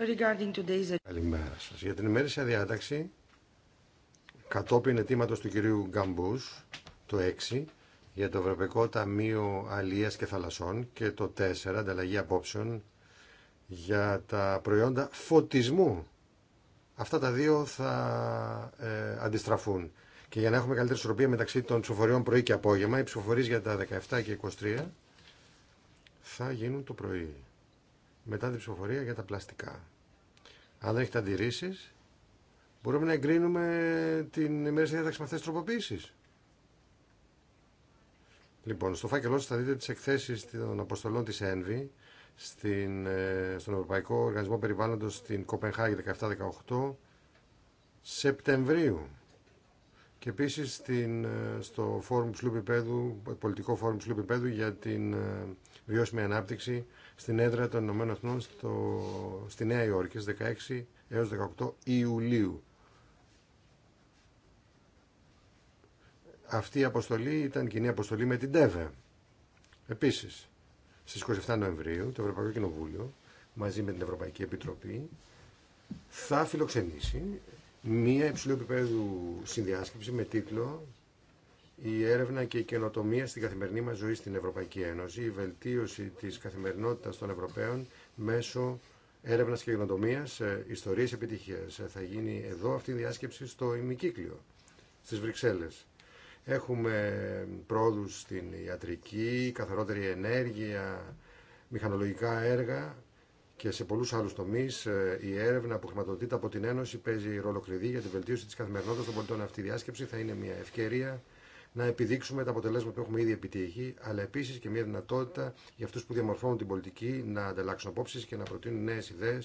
Regarding today's... Καλημέρα σα. Για την ημέρησια διάταξη, κατόπιν αιτήματο του κυρίου Γκαμπού, το 6, για το Ευρωπαϊκό Ταμείο Αλία και Θαλασσών και το 4, ανταλλαγή απόψεων, για τα προϊόντα φωτισμού. Αυτά τα δύο θα ε, αντιστραφούν. Και για να έχουμε καλύτερη ισορροπία μεταξύ των ψηφοφοριών πρωί και απόγευμα, οι ψηφοφορίε για τα 17 και 23 θα γίνουν το πρωί μετά την ψηφοφορία για τα πλαστικά. Αν δεν έχετε αντιρρήσει, μπορούμε να εγκρίνουμε την ημέρα διάταξη με αυτέ τι τροποποίησει. Λοιπόν, στο φάκελό σα θα δείτε τι εκθέσει των αποστολών τη ΕΝΒΗ ε, στον Ευρωπαϊκό Οργανισμό Περιβάλλοντος στην Κοπενχάγη 17-18 Σεπτεμβρίου και επίσης ε, στο φόρουμ πολιτικό φόρουμ ψηλού για την ε, βιώσιμη ανάπτυξη στην έδρα των Ηνωμένων Εθνών στη Νέα Υόρκη στις 16 έως 18 Ιουλίου. Αυτή η αποστολή ήταν κοινή αποστολή με την ΤΕΒΕ. Επίσης, στις 27 Νοεμβρίου το Ευρωπαϊκό Κοινοβούλιο μαζί με την Ευρωπαϊκή Επιτροπή θα φιλοξενήσει μία υψηλού επίπεδου συνδιάσκεψη με τίτλο η έρευνα και η καινοτομία στην καθημερινή μας ζωή στην Ευρωπαϊκή Ένωση, η βελτίωση της καθημερινότητας των Ευρωπαίων μέσω έρευνας και καινοτομίας, ε, ιστορίες επιτυχίας. Ε, θα γίνει εδώ αυτή η διάσκεψη στο ημικύκλιο, στις Βρυξέλλες. Έχουμε πρόοδους στην ιατρική, καθαρότερη ενέργεια, μηχανολογικά έργα και σε πολλούς άλλους τομείς ε, η έρευνα που χρηματοδοτείται από την Ένωση παίζει ρόλο κλειδί για τη βελτίωση της καθημερινότητας των πολιτών. Αυτή η διάσκεψη θα είναι μια ευκαιρία να επιδείξουμε τα αποτελέσματα που έχουμε ήδη επιτύχει, αλλά επίση και μια δυνατότητα για αυτού που διαμορφώνουν την πολιτική να ανταλλάξουν απόψει και να προτείνουν νέε ιδέε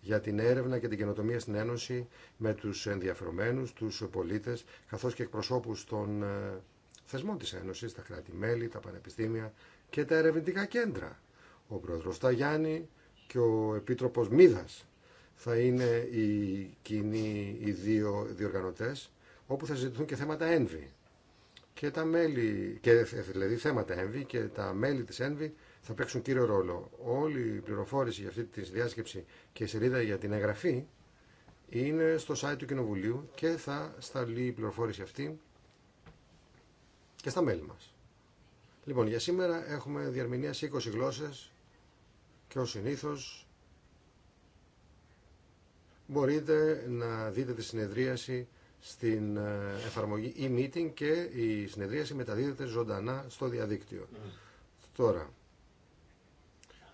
για την έρευνα και την καινοτομία στην Ένωση με του ενδιαφερομένου, του πολίτε, καθώ και εκπροσώπου των ε, θεσμών τη Ένωση, τα κράτη-μέλη, τα πανεπιστήμια και τα ερευνητικά κέντρα. Ο πρόεδρο Ταγιάννη και ο επίτροπο Μίδα θα είναι οι κοινοί οι δύο διοργανωτέ, όπου θα ζητηθούν και θέματα ένβη και τα μέλη, και, δηλαδή θέματα ΕΝΒΗ και τα μέλη της ΕΝΒΗ θα παίξουν κύριο ρόλο. Όλη η πληροφόρηση για αυτή τη διάσκεψη και η σελίδα για την εγγραφή είναι στο site του Κοινοβουλίου και θα σταλεί η πληροφόρηση αυτή και στα μέλη μας. Λοιπόν, για σήμερα έχουμε διαρμηνία σε 20 γλώσσες και ως συνήθως μπορείτε να δείτε τη συνεδρίαση στην ε, εφαρμογή e-meeting και η συνεδρίαση μεταδίδεται ζωντανά στο διαδίκτυο. Τώρα,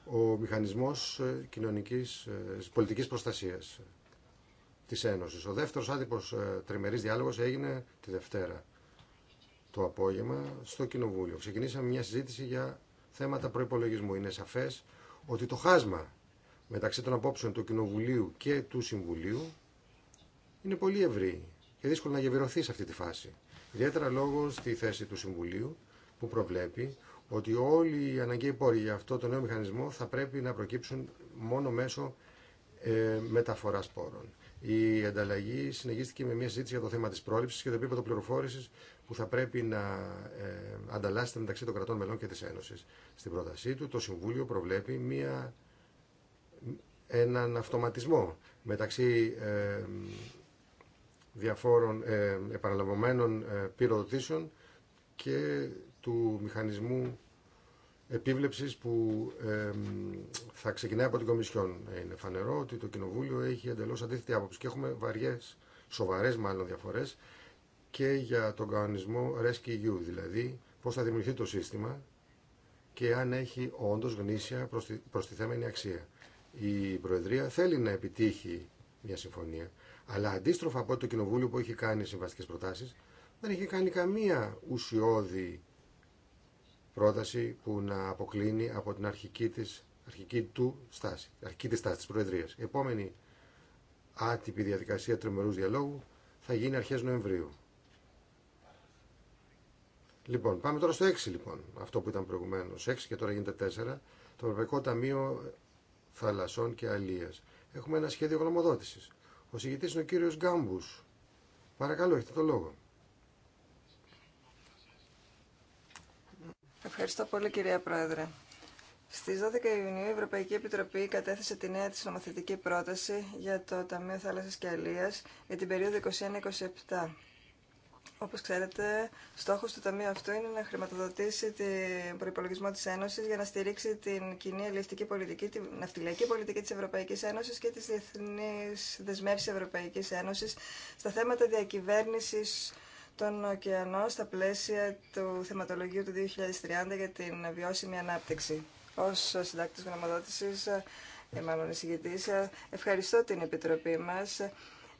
ο μηχανισμός ε, κοινωνικής, ε, πολιτικής προστασίας της Ένωσης. Ο δεύτερος άτυπος τριμερής διάλογος έγινε τη Δευτέρα το απόγευμα στο Κοινοβούλιο. Ξεκινήσαμε μια συζήτηση για θέματα προϋπολογισμού. Είναι σαφές ότι το χάσμα μεταξύ των απόψεων του Κοινοβουλίου και του Συμβουλίου είναι πολύ ευρύ είναι δύσκολο να γεβηρωθεί σε αυτή τη φάση. Ιδιαίτερα λόγω στη θέση του Συμβουλίου που προβλέπει ότι όλοι οι αναγκαίοι πόροι για αυτό το νέο μηχανισμό θα πρέπει να προκύψουν μόνο μέσω ε, μεταφορά πόρων. Η ανταλλαγή συνεχίστηκε με μια συζήτηση για το θέμα τη πρόληψη και το επίπεδο πληροφόρηση που θα πρέπει να ε, ανταλλάσσεται μεταξύ των κρατών μελών και τη Ένωση. Στην πρότασή του, το Συμβούλιο προβλέπει μια, έναν αυτοματισμό μεταξύ ε, διαφόρων ε, επαναλαμβανομένων ε, πυροδοτήσεων και του μηχανισμού επίβλεψης που ε, θα ξεκινάει από την Κομισιόν. Ε, είναι φανερό ότι το Κοινοβούλιο έχει εντελώς αντίθετη άποψη και έχουμε βαριές, σοβαρές μάλλον διαφορές και για τον κανονισμό Rescue δηλαδή πώς θα δημιουργηθεί το σύστημα και αν έχει όντως γνήσια προστιθέμενη αξία. Η Προεδρία θέλει να επιτύχει μια συμφωνία αλλά αντίστροφα από το κοινοβούλιο που έχει κάνει συμβαστικέ προτάσει, δεν έχει κάνει καμία ουσιώδη πρόταση που να αποκλίνει από την αρχική, της, αρχική του στάση, αρχική της τη της Επόμενη άτυπη διαδικασία τριμερούς διαλόγου θα γίνει αρχές Νοεμβρίου. Λοιπόν, πάμε τώρα στο 6 λοιπόν, αυτό που ήταν προηγουμένω. 6 και τώρα γίνεται 4. Το Ευρωπαϊκό Ταμείο Θαλασσών και Αλίας. Έχουμε ένα σχέδιο γνωμοδότησης. Ο συγητής είναι ο κύριος Γκάμπους. Παρακαλώ, έχετε το λόγο. Ευχαριστώ πολύ κυρία Πρόεδρε. Στις 12 Ιουνίου η Ευρωπαϊκή Επιτροπή κατέθεσε τη νέα της νομοθετική πρόταση για το Ταμείο Θάλασσας και Αλίας για την περίοδο 2021-27. Όπως ξέρετε, στόχος του Ταμείου αυτού είναι να χρηματοδοτήσει τον προϋπολογισμό της Ένωσης για να στηρίξει την κοινή ελληνική πολιτική, την ναυτιλιακή πολιτική της Ευρωπαϊκής Ένωσης και τις διεθνείς δεσμεύσεις Ευρωπαϊκής Ένωσης στα θέματα διακυβέρνησης των ωκεανών στα πλαίσια του θεματολογίου του 2030 για την βιώσιμη ανάπτυξη. Ως συντάκτης γνωμοδότησης, ε, μάλλον εισηγητής, ε, ευχαριστώ την Επιτροπή μας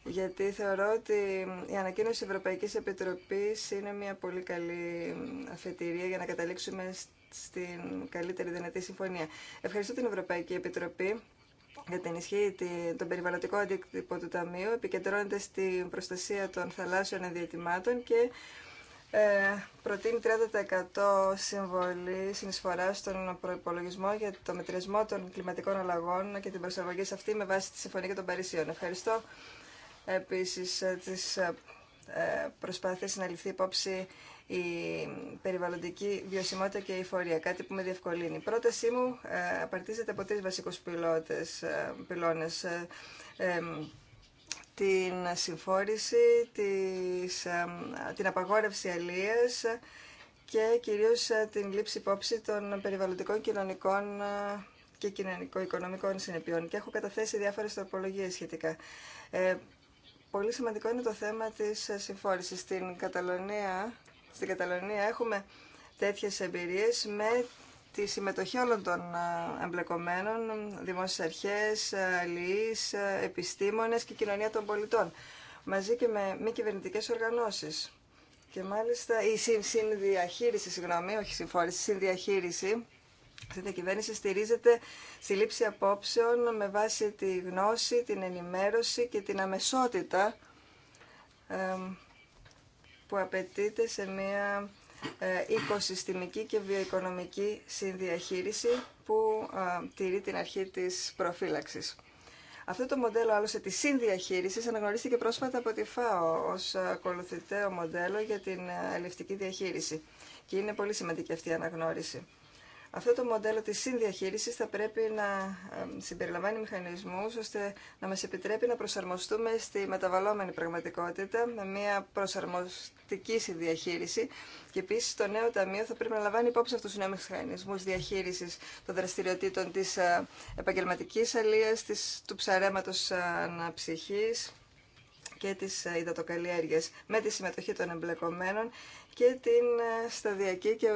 γιατί θεωρώ ότι η ανακοίνωση Ευρωπαϊκής Επιτροπής είναι μια πολύ καλή αφετηρία για να καταλήξουμε στην καλύτερη δυνατή συμφωνία. Ευχαριστώ την Ευρωπαϊκή Επιτροπή για την ισχύ, τον περιβαλλοντικό αντίκτυπο του Ταμείου, επικεντρώνεται στην προστασία των θαλάσσιων ενδιατημάτων και ε, προτείνει 30% συμβολή συνεισφορά στον προπολογισμό για το μετριασμό των κλιματικών αλλαγών και την προσαρμογή σε αυτή με βάση τη Συμφωνία των Παρισίων. Ευχαριστώ επίσης ε, τις ε, ε, προσπάθειες να ληφθεί υπόψη η περιβαλλοντική βιωσιμότητα και η φορεία, κάτι που με διευκολύνει. Η πρότασή μου απαρτίζεται από τρεις βασικούς πυλώτες, πυλώνες. την συμφόρηση, της, την απαγόρευση αλίας και κυρίως την λήψη υπόψη των περιβαλλοντικών κοινωνικών και κοινωνικο-οικονομικών συνεπειών. Και έχω καταθέσει διάφορες τροπολογίες σχετικά πολύ σημαντικό είναι το θέμα της ε, συμφόρησης. Στην Καταλωνία, στην Καταλωνία έχουμε τέτοιες εμπειρίες με τη συμμετοχή όλων των ε, εμπλεκομένων, δημόσιες αρχές, ε, αλληλείς, επιστήμονες και κοινωνία των πολιτών, μαζί και με μη κυβερνητικέ οργανώσεις. Και μάλιστα η συνδιαχείριση, συγγνώμη, όχι συμφόρηση, συνδιαχείριση αυτή η διακυβέρνηση στηρίζεται στη λήψη απόψεων με βάση τη γνώση, την ενημέρωση και την αμεσότητα που απαιτείται σε μια ε, οικοσυστημική και βιοοικονομική συνδιαχείριση που ε, τηρεί την αρχή της προφύλαξης. Αυτό το μοντέλο άλλωστε τη συνδιαχείριση αναγνωρίστηκε πρόσφατα από τη ΦΑΟ ω ακολουθητέο μοντέλο για την ελευτική διαχείριση. Και είναι πολύ σημαντική αυτή η αναγνώριση. Αυτό το μοντέλο της συνδιαχείρισης θα πρέπει να συμπεριλαμβάνει μηχανισμούς ώστε να μας επιτρέπει να προσαρμοστούμε στη μεταβαλλόμενη πραγματικότητα με μια προσαρμοστική συνδιαχείριση και επίση το νέο ταμείο θα πρέπει να λαμβάνει υπόψη αυτούς τους νέους μηχανισμούς διαχείρισης των δραστηριοτήτων της ε, επαγγελματικής αλίας, του ψαρέματος αναψυχής και της ε, υδατοκαλλιέργειας με τη συμμετοχή των εμπλεκομένων και την ε, σταδιακή και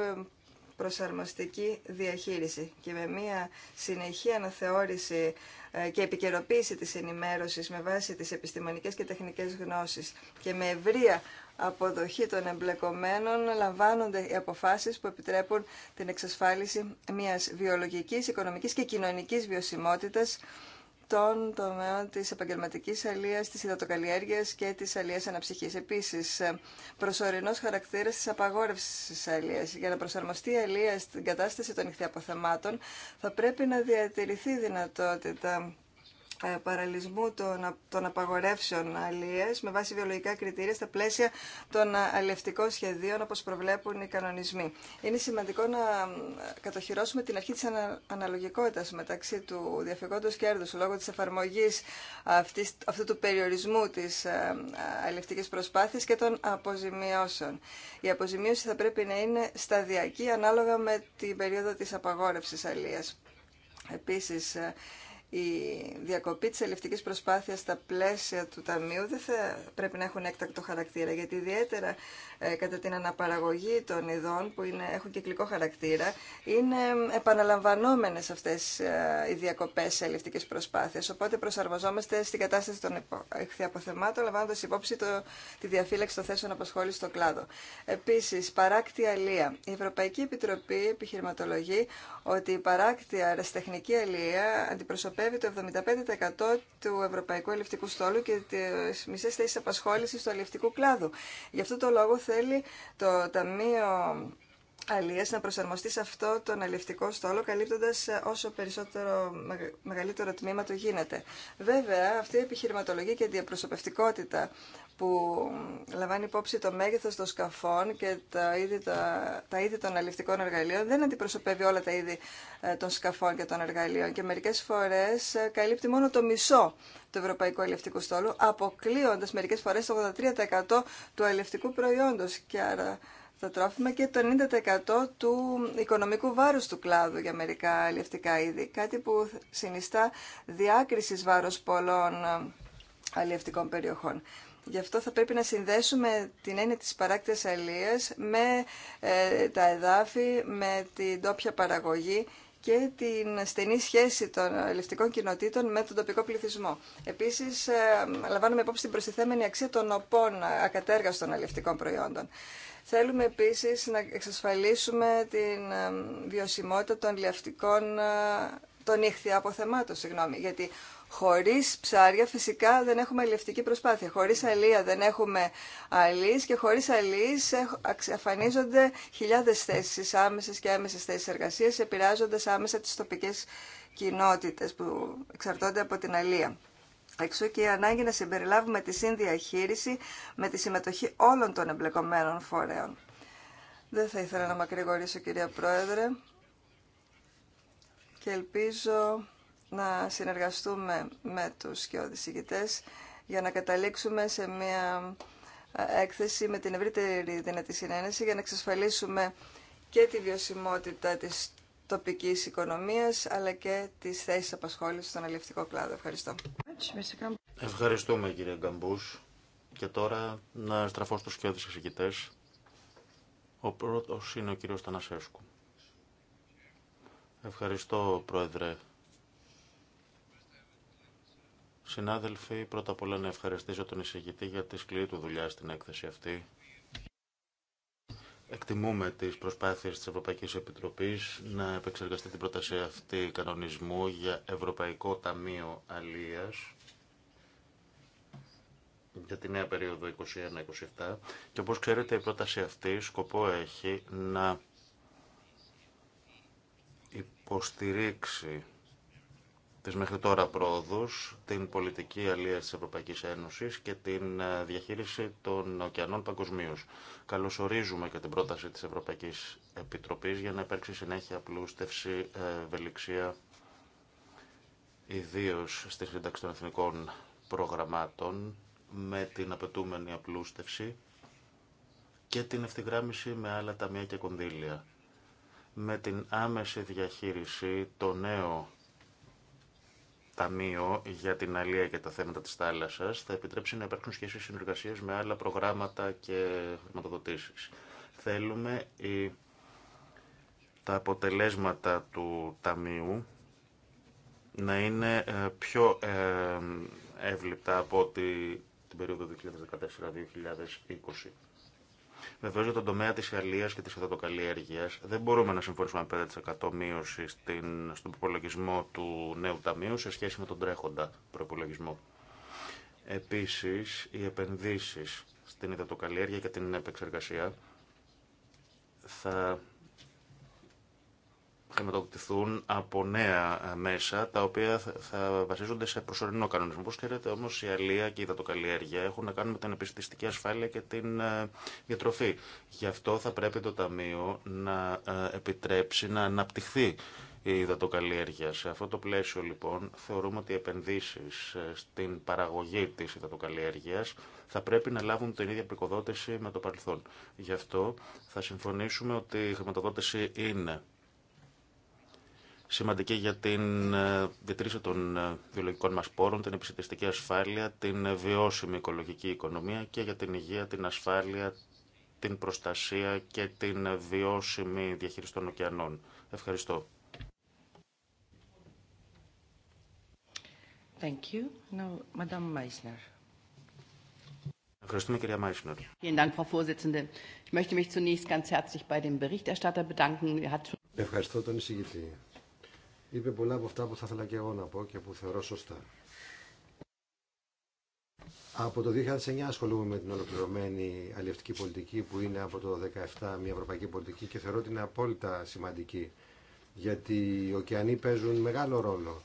προσαρμοστική διαχείριση και με μια συνεχή αναθεώρηση ε, και επικαιροποίηση της ενημέρωσης με βάση τις επιστημονικές και τεχνικές γνώσεις και με ευρεία αποδοχή των εμπλεκομένων λαμβάνονται οι αποφάσεις που επιτρέπουν την εξασφάλιση μιας βιολογικής, οικονομικής και κοινωνικής βιωσιμότητας των τομέων τη επαγγελματική αλίας, τη υδατοκαλλιέργεια και τη αλίας αναψυχή. Επίση, προσωρινό χαρακτήρα τη απαγόρευση τη Για να προσαρμοστεί η αλία στην κατάσταση των αποθεμάτων, θα πρέπει να διατηρηθεί η δυνατότητα ε, παραλυσμού των, των απαγορεύσεων αλίες με βάση βιολογικά κριτήρια στα πλαίσια των αλληλευτικών σχεδίων όπως προβλέπουν οι κανονισμοί. Είναι σημαντικό να κατοχυρώσουμε την αρχή της ανα, αναλογικότητας μεταξύ του διαφυγόντος κέρδους λόγω της εφαρμογής αυτού του περιορισμού της ε, αλληλευτικής προσπάθειας και των αποζημιώσεων. Η αποζημίωση θα πρέπει να είναι σταδιακή ανάλογα με την περίοδο της απαγόρευση αλίας. Επίσης, ε, η διακοπή της ελευτικής προσπάθειας στα πλαίσια του Ταμείου δεν πρέπει να έχουν έκτακτο χαρακτήρα, γιατί ιδιαίτερα ε, κατά την αναπαραγωγή των ειδών που είναι, έχουν κυκλικό χαρακτήρα, είναι επαναλαμβανόμενες αυτές ε, οι διακοπές ελευτικές προσπάθειες Οπότε προσαρμοζόμαστε στην κατάσταση των εχθιαποθεμάτων, λαμβάνοντα υπόψη το, τη διαφύλαξη των θέσεων απασχόληση στο κλάδο. Επίσης, παράκτη αλεία. Η Ευρωπαϊκή Επιτροπή επιχειρηματολογεί ότι η παράκτη αεραστεχνική αλεία αντιπροσωπεύει αντιπροσωπεύει το 75% του ευρωπαϊκού ελευτικού στόλου και τις μισέ θέσει απασχόλησης του ελευτικού κλάδου. Γι' αυτό το λόγο θέλει το Ταμείο αλίας να προσαρμοστεί σε αυτό τον αλληλευτικό στόλο, καλύπτοντα ε, όσο περισσότερο μεγαλύτερο τμήμα του γίνεται. Βέβαια, αυτή η επιχειρηματολογία και η διαπροσωπευτικότητα που λαμβάνει υπόψη το μέγεθο των σκαφών και τα είδη, τα, τα είδη των αληφτικών εργαλείων δεν αντιπροσωπεύει όλα τα είδη ε, των σκαφών και των εργαλείων και μερικέ φορέ ε, καλύπτει μόνο το μισό του Ευρωπαϊκού Αλληλευτικού Στόλου, αποκλείοντας μερικές φορές το 83% του αλληλευτικού προϊόντος και άρα θα τρόφιμα και το 90% του οικονομικού βάρους του κλάδου για μερικά αλλιευτικά είδη. Κάτι που συνιστά διάκριση βάρος πολλών ε, αλλιευτικών περιοχών. Γι' αυτό θα πρέπει να συνδέσουμε την έννοια της παράκτησης αλλίας με ε, τα εδάφη, με την τόπια παραγωγή και την στενή σχέση των ελευτικών κοινοτήτων με τον τοπικό πληθυσμό. Επίσης, ε, λαμβάνουμε υπόψη την προστιθέμενη αξία των οπών ακατέργαστων ελευτικών προϊόντων. Θέλουμε επίσης να εξασφαλίσουμε την ε, βιωσιμότητα των λιαυτικών, ε, των ήχθη αποθεμάτων, συγγνώμη, γιατί χωρίς ψάρια φυσικά δεν έχουμε λιαυτική προσπάθεια. Χωρίς αλία δεν έχουμε αλής και χωρίς αλής αφανίζονται χιλιάδες θέσεις, άμεσες και άμεσες θέσεις εργασίας, επηρεάζοντας άμεσα τις τοπικές κοινότητες που εξαρτώνται από την αλεία. Εξού και η ανάγκη να συμπεριλάβουμε τη συνδιαχείριση με τη συμμετοχή όλων των εμπλεκομένων φορέων. Δεν θα ήθελα να μακρηγορήσω κυρία Πρόεδρε και ελπίζω να συνεργαστούμε με τους και οδησηγητές για να καταλήξουμε σε μια ε, έκθεση με την ευρύτερη δυνατή συνένεση για να εξασφαλίσουμε και τη βιωσιμότητα της τοπικής οικονομίας αλλά και τις θέσεις απασχόλησης στον αλληλευτικό κλάδο. Ευχαριστώ. Ευχαριστούμε κύριε Γκαμπούς. Και τώρα να στραφώ στους κοιόδους εξηγητές. Ο πρώτος είναι ο κύριος Τανασέσκου. Ευχαριστώ πρόεδρε. Συνάδελφοι, πρώτα απ' όλα να ευχαριστήσω τον εισηγητή για τη σκληρή του δουλειά στην έκθεση αυτή Εκτιμούμε τις προσπάθειες της Ευρωπαϊκής Επιτροπής να επεξεργαστεί την πρόταση αυτή κανονισμού για Ευρωπαϊκό Ταμείο Αλίας για τη νέα περίοδο 2021-2027 και όπως ξέρετε η πρόταση αυτή σκοπό έχει να υποστηρίξει μέχρι τώρα πρόοδους, την πολιτική αλλία της Ευρωπαϊκής Ένωσης και την ε, διαχείριση των ωκεανών παγκοσμίω. Καλωσορίζουμε και την πρόταση της Ευρωπαϊκής Επιτροπής για να υπάρξει συνέχεια απλούστευση, ε, ευελιξία, ιδίως στη σύνταξη των εθνικών προγραμμάτων με την απαιτούμενη απλούστευση και την ευθυγράμμιση με άλλα ταμεία και κονδύλια. Με την άμεση διαχείριση το νέο Ταμείο για την Αλία και τα θέματα της θάλασσας θα επιτρέψει να υπάρξουν σχέσεις συνεργασίες με άλλα προγράμματα και χρηματοδοτήσεις. Θέλουμε τα αποτελέσματα του Ταμείου να είναι ε, πιο ε, εύληπτα από την περίοδο 2014-2020. Βεβαίω για τον τομέα τη αλεία και τη υδατοκαλλιέργεια δεν μπορούμε να συμφωνήσουμε με 5% μείωση στην, στον προπολογισμό του νέου ταμείου σε σχέση με τον τρέχοντα προπολογισμό. Επίση, οι επενδύσει στην υδατοκαλλιέργεια και την επεξεργασία θα χρηματοδοτηθούν από νέα ε, μέσα, τα οποία θα βασίζονται σε προσωρινό κανονισμό. Όπω ξέρετε, όμω η αλεία και η υδατοκαλλιέργεια έχουν να κάνουν με την επιστηστική ασφάλεια και την ε, διατροφή. Γι' αυτό θα πρέπει το Ταμείο να ε, επιτρέψει να αναπτυχθεί η υδατοκαλλιέργεια. Σε αυτό το πλαίσιο, λοιπόν, θεωρούμε ότι οι επενδύσει στην παραγωγή τη υδατοκαλλιέργεια θα πρέπει να λάβουν την ίδια προκοδότηση με το παρελθόν. Γι' αυτό θα συμφωνήσουμε ότι η χρηματοδότηση είναι σημαντική για την ε, διατήρηση των ε, βιολογικών μας πόρων, την επιστημιστική ασφάλεια, την ε, βιώσιμη οικολογική οικονομία και για την υγεία, την ασφάλεια, την προστασία και την βιώσιμη διαχείριση των ωκεανών. Ευχαριστώ. Thank you. Now, Meissner. Ευχαριστούμε, κυρία Μάισνερ. Er Ευχαριστώ τον εισηγητή είπε πολλά από αυτά που θα ήθελα και εγώ να πω και που θεωρώ σωστά. Από το 2009 ασχολούμαι με την ολοκληρωμένη αλληλευτική πολιτική που είναι από το 2017 μια ευρωπαϊκή πολιτική και θεωρώ ότι είναι απόλυτα σημαντική γιατί οι ωκεανοί παίζουν μεγάλο ρόλο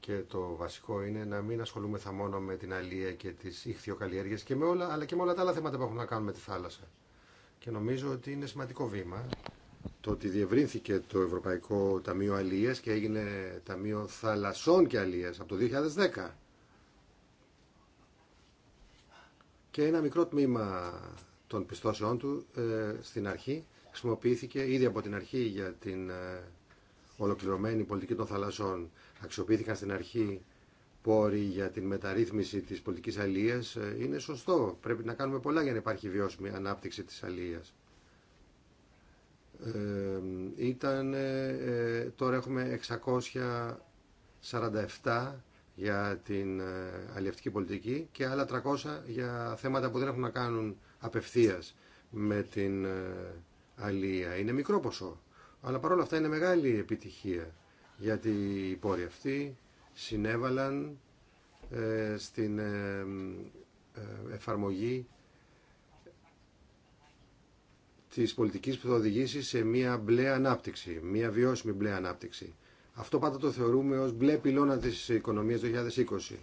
και το βασικό είναι να μην ασχολούμεθα μόνο με την αλία και τις ηχθειοκαλλιέργειες και με όλα, αλλά και με όλα τα άλλα θέματα που έχουν να κάνουν με τη θάλασσα. Και νομίζω ότι είναι σημαντικό βήμα το ότι διευρύνθηκε το Ευρωπαϊκό Ταμείο Αλίας και έγινε Ταμείο Θαλασσών και Αλίας από το 2010. Και ένα μικρό τμήμα των πιστώσεών του ε, στην αρχή χρησιμοποιήθηκε ήδη από την αρχή για την ε, ολοκληρωμένη πολιτική των θαλασσών. Αξιοποιήθηκαν στην αρχή πόροι για την μεταρρύθμιση της πολιτικής αλίας. Ε, είναι σωστό. Πρέπει να κάνουμε πολλά για να υπάρχει βιώσιμη ανάπτυξη της αλίας. Ε, ήταν, ε, τώρα έχουμε 647 για την ε, αλληλευτική πολιτική και άλλα 300 για θέματα που δεν έχουν να κάνουν απευθείας με την αλληλεία. Είναι μικρό ποσό, αλλά παρόλα αυτά είναι μεγάλη επιτυχία γιατί οι πόροι αυτοί συνέβαλαν στην εφαρμογή Τη πολιτική που θα οδηγήσει σε μια μπλε ανάπτυξη, μια βιώσιμη μπλε ανάπτυξη. Αυτό πάντα το θεωρούμε ως μπλε πυλώνα της οικονομίας 2020.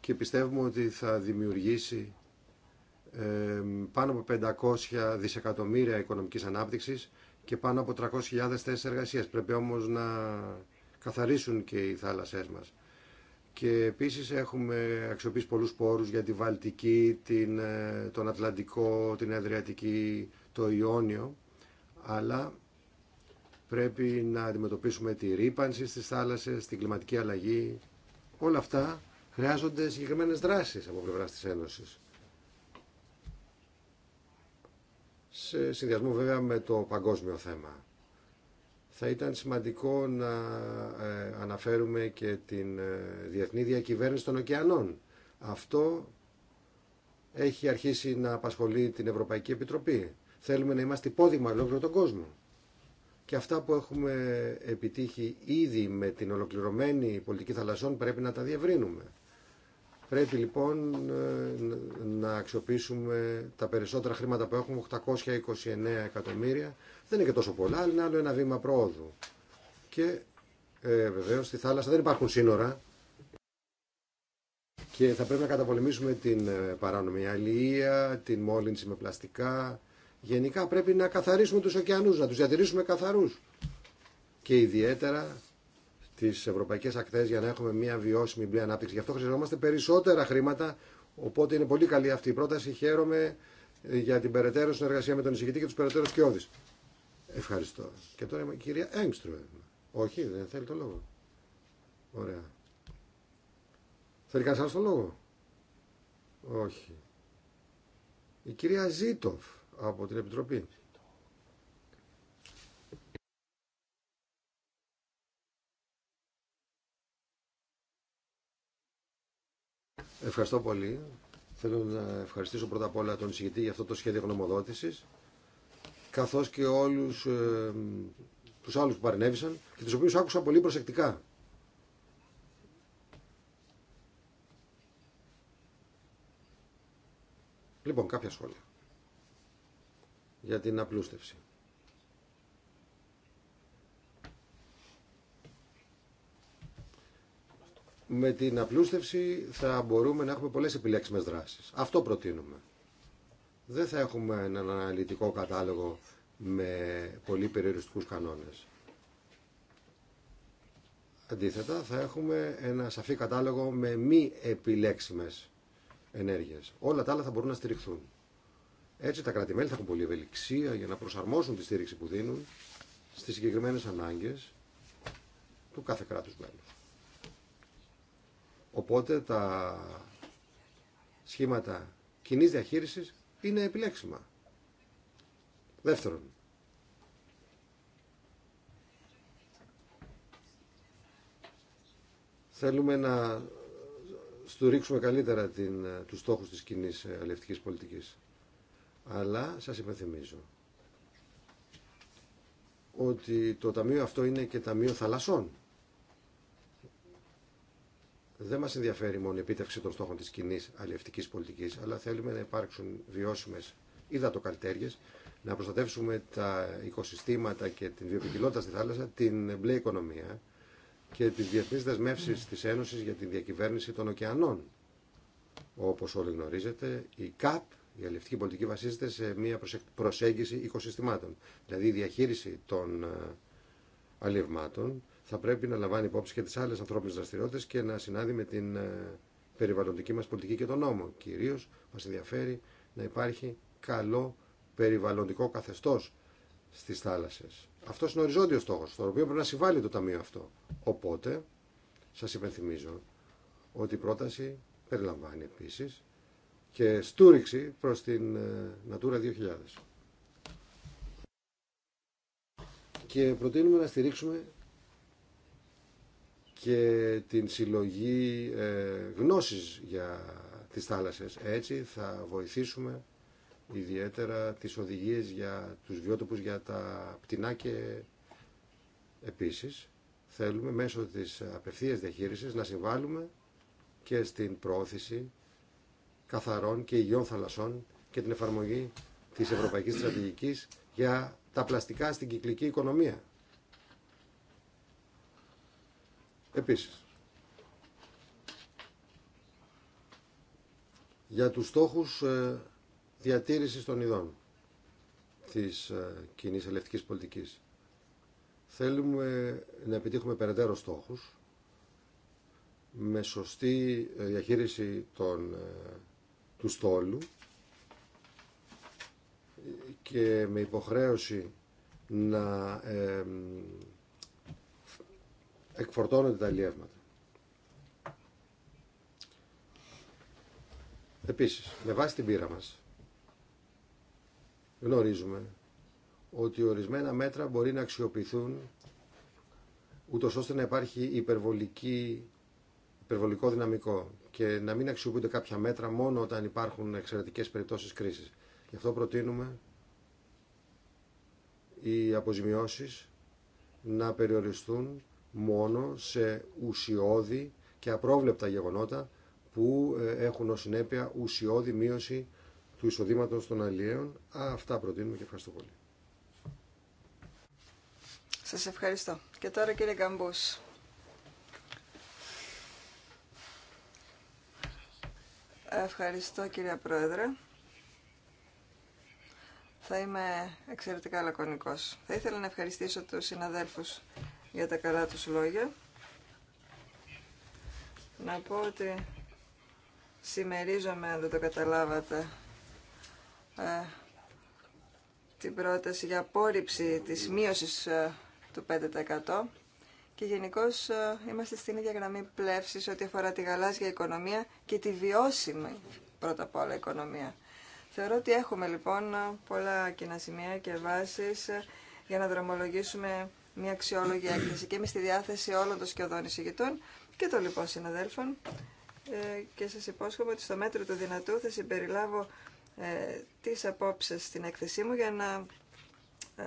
Και πιστεύουμε ότι θα δημιουργήσει πάνω από 500 δισεκατομμύρια οικονομικής ανάπτυξης και πάνω από 300.000 θέσεις εργασίας. Πρέπει όμως να καθαρίσουν και οι θάλασσές μας. Και επίσης έχουμε αξιοποιήσει πολλούς πόρους για τη Βαλτική, την, ε, τον Ατλαντικό, την Αδριατική, το Ιόνιο. Αλλά πρέπει να αντιμετωπίσουμε τη ρήπανση στις θάλασσες, την κλιματική αλλαγή. Όλα αυτά χρειάζονται συγκεκριμένε δράσεις από πλευρά της Ένωσης. Σε συνδυασμό βέβαια με το παγκόσμιο θέμα θα ήταν σημαντικό να ε, αναφέρουμε και την ε, διεθνή διακυβέρνηση των ωκεανών. Αυτό έχει αρχίσει να απασχολεί την Ευρωπαϊκή Επιτροπή. Θέλουμε να είμαστε υπόδειγμα ολόκληρο τον κόσμο. Και αυτά που έχουμε επιτύχει ήδη με την ολοκληρωμένη πολιτική θαλασσών πρέπει να τα διευρύνουμε. Πρέπει λοιπόν ε, να αξιοποιήσουμε τα περισσότερα χρήματα που έχουμε, 829 εκατομμύρια. Δεν είναι και τόσο πολλά, αλλά είναι άλλο ένα βήμα πρόοδου. Και ε, βεβαίως στη θάλασσα δεν υπάρχουν σύνορα και θα πρέπει να καταπολεμήσουμε την ε, παράνομη αλληλεία, την μόλυνση με πλαστικά. Γενικά πρέπει να καθαρίσουμε τους ωκεανούς, να τους διατηρήσουμε καθαρούς. Και ιδιαίτερα τι ευρωπαϊκέ ακτέ για να έχουμε μια βιώσιμη μπλε ανάπτυξη. Γι' αυτό χρειαζόμαστε περισσότερα χρήματα. Οπότε είναι πολύ καλή αυτή η πρόταση. Χαίρομαι ε, για την περαιτέρω συνεργασία με τον εισηγητή και του περαιτέρω σκιώδη. Ευχαριστώ. Και τώρα η κυρία Έγκστρο. Όχι, δεν θέλει το λόγο. Ωραία. Θέλει κανένα άλλο το λόγο. Όχι. Η κυρία Ζήτοφ από την Επιτροπή. Ευχαριστώ πολύ. Θέλω να ευχαριστήσω πρώτα απ' όλα τον εισηγητή για αυτό το σχέδιο γνωμοδότησης, καθώς και όλους ε, τους άλλους που παρενέβησαν και τους οποίους άκουσα πολύ προσεκτικά. Λοιπόν, κάποια σχόλια για την απλούστευση. με την απλούστευση θα μπορούμε να έχουμε πολλές επιλέξιμες δράσεις. Αυτό προτείνουμε. Δεν θα έχουμε έναν αναλυτικό κατάλογο με πολύ περιοριστικού κανόνες. Αντίθετα, θα έχουμε ένα σαφή κατάλογο με μη επιλέξιμες ενέργειες. Όλα τα άλλα θα μπορούν να στηριχθούν. Έτσι τα κρατημέλη θα έχουν πολύ ευελιξία για να προσαρμόσουν τη στήριξη που δίνουν στις συγκεκριμένες ανάγκες του κάθε κράτους μέλους. Οπότε τα σχήματα κοινή διαχείρισης είναι επιλέξιμα. Δεύτερον, θέλουμε να στουρίξουμε καλύτερα την, τους στόχους της κοινή αλληλευτικής πολιτικής. Αλλά σας υπενθυμίζω ότι το ταμείο αυτό είναι και ταμείο θαλασσών δεν μα ενδιαφέρει μόνο η επίτευξη των στόχων τη κοινή αλληλευτικής πολιτική, αλλά θέλουμε να υπάρξουν βιώσιμε υδατοκαλλιτέργειε, να προστατεύσουμε τα οικοσυστήματα και την βιοποικιλότητα στη θάλασσα, την μπλε οικονομία και τις διεθνείς δεσμεύσει τη Ένωση για τη διακυβέρνηση των ωκεανών. Όπω όλοι γνωρίζετε, η ΚΑΠ, η αλληλευτική πολιτική, βασίζεται σε μια προσέγγιση οικοσυστημάτων, δηλαδή η διαχείριση των ε, αλληλευμάτων θα πρέπει να λαμβάνει υπόψη και τι άλλε ανθρώπινε δραστηριότητε και να συνάδει με την ε, περιβαλλοντική μα πολιτική και τον νόμο. Κυρίω μα ενδιαφέρει να υπάρχει καλό περιβαλλοντικό καθεστώ στι θάλασσε. Αυτό είναι ο οριζόντιο στόχο, στον οποίο πρέπει να συμβάλλει το Ταμείο αυτό. Οπότε, σα υπενθυμίζω ότι η πρόταση περιλαμβάνει επίση και στούριξη προ την ε, Natura 2000. Και προτείνουμε να στηρίξουμε και την συλλογή ε, γνώσης για τις θάλασσες. Έτσι θα βοηθήσουμε ιδιαίτερα τις οδηγίες για τους βιότοπους για τα πτηνά και επίσης θέλουμε μέσω της απευθείας διαχείρισης να συμβάλλουμε και στην προώθηση καθαρών και υγιών θαλασσών και την εφαρμογή της Ευρωπαϊκής Στρατηγικής για τα πλαστικά στην κυκλική οικονομία. Επίσης, για τους στόχους ε, διατήρησης των ειδών της ε, κοινής ελευτικής πολιτικής. Θέλουμε να επιτύχουμε περαιτέρω στόχους με σωστή ε, διαχείριση των, του στόλου και με υποχρέωση να εκφορτώνονται τα αλλιεύματα. Επίσης, με βάση την πείρα μας, γνωρίζουμε ότι ορισμένα μέτρα μπορεί να αξιοποιηθούν ούτω ώστε να υπάρχει υπερβολική, υπερβολικό δυναμικό και να μην αξιοποιούνται κάποια μέτρα μόνο όταν υπάρχουν εξαιρετικές περιπτώσεις κρίσης. Γι' αυτό προτείνουμε οι αποζημιώσεις να περιοριστούν μόνο σε ουσιώδη και απρόβλεπτα γεγονότα που ε, έχουν ως συνέπεια ουσιώδη μείωση του εισοδήματος των αλλιέων. Αυτά προτείνουμε και ευχαριστώ πολύ. Σας ευχαριστώ. Και τώρα κύριε Καμπούς. Ευχαριστώ κύριε Πρόεδρε. Θα είμαι εξαιρετικά λακωνικός. Θα ήθελα να ευχαριστήσω τους συναδέλφους για τα καλά τους λόγια. Να πω ότι συμμερίζομαι, αν δεν το καταλάβατε, ε, την πρόταση για απόρριψη της μείωσης ε, του 5% και γενικώ ε, είμαστε στην ίδια γραμμή πλεύσης ό,τι αφορά τη γαλάζια οικονομία και τη βιώσιμη πρώτα απ' όλα οικονομία. Θεωρώ ότι έχουμε λοιπόν πολλά κοινά σημεία και βάσεις για να δρομολογήσουμε μια αξιόλογη έκθεση και είμαι στη διάθεση όλων των σκιωδών εισηγητών και των λοιπόν συναδέλφων ε, και σας υπόσχομαι ότι στο μέτρο του δυνατού θα συμπεριλάβω ε, τις απόψεις στην έκθεσή μου για να ε,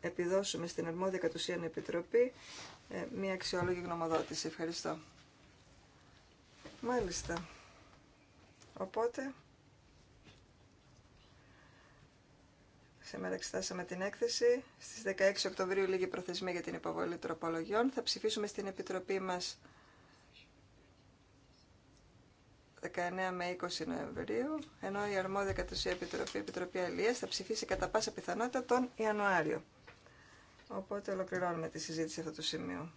επιδώσουμε στην αρμόδια κατουσίαν επιτροπή ε, μια αξιόλογη γνωμοδότηση. Ευχαριστώ. Μάλιστα. Οπότε Σήμερα εξετάσαμε την έκθεση. Στις 16 Οκτωβρίου λίγη προθεσμία για την υποβολή τροπολογιών. Θα ψηφίσουμε στην Επιτροπή μας 19 με 20 Νοεμβρίου, ενώ η αρμόδια κατουσία Επιτροπή, Επιτροπή Αλίας, θα ψηφίσει κατά πάσα πιθανότητα τον Ιανουάριο. Οπότε ολοκληρώνουμε τη συζήτηση αυτού του σημείου.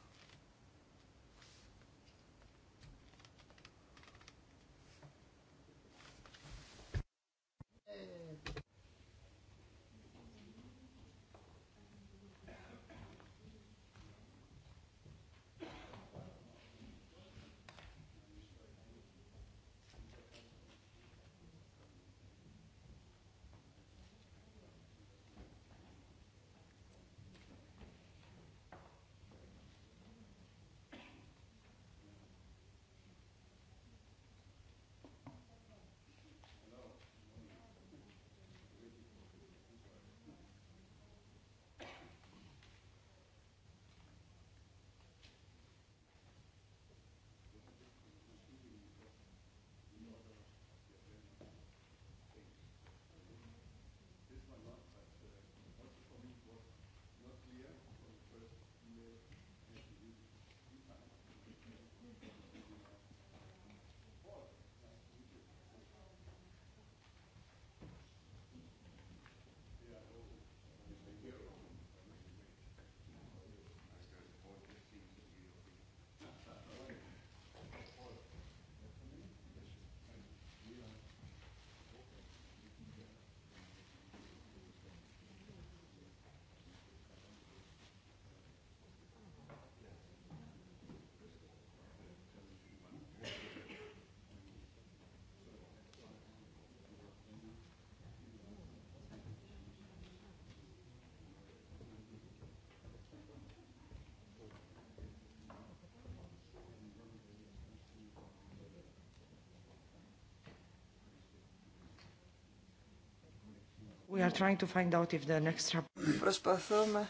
Προσπαθούμε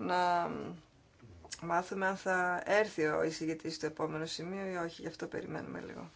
να μάθουμε αν θα έρθει ο εισηγητής στο επόμενο σημείο ή όχι. Γι' αυτό περιμένουμε λίγο.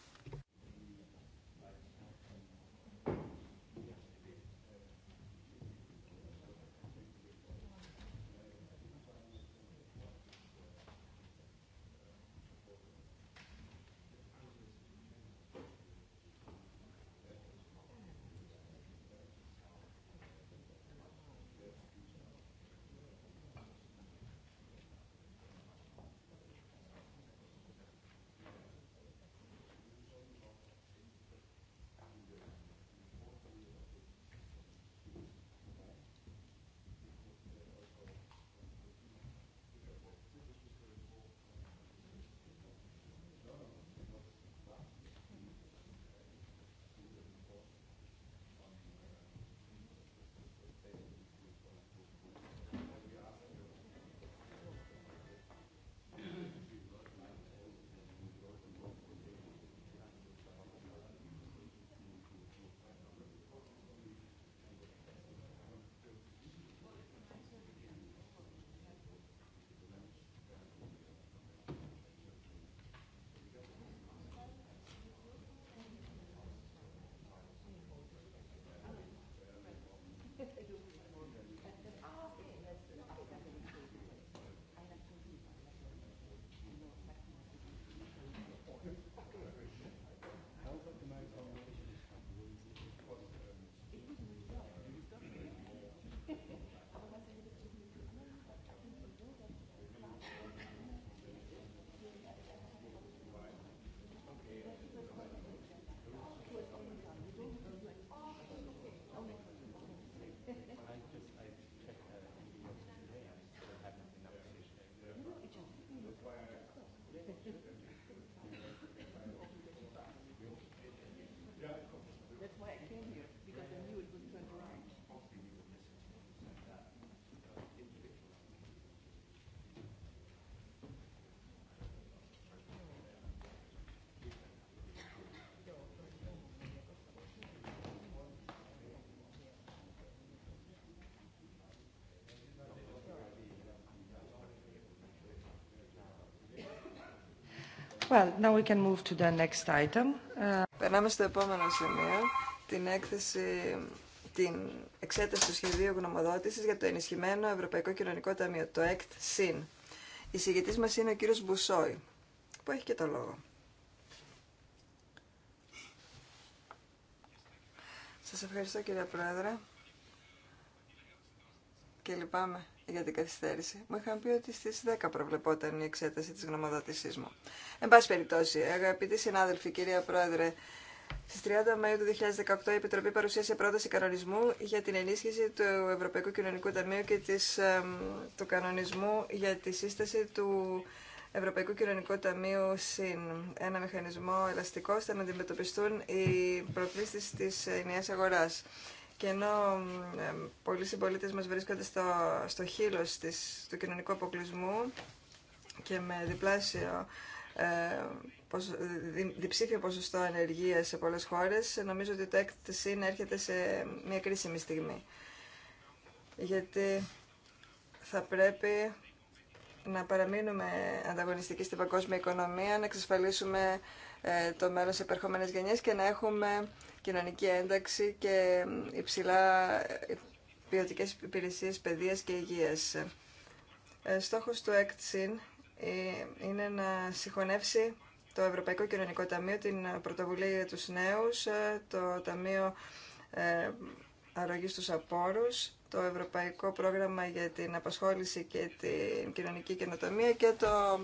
Ευχαριστώ. Περνάμε στο επόμενο σημείο, την έκθεση, την εξέταση του σχεδίου γνωμοδότησης για το ενισχυμένο Ευρωπαϊκό Κοινωνικό Ταμείο, το ΕΚΤ-ΣΥΝ. Η συγγετής μας είναι ο κύριος Μπουσόη, που έχει και το λόγο. Σας ευχαριστώ κύριε Πρόεδρε και λυπάμαι για την καθυστέρηση. Μου είχαν πει ότι στι 10 προβλεπόταν η εξέταση της γνωμοδότησής μου. Εν πάση περιπτώσει, αγαπητοί συνάδελφοι, κυρία Πρόεδρε, στις 30 Μαΐου του 2018 η Επιτροπή παρουσίασε πρόταση κανονισμού για την ενίσχυση του Ευρωπαϊκού Κοινωνικού Ταμείου και της, του κανονισμού για τη σύσταση του Ευρωπαϊκού Κοινωνικού Ταμείου ΣΥΝ, ένα μηχανισμό ελαστικό ώστε να αντιμετωπιστούν οι προκλήσει τη ε, ενιαία αγορά. Και ενώ ε, πολλοί συμπολίτε μας βρίσκονται στο, στο χείλος του κοινωνικού αποκλεισμού και με διπλάσιο ε, διψήφιο ποσοστό ανεργία σε πολλές χώρες, νομίζω ότι το είναι έρχεται σε μια κρίσιμη στιγμή. Γιατί θα πρέπει να παραμείνουμε ανταγωνιστικοί στην παγκόσμια οικονομία, να εξασφαλίσουμε ε, το μέλλον σε επερχόμενες γενιές και να έχουμε κοινωνική ένταξη και υψηλά ποιοτικέ υπηρεσίε, παιδεία και υγεία. Ε, Στόχο του ΕΚΤΣΙΝ ε, είναι να συγχωνεύσει το Ευρωπαϊκό Κοινωνικό Ταμείο, την Πρωτοβουλία για τους Νέους, ε, το Ταμείο Αρρωγής στους Απόρους, το Ευρωπαϊκό Πρόγραμμα για την Απασχόληση και την Κοινωνική Καινοτομία και το,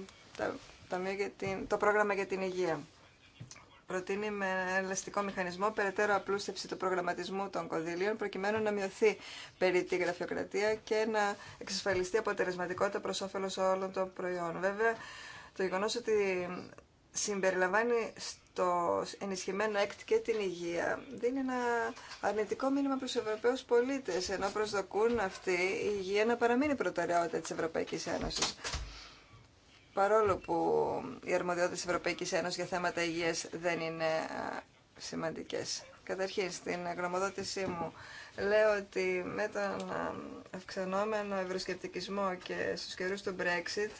Ταμείο για το Πρόγραμμα για την Υγεία προτείνει με ελαστικό μηχανισμό περαιτέρω απλούστευση του προγραμματισμού των κονδυλίων, προκειμένου να μειωθεί περί τη γραφειοκρατία και να εξασφαλιστεί αποτελεσματικότητα προ όφελο όλων των προϊόντων. Βέβαια, το γεγονό ότι συμπεριλαμβάνει στο ενισχυμένο ΕΚΤ και την υγεία δίνει ένα αρνητικό μήνυμα προς Ευρωπαίους πολίτες, ενώ προσδοκούν αυτή η υγεία να παραμείνει προτεραιότητα της Ευρωπαϊκής Ένωσης παρόλο που οι αρμοδιότητε τη Ευρωπαϊκής Ένωσης για θέματα υγείας δεν είναι σημαντικέ. Καταρχήν, στην γνωμοδότησή μου λέω ότι με τον αυξανόμενο ευρωσκεπτικισμό και στους καιρούς του Brexit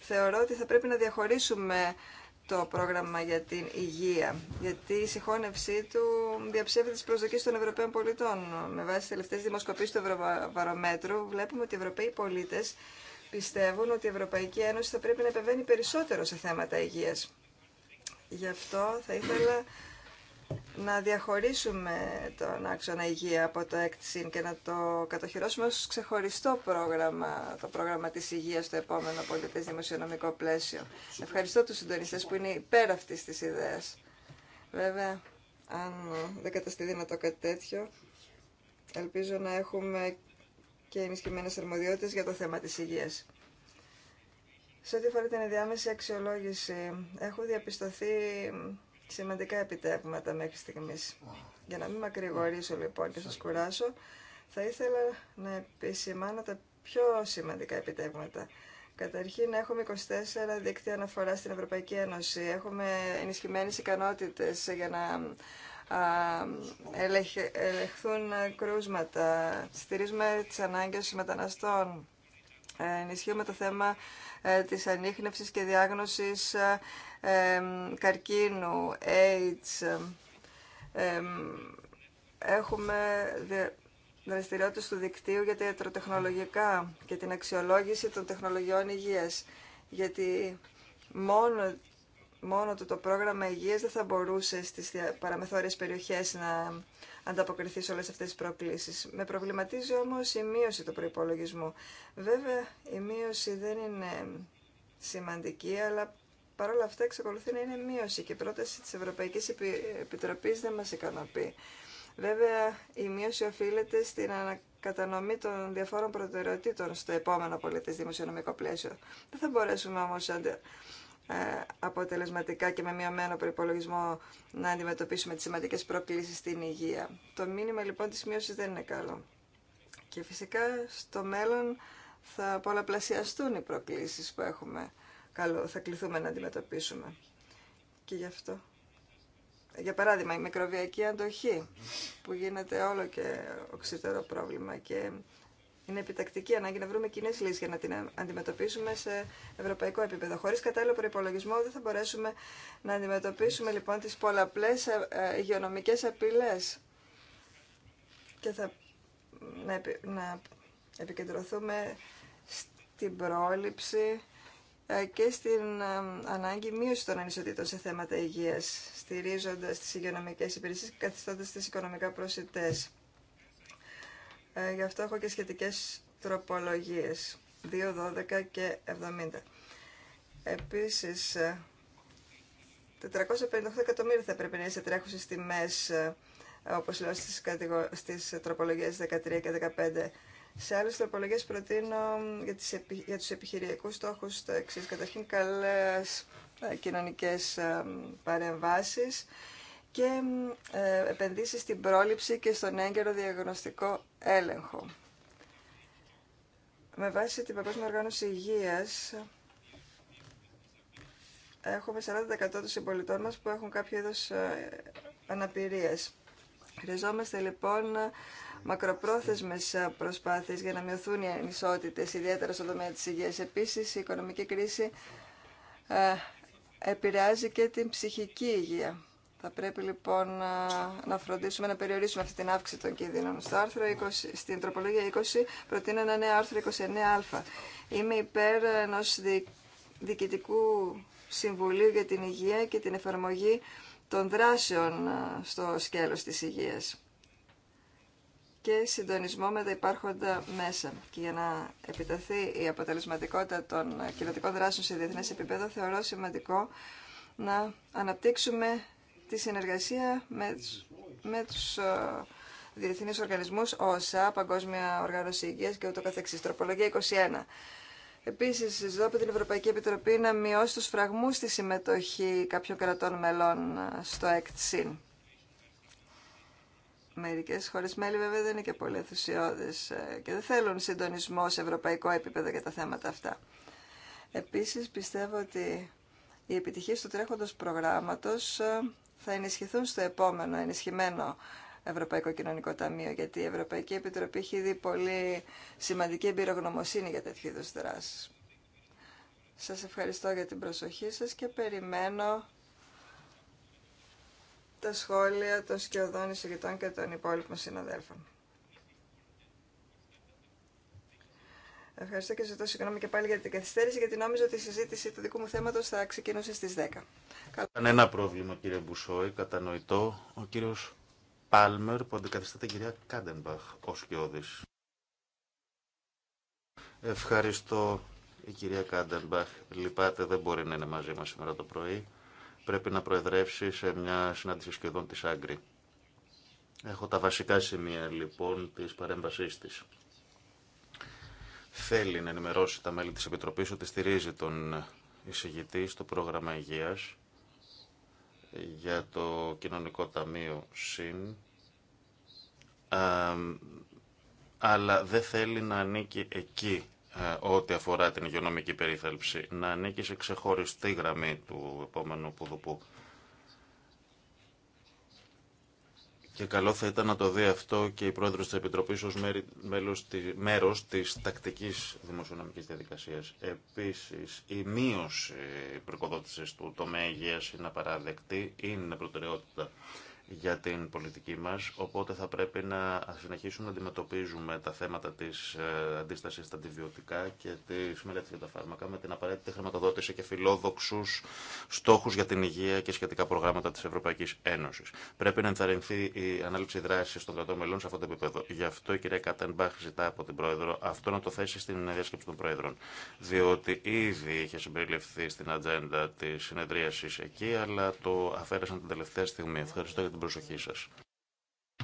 θεωρώ ότι θα πρέπει να διαχωρίσουμε το πρόγραμμα για την υγεία, γιατί η συγχώνευσή του διαψεύδει τι προσδοκίες των Ευρωπαίων πολιτών. Με βάση τις τελευταίες δημοσκοπήσεις του Ευρωβαρομέτρου βλέπουμε ότι οι Ευρωπαίοι πολίτε πιστεύουν ότι η Ευρωπαϊκή Ένωση θα πρέπει να επεμβαίνει περισσότερο σε θέματα υγείας. Γι' αυτό θα ήθελα να διαχωρίσουμε τον άξονα υγεία από το ΕΚΤΣΙΝ και να το κατοχυρώσουμε ως ξεχωριστό πρόγραμμα, το πρόγραμμα της υγείας στο επόμενο πολιτές δημοσιονομικό πλαίσιο. Ευχαριστώ τους συντονιστές που είναι υπέρ αυτή τη Βέβαια, αν δεν καταστηθεί να το κάτι τέτοιο, ελπίζω να έχουμε και ενισχυμένες αρμοδιότητες για το θέμα της υγείας. Σε ό,τι αφορά την ενδιάμεση αξιολόγηση, έχουν διαπιστωθεί σημαντικά επιτεύγματα μέχρι στιγμής. Για να μην μακρηγορήσω λοιπόν και σας κουράσω, θα ήθελα να επισημάνω τα πιο σημαντικά επιτεύγματα. Καταρχήν έχουμε 24 δίκτυα αναφορά στην Ευρωπαϊκή Ένωση. Έχουμε ενισχυμένες ικανότητες για να ελεχθούν κρούσματα, στηρίζουμε τις ανάγκες μεταναστών, ε, ενισχύουμε το θέμα ε, της ανείχνευσης και διάγνωσης ε, καρκίνου, AIDS. Έχουμε δραστηριότητες του δικτύου για τα ιατροτεχνολογικά και την αξιολόγηση των τεχνολογιών υγείας, γιατί μόνο μόνο το πρόγραμμα υγείας δεν θα μπορούσε στις παραμεθόριες περιοχές να ανταποκριθεί σε όλες αυτές τις προκλήσεις. Με προβληματίζει όμως η μείωση του προϋπολογισμού. Βέβαια η μείωση δεν είναι σημαντική, αλλά παρόλα αυτά εξακολουθεί να είναι μείωση και η πρόταση της Ευρωπαϊκής Επιτροπής δεν μας ικανοποιεί. Βέβαια, η μείωση οφείλεται στην ανακατανομή των διαφόρων προτεραιοτήτων στο επόμενο πολιτές δημοσιονομικό πλαίσιο. Δεν θα μπορέσουμε όμως ε, αποτελεσματικά και με μειωμένο προπολογισμό να αντιμετωπίσουμε τις σημαντικές προκλήσεις στην υγεία. Το μήνυμα λοιπόν της μείωσης δεν είναι καλό. Και φυσικά στο μέλλον θα πολλαπλασιαστούν οι προκλήσεις που έχουμε. Καλό, θα κληθούμε να αντιμετωπίσουμε. Και γι' αυτό. Για παράδειγμα, η μικροβιακή αντοχή, που γίνεται όλο και οξύτερο πρόβλημα και είναι επιτακτική ανάγκη να βρούμε κοινέ λύσει για να την αντιμετωπίσουμε σε ευρωπαϊκό επίπεδο. Χωρί κατάλληλο προπολογισμό δεν θα μπορέσουμε να αντιμετωπίσουμε λοιπόν τι πολλαπλέ ε, ε, υγειονομικέ απειλέ και θα να επικεντρωθούμε στην πρόληψη ε, και στην ανάγκη μείωση των ανισοτήτων σε θέματα υγείας, στηρίζοντας τις υγειονομικές υπηρεσίες και καθιστώντας τις οικονομικά προσιτές. Ε, γι' αυτό έχω και σχετικές τροπολογίες. 2, 12 και 70. Επίσης, 458 ε, εκατομμύρια θα πρέπει να είναι σε τρέχουσες τιμές, ε, όπως λέω στις, κατηγο... στις τροπολογίες 13 και 15. Σε άλλες τροπολογίες προτείνω για, τις επι... για τους επιχειρηματικούς στόχους τα εξής. Καταρχήν καλές ε, κοινωνικές παρεμβάσεις και ε, επενδύσεις στην πρόληψη και στον έγκαιρο διαγνωστικό έλεγχο. Με βάση την Παγκόσμια Οργάνωση Υγείας, έχουμε 40% των συμπολιτών μας που έχουν κάποιο είδος ε, αναπηρίες. Χρειαζόμαστε λοιπόν μακροπρόθεσμες ε, προσπάθειες για να μειωθούν οι ανισότητες, ιδιαίτερα στον τομέα της υγείας. Επίσης, η οικονομική κρίση επηρεάζει και την ψυχική υγεία. Θα πρέπει λοιπόν να, φροντίσουμε να περιορίσουμε αυτή την αύξηση των κινδύνων. Στο άρθρο 20, στην τροπολογία 20 προτείνω ένα νέο άρθρο 29α. Είμαι υπέρ ενό διοικητικού συμβουλίου για την υγεία και την εφαρμογή των δράσεων στο σκέλος της υγείας και συντονισμό με τα υπάρχοντα μέσα. Και για να επιταθεί η αποτελεσματικότητα των κοινωτικών δράσεων σε διεθνές επίπεδο, θεωρώ σημαντικό να αναπτύξουμε τη συνεργασία με τους, με τους ε, διεθνείς οργανισμούς ΩΣΑ, Παγκόσμια Οργάνωση Υγείας και ούτω καθεξής. Τροπολογία 21. Επίσης, ζητώ από την Ευρωπαϊκή Επιτροπή να μειώσει του φραγμού στη συμμετοχή κάποιων κρατών μελών ε, στο ΕΚΤΣΙΝ. Μερικέ χώρε μέλη βέβαια δεν είναι και πολύ ενθουσιώδες ε, και δεν θέλουν συντονισμό σε ευρωπαϊκό επίπεδο για τα θέματα αυτά. Επίση, πιστεύω ότι η επιτυχία του τρέχοντο προγράμματο θα ενισχυθούν στο επόμενο ενισχυμένο Ευρωπαϊκό Κοινωνικό Ταμείο, γιατί η Ευρωπαϊκή Επιτροπή έχει δει πολύ σημαντική εμπειρογνωμοσύνη για τέτοιου είδου δράσει. Σα ευχαριστώ για την προσοχή σα και περιμένω τα σχόλια των σκιωδών εισηγητών και των υπόλοιπων συναδέλφων. Ευχαριστώ και ζητώ συγγνώμη και πάλι για την καθυστέρηση, γιατί νόμιζα ότι η συζήτηση του δικού μου θέματο θα ξεκινούσε στι 10. Κανένα πρόβλημα, κύριε Μπουσόη, κατανοητό. Ο κύριο Πάλμερ που αντικαθιστά την κυρία Κάντεμπαχ ω κοιόδη. Ευχαριστώ. Η κυρία Κάντεμπαχ λυπάται, δεν μπορεί να είναι μαζί μα σήμερα το πρωί. Πρέπει να προεδρεύσει σε μια συνάντηση σχεδόν τη Άγκρη. Έχω τα βασικά σημεία λοιπόν της παρέμβασή τη θέλει να ενημερώσει τα μέλη της Επιτροπής ότι στηρίζει τον εισηγητή στο πρόγραμμα υγείας για το Κοινωνικό Ταμείο ΣΥΝ αλλά δεν θέλει να ανήκει εκεί ε, ό,τι αφορά την υγειονομική περίθαλψη, να ανήκει σε ξεχωριστή γραμμή του επόμενου πουδουπού. Και καλό θα ήταν να το δει αυτό και η πρόεδρος της Επιτροπής ως μέλος, μέρος της τακτικής δημοσιονομικής διαδικασίας. Επίσης, η μείωση προκοδότησης του τομέα υγείας είναι απαράδεκτη, είναι προτεραιότητα για την πολιτική μας, οπότε θα πρέπει να συνεχίσουμε να αντιμετωπίζουμε τα θέματα της ε, αντίστασης στα αντιβιωτικά και τη μελέτης για τα φάρμακα με την απαραίτητη χρηματοδότηση και φιλόδοξους στόχους για την υγεία και σχετικά προγράμματα της Ευρωπαϊκής Ένωσης. Πρέπει να ενθαρρυνθεί η ανάληψη δράση των κρατών μελών σε αυτό το επίπεδο. Γι' αυτό η κυρία Κατενμπάχ ζητά από την Πρόεδρο αυτό να το θέσει στην διάσκεψη των Πρόεδρων. Διότι ήδη είχε συμπεριληφθεί στην ατζέντα τη συνεδρίαση εκεί, αλλά το αφαίρεσαν την τελευταία στιγμή. Ευχαριστώ για την προσοχή σας.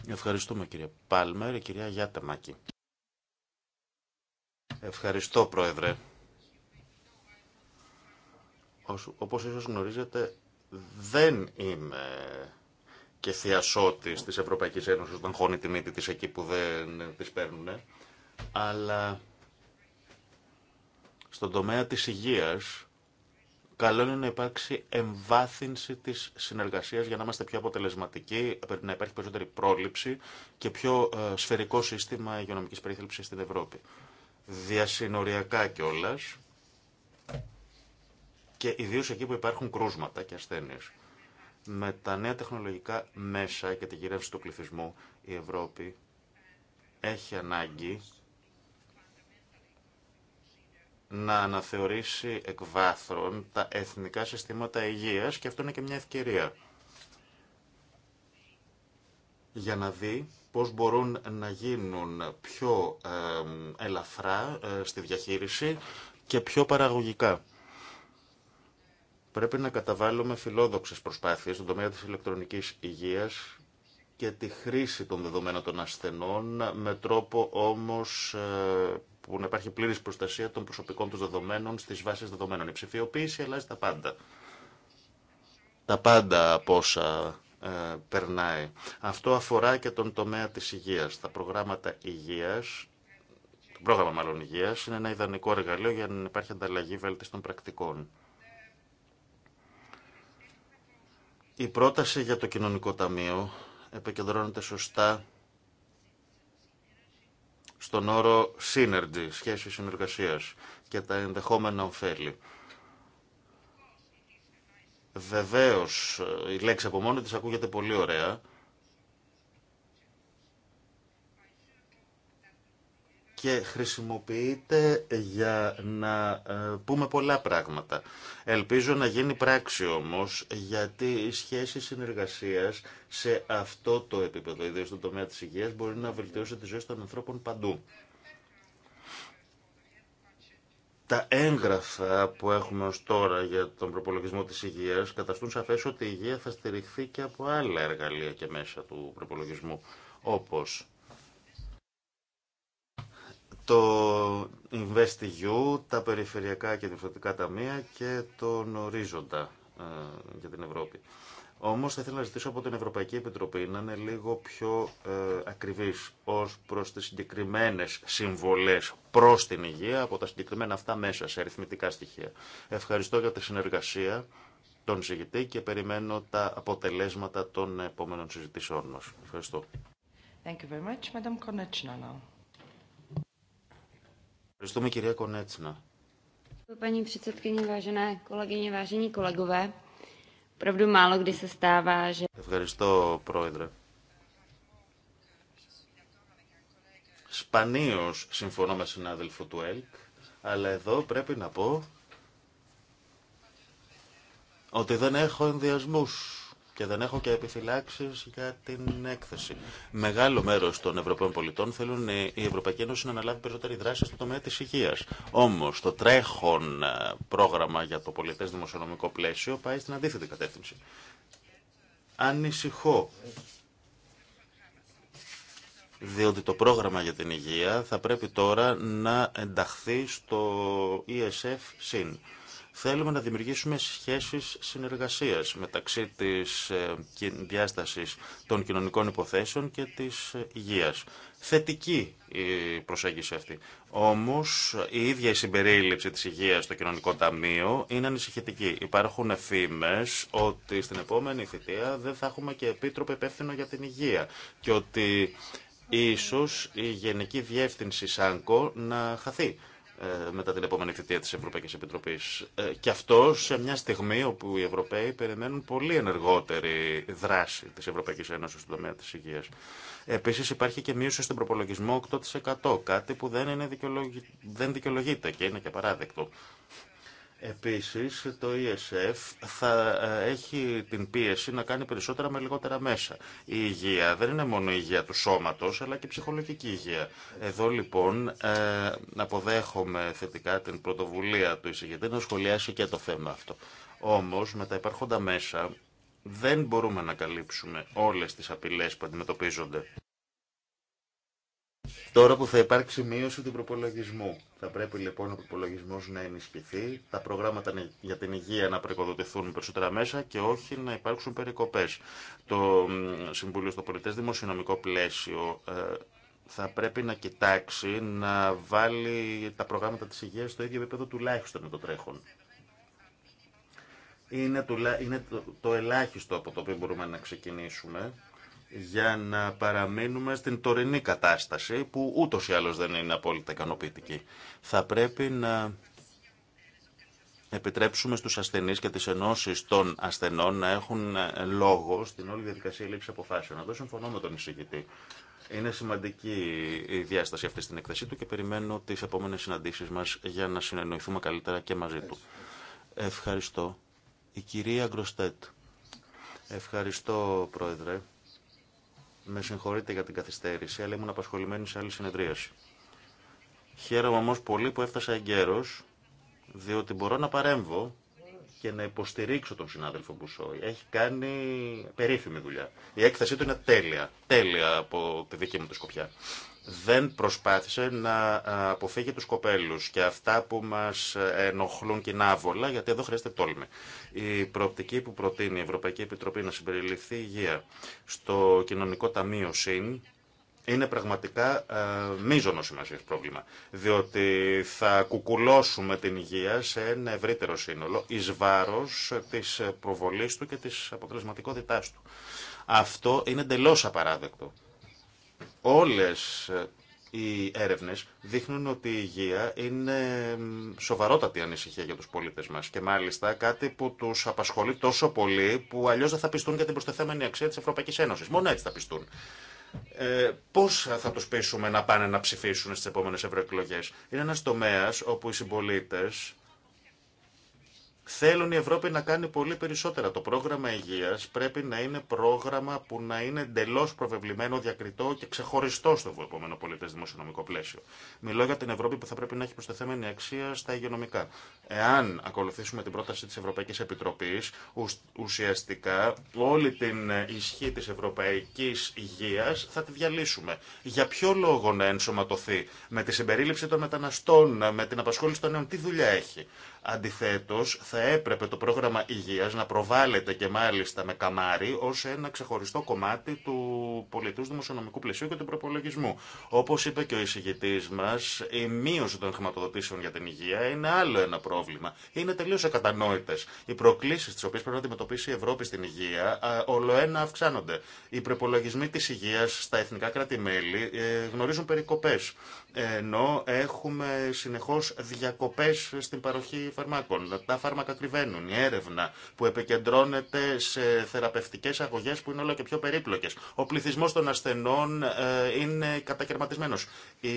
Ευχαριστούμε κύριε Πάλμερ και κυρία Γιάτα Μάκη. Ευχαριστώ πρόεδρε. Όπως ίσως γνωρίζετε δεν είμαι και θειασότης της Ευρωπαϊκής Ένωσης όταν χώνει τη μύτη της εκεί που δεν τις παίρνουν. Αλλά στον τομέα της υγείας Καλό είναι να υπάρξει εμβάθυνση τη συνεργασία για να είμαστε πιο αποτελεσματικοί, να υπάρχει περισσότερη πρόληψη και πιο ε, σφαιρικό σύστημα υγειονομική περίθαλψη στην Ευρώπη. Διασυνοριακά κιόλα και ιδίω εκεί που υπάρχουν κρούσματα και ασθένειε. Με τα νέα τεχνολογικά μέσα και τη γυρεύση του πληθυσμού, η Ευρώπη έχει ανάγκη να αναθεωρήσει εκ βάθρων τα εθνικά συστήματα υγείας και αυτό είναι και μια ευκαιρία για να δει πώς μπορούν να γίνουν πιο ελαφρά ε, στη διαχείριση και πιο παραγωγικά. Πρέπει να καταβάλουμε φιλόδοξες προσπάθειες στον τομέα της ηλεκτρονικής υγείας και τη χρήση των δεδομένων των ασθενών με τρόπο όμως ε, που να υπάρχει πλήρη προστασία των προσωπικών του δεδομένων στι βάσεις δεδομένων. Η ψηφιοποίηση αλλάζει τα πάντα. Τα πάντα από όσα ε, περνάει. Αυτό αφορά και τον τομέα τη υγεία. Τα προγράμματα υγεία, το πρόγραμμα μάλλον υγεία είναι ένα ιδανικό εργαλείο για να υπάρχει ανταλλαγή βέλτιστων πρακτικών. Η πρόταση για το κοινωνικό ταμείο επικεντρώνεται σωστά στον όρο synergy, σχέση συνεργασίας και τα ενδεχόμενα ωφέλη. Βεβαίως, ε, η λέξη από μόνη της ακούγεται πολύ ωραία, και χρησιμοποιείται για να ε, πούμε πολλά πράγματα. Ελπίζω να γίνει πράξη όμως, γιατί οι σχέσεις συνεργασίας σε αυτό το επίπεδο, ιδίως στον τομέα της υγείας, μπορεί να βελτιώσει τη ζωή των ανθρώπων παντού. Τα έγγραφα που έχουμε ως τώρα για τον προπολογισμό της υγείας καταστούν σαφές ότι η υγεία θα στηριχθεί και από άλλα εργαλεία και μέσα του προπολογισμού, όπως το InvestEU, τα περιφερειακά και διευθυντικά ταμεία και τον ορίζοντα ε, για την Ευρώπη. Όμως θα ήθελα να ζητήσω από την Ευρωπαϊκή Επιτροπή να είναι λίγο πιο ε, ακριβής ως προς τις συγκεκριμένες συμβολές προς την υγεία από τα συγκεκριμένα αυτά μέσα σε αριθμητικά στοιχεία. Ευχαριστώ για τη συνεργασία των συζητή και περιμένω τα αποτελέσματα των επόμενων συζητήσεών μας. Ευχαριστώ. Thank you very much, Madam Ευχαριστούμε κυρία Κονέτσινα. Ευχαριστώ πρόεδρε. Σπανίως συμφωνώ με συνάδελφο του ΕΛΚ, αλλά εδώ πρέπει να πω ότι δεν έχω ενδιασμούς και δεν έχω και επιφυλάξει για την έκθεση. Μεγάλο μέρο των Ευρωπαίων πολιτών θέλουν η Ευρωπαϊκή Ένωση να αναλάβει περισσότερη δράση στο τομέα τη υγεία. Όμω το τρέχον ε, πρόγραμμα για το πολιτέ δημοσιονομικό πλαίσιο πάει στην αντίθετη κατεύθυνση. Ανησυχώ. Διότι το πρόγραμμα για την υγεία θα πρέπει τώρα να ενταχθεί στο ESF-SYN Θέλουμε να δημιουργήσουμε σχέσεις συνεργασίας μεταξύ της ε, διάστασης των κοινωνικών υποθέσεων και της ε, υγείας. Θετική η προσέγγιση αυτή. Όμως η ίδια η συμπερίληψη της υγείας στο κοινωνικό ταμείο είναι ανησυχητική. Υπάρχουν φήμες ότι στην επόμενη θητεία δεν θα έχουμε και επίτροπο υπεύθυνο για την υγεία και ότι ίσως η Γενική Διεύθυνση ΣΑΝΚΟ να χαθεί ε, μετά την επόμενη θητεία της Ευρωπαϊκής Επιτροπής. Ε, και αυτό σε μια στιγμή όπου οι Ευρωπαίοι περιμένουν πολύ ενεργότερη δράση της Ευρωπαϊκής Ένωσης στον τομέα της υγείας. Επίσης υπάρχει και μείωση στον προπολογισμό 8%, κάτι που δεν, είναι δικαιολογη... δεν δικαιολογείται και είναι και παράδεκτο. Επίσης, το ESF θα ε, έχει την πίεση να κάνει περισσότερα με λιγότερα μέσα. Η υγεία δεν είναι μόνο η υγεία του σώματος, αλλά και η ψυχολογική υγεία. Εδώ λοιπόν ε, αποδέχομαι θετικά την πρωτοβουλία του εισηγητή να σχολιάσει και το θέμα αυτό. Όμως, με τα υπάρχοντα μέσα δεν μπορούμε να καλύψουμε όλες τις απειλές που αντιμετωπίζονται. Τώρα που θα υπάρξει μείωση του προπολογισμού. Θα πρέπει λοιπόν ο προπολογισμό να ενισχυθεί, τα προγράμματα για την υγεία να προποδοτηθούν με περισσότερα μέσα και όχι να υπάρξουν περικοπέ. Το Συμβούλιο στο Πολιτέ Δημοσιονομικό Πλαίσιο ε, θα πρέπει να κοιτάξει να βάλει τα προγράμματα της υγείας στο ίδιο επίπεδο τουλάχιστον με το τρέχον. Είναι, το ελάχιστο από το οποίο μπορούμε να ξεκινήσουμε για να παραμείνουμε στην τωρινή κατάσταση που ούτως ή άλλως δεν είναι απόλυτα ικανοποιητική. Θα πρέπει να επιτρέψουμε στους ασθενείς και τις ενώσεις των ασθενών να έχουν λόγο στην όλη διαδικασία λήψη αποφάσεων. Εδώ συμφωνώ με τον εισηγητή. Είναι σημαντική η διάσταση αυτή στην εκθεσή του και περιμένω τις επόμενες συναντήσεις μας για να συνεννοηθούμε καλύτερα και μαζί του. Ευχαριστώ. Η κυρία Γκροστέτ. Ευχαριστώ, Πρόεδρε. Με συγχωρείτε για την καθυστέρηση, αλλά ήμουν απασχολημένη σε άλλη συνεδρίαση. Χαίρομαι όμω πολύ που έφτασα εγκαίρω, διότι μπορώ να παρέμβω και να υποστηρίξω τον συνάδελφο Μπουσόη. Έχει κάνει περίφημη δουλειά. Η έκθεσή του είναι τέλεια. Τέλεια από τη δική μου τη σκοπιά δεν προσπάθησε να αποφύγει τους κοπέλους και αυτά που μας ενοχλούν αβολα, γιατί εδώ χρειάζεται τόλμη. Η προοπτική που προτείνει η Ευρωπαϊκή Επιτροπή να συμπεριληφθεί η υγεία στο κοινωνικό ταμείο ΣΥΝ, είναι πραγματικά ε, μείζονο σημασία πρόβλημα. Διότι θα κουκουλώσουμε την υγεία σε ένα ευρύτερο σύνολο ει βάρο τη προβολή του και τη αποτελεσματικότητά του. Αυτό είναι εντελώ απαράδεκτο. Όλες ε, οι έρευνες δείχνουν ότι η υγεία είναι σοβαρότατη ανησυχία για τους πολίτες μας και μάλιστα κάτι που τους απασχολεί τόσο πολύ που αλλιώς δεν θα πιστούν για την προστεθέμενη αξία της Ευρωπαϊκής Ένωσης. Μόνο έτσι θα πιστούν. Ε, Πώ θα του πείσουμε να πάνε να ψηφίσουν στι επόμενε ευρωεκλογέ, Είναι ένα τομέα όπου οι συμπολίτε Θέλουν η Ευρώπη να κάνει πολύ περισσότερα. Το πρόγραμμα υγεία πρέπει να είναι πρόγραμμα που να είναι εντελώ προβεβλημένο, διακριτό και ξεχωριστό στο επόμενο πολιτέ δημοσιονομικό πλαίσιο. Μιλώ για την Ευρώπη που θα πρέπει να έχει προσθεθέμενη αξία στα υγειονομικά. Εάν ακολουθήσουμε την πρόταση τη Ευρωπαϊκή Επιτροπή, ουσιαστικά όλη την ισχύ τη ευρωπαϊκή υγεία θα τη διαλύσουμε. Για ποιο λόγο να ενσωματωθεί με τη συμπερίληψη των μεταναστών, με την απασχόληση των νέων, τι δουλειά έχει. Αντιθέτω, θα έπρεπε το πρόγραμμα υγεία να προβάλλεται και μάλιστα με καμάρι ω ένα ξεχωριστό κομμάτι του πολιτού δημοσιονομικού πλαισίου και του προπολογισμού. Όπω είπε και ο εισηγητή μα, η μείωση των χρηματοδοτήσεων για την υγεία είναι άλλο ένα πρόβλημα. Είναι τελείω ακατανόητε. Οι προκλήσει τι οποίε πρέπει να αντιμετωπίσει η Ευρώπη στην υγεία ολοένα αυξάνονται. Οι προπολογισμοί τη υγεία στα εθνικά κράτη-μέλη ε, γνωρίζουν περικοπέ ενώ έχουμε συνεχώς διακοπές στην παροχή φαρμάκων. Δηλαδή, τα φάρμακα κρυβαίνουν, η έρευνα που επικεντρώνεται σε θεραπευτικές αγωγές που είναι όλο και πιο περίπλοκες. Ο πληθυσμός των ασθενών ε, είναι κατακαιρματισμένος. Οι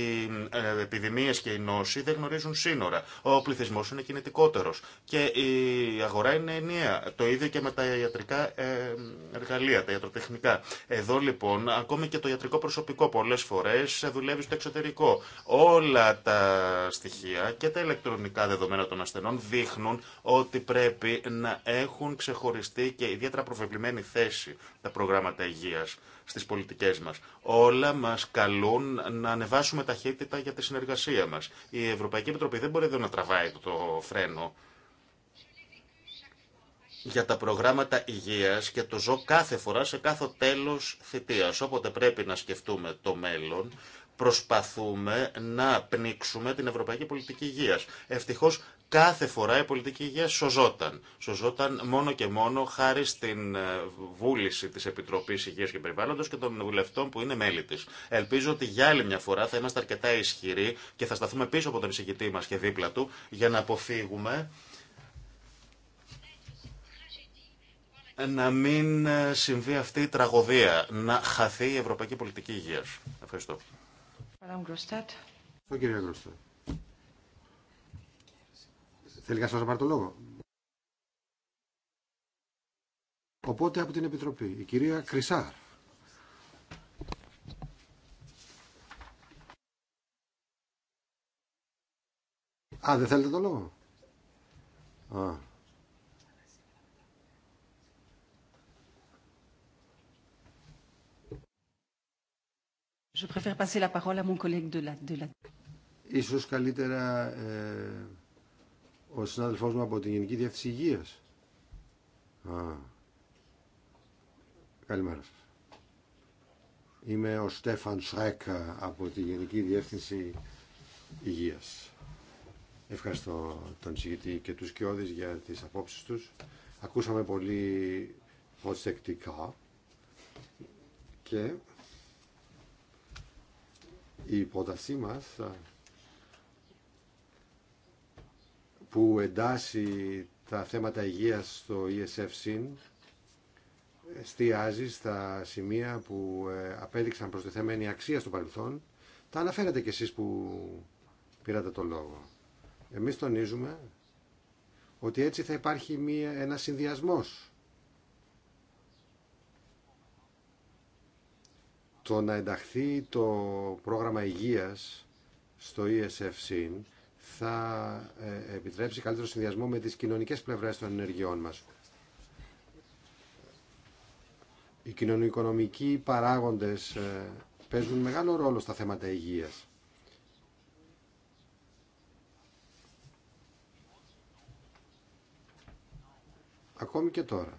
ε, επιδημίες και οι νόσοι δεν γνωρίζουν σύνορα. Ο πληθυσμός είναι κινητικότερος και η αγορά είναι ενιαία. Το ίδιο και με τα ιατρικά ε, εργαλεία, τα ιατροτεχνικά. Εδώ λοιπόν, ακόμη και το ιατρικό προσωπικό πολλές φορές δουλεύει στο εξωτερικό Όλα τα στοιχεία και τα ηλεκτρονικά δεδομένα των ασθενών δείχνουν ότι πρέπει να έχουν ξεχωριστεί και ιδιαίτερα προβεβλημένη θέση τα προγράμματα υγείας στις πολιτικές μας. Όλα μας καλούν να ανεβάσουμε ταχύτητα για τη συνεργασία μας. Η Ευρωπαϊκή Επιτροπή δεν μπορεί εδώ να τραβάει το φρένο για τα προγράμματα υγείας και το ζω κάθε φορά σε κάθε τέλος θητείας. Όποτε πρέπει να σκεφτούμε το μέλλον, προσπαθούμε να πνίξουμε την ευρωπαϊκή πολιτική Υγεία. Ευτυχώ κάθε φορά η πολιτική υγεία σωζόταν. Σωζόταν μόνο και μόνο χάρη στην ε, βούληση τη επιτροπή υγεία και περιβάλλοντο και των βουλευτών που είναι μέλη τη. Ελπίζω ότι για άλλη μια φορά θα είμαστε αρκετά ισχυροί και θα σταθούμε πίσω από τον εισηγητή μα και δίπλα του για να αποφύγουμε να μην ε, συμβεί αυτή η τραγωδία, να χαθεί η ευρωπαϊκή πολιτική Υγεία. Ευχαριστώ. Θέλει κανένα να πάρει το λόγο. Οπότε από την Επιτροπή, η κυρία Κρυσάρ. Α, δεν θέλετε το λόγο. Α. Je préfère passer la parole à mon collègue de la, de la... Ίσως καλύτερα ε, ο συνάδελφός μου από την Γενική Διεύθυνση Υγείας. Α, καλημέρα σας. Είμαι ο Στέφαν Σρέκα ε, από τη Γενική Διεύθυνση Υγείας. Ευχαριστώ τον συγητή και τους Κιώδης για τις απόψεις τους. Ακούσαμε πολύ προσεκτικά και η υπότασή μας που εντάσσει τα θέματα υγείας στο esf SIN εστιάζει στα σημεία που ε, απέδειξαν προστεθέμενη αξία στο παρελθόν. Τα αναφέρατε κι εσείς που πήρατε το λόγο. Εμείς τονίζουμε ότι έτσι θα υπάρχει μία, ένας συνδυασμός το να ενταχθεί το πρόγραμμα υγείας στο esf σύν, θα ε, επιτρέψει καλύτερο συνδυασμό με τις κοινωνικές πλευρές των ενεργειών μας. Οι κοινωνικονομικοί παράγοντες ε, παίζουν μεγάλο ρόλο στα θέματα υγείας. Ακόμη και τώρα.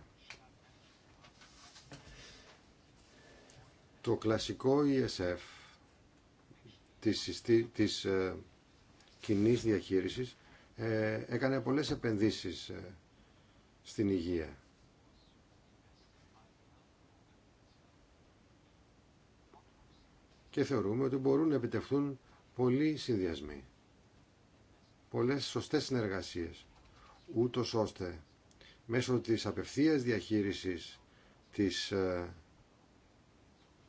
Το κλασικό ESF της, της ε, κοινή διαχείρισης ε, έκανε πολλές επενδύσεις ε, στην υγεία. Και θεωρούμε ότι μπορούν να επιτευχθούν πολλοί συνδυασμοί, πολλές σωστές συνεργασίες, Ούτως ώστε μέσω της απευθείας διαχείρισης της ε,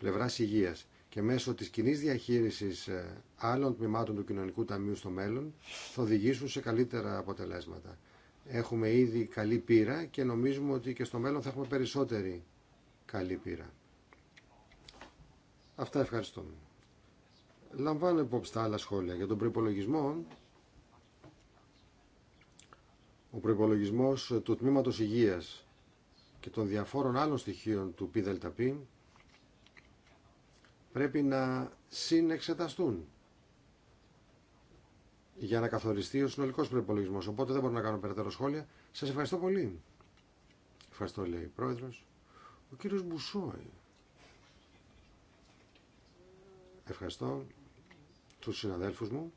Πλευρά υγεία και μέσω της κοινή διαχείριση ε, άλλων τμήματων του Κοινωνικού Ταμείου στο μέλλον θα οδηγήσουν σε καλύτερα αποτελέσματα. Έχουμε ήδη καλή πείρα και νομίζουμε ότι και στο μέλλον θα έχουμε περισσότερη καλή πείρα. Αυτά ευχαριστώ. Λαμβάνω υπόψη τα άλλα σχόλια. Για τον προπολογισμό, ο προπολογισμό του τμήματος υγείας και των διαφόρων άλλων στοιχείων του ΠΔΠ πρέπει να συνεξεταστούν για να καθοριστεί ο συνολικός προπολογισμό. Οπότε δεν μπορώ να κάνω περαιτέρω σχόλια. Σας ευχαριστώ πολύ. Ευχαριστώ λέει η Πρόεδρος. Ο κύριος Μπουσόη. Ευχαριστώ τους συναδέλφους μου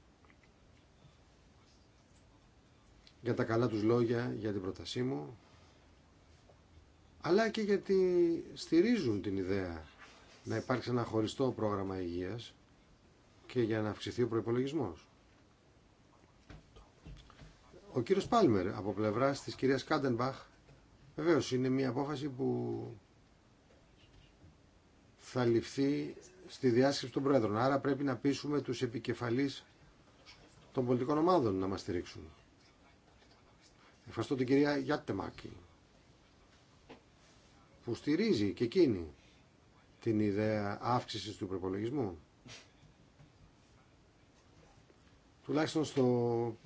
για τα καλά τους λόγια, για την πρότασή μου αλλά και γιατί στηρίζουν την ιδέα να υπάρξει ένα χωριστό πρόγραμμα υγείας και για να αυξηθεί ο προϋπολογισμός. Ο κύριος Πάλμερ από πλευράς της κυρίας Κάντενμπαχ βεβαίω είναι μια απόφαση που θα ληφθεί στη διάσκεψη των Πρόεδρων. Άρα πρέπει να πείσουμε τους επικεφαλείς των πολιτικών ομάδων να μας στηρίξουν. Ευχαριστώ την κυρία Γιάτεμάκη που στηρίζει και εκείνη την ιδέα αύξησης του προπολογισμού. Τουλάχιστον στο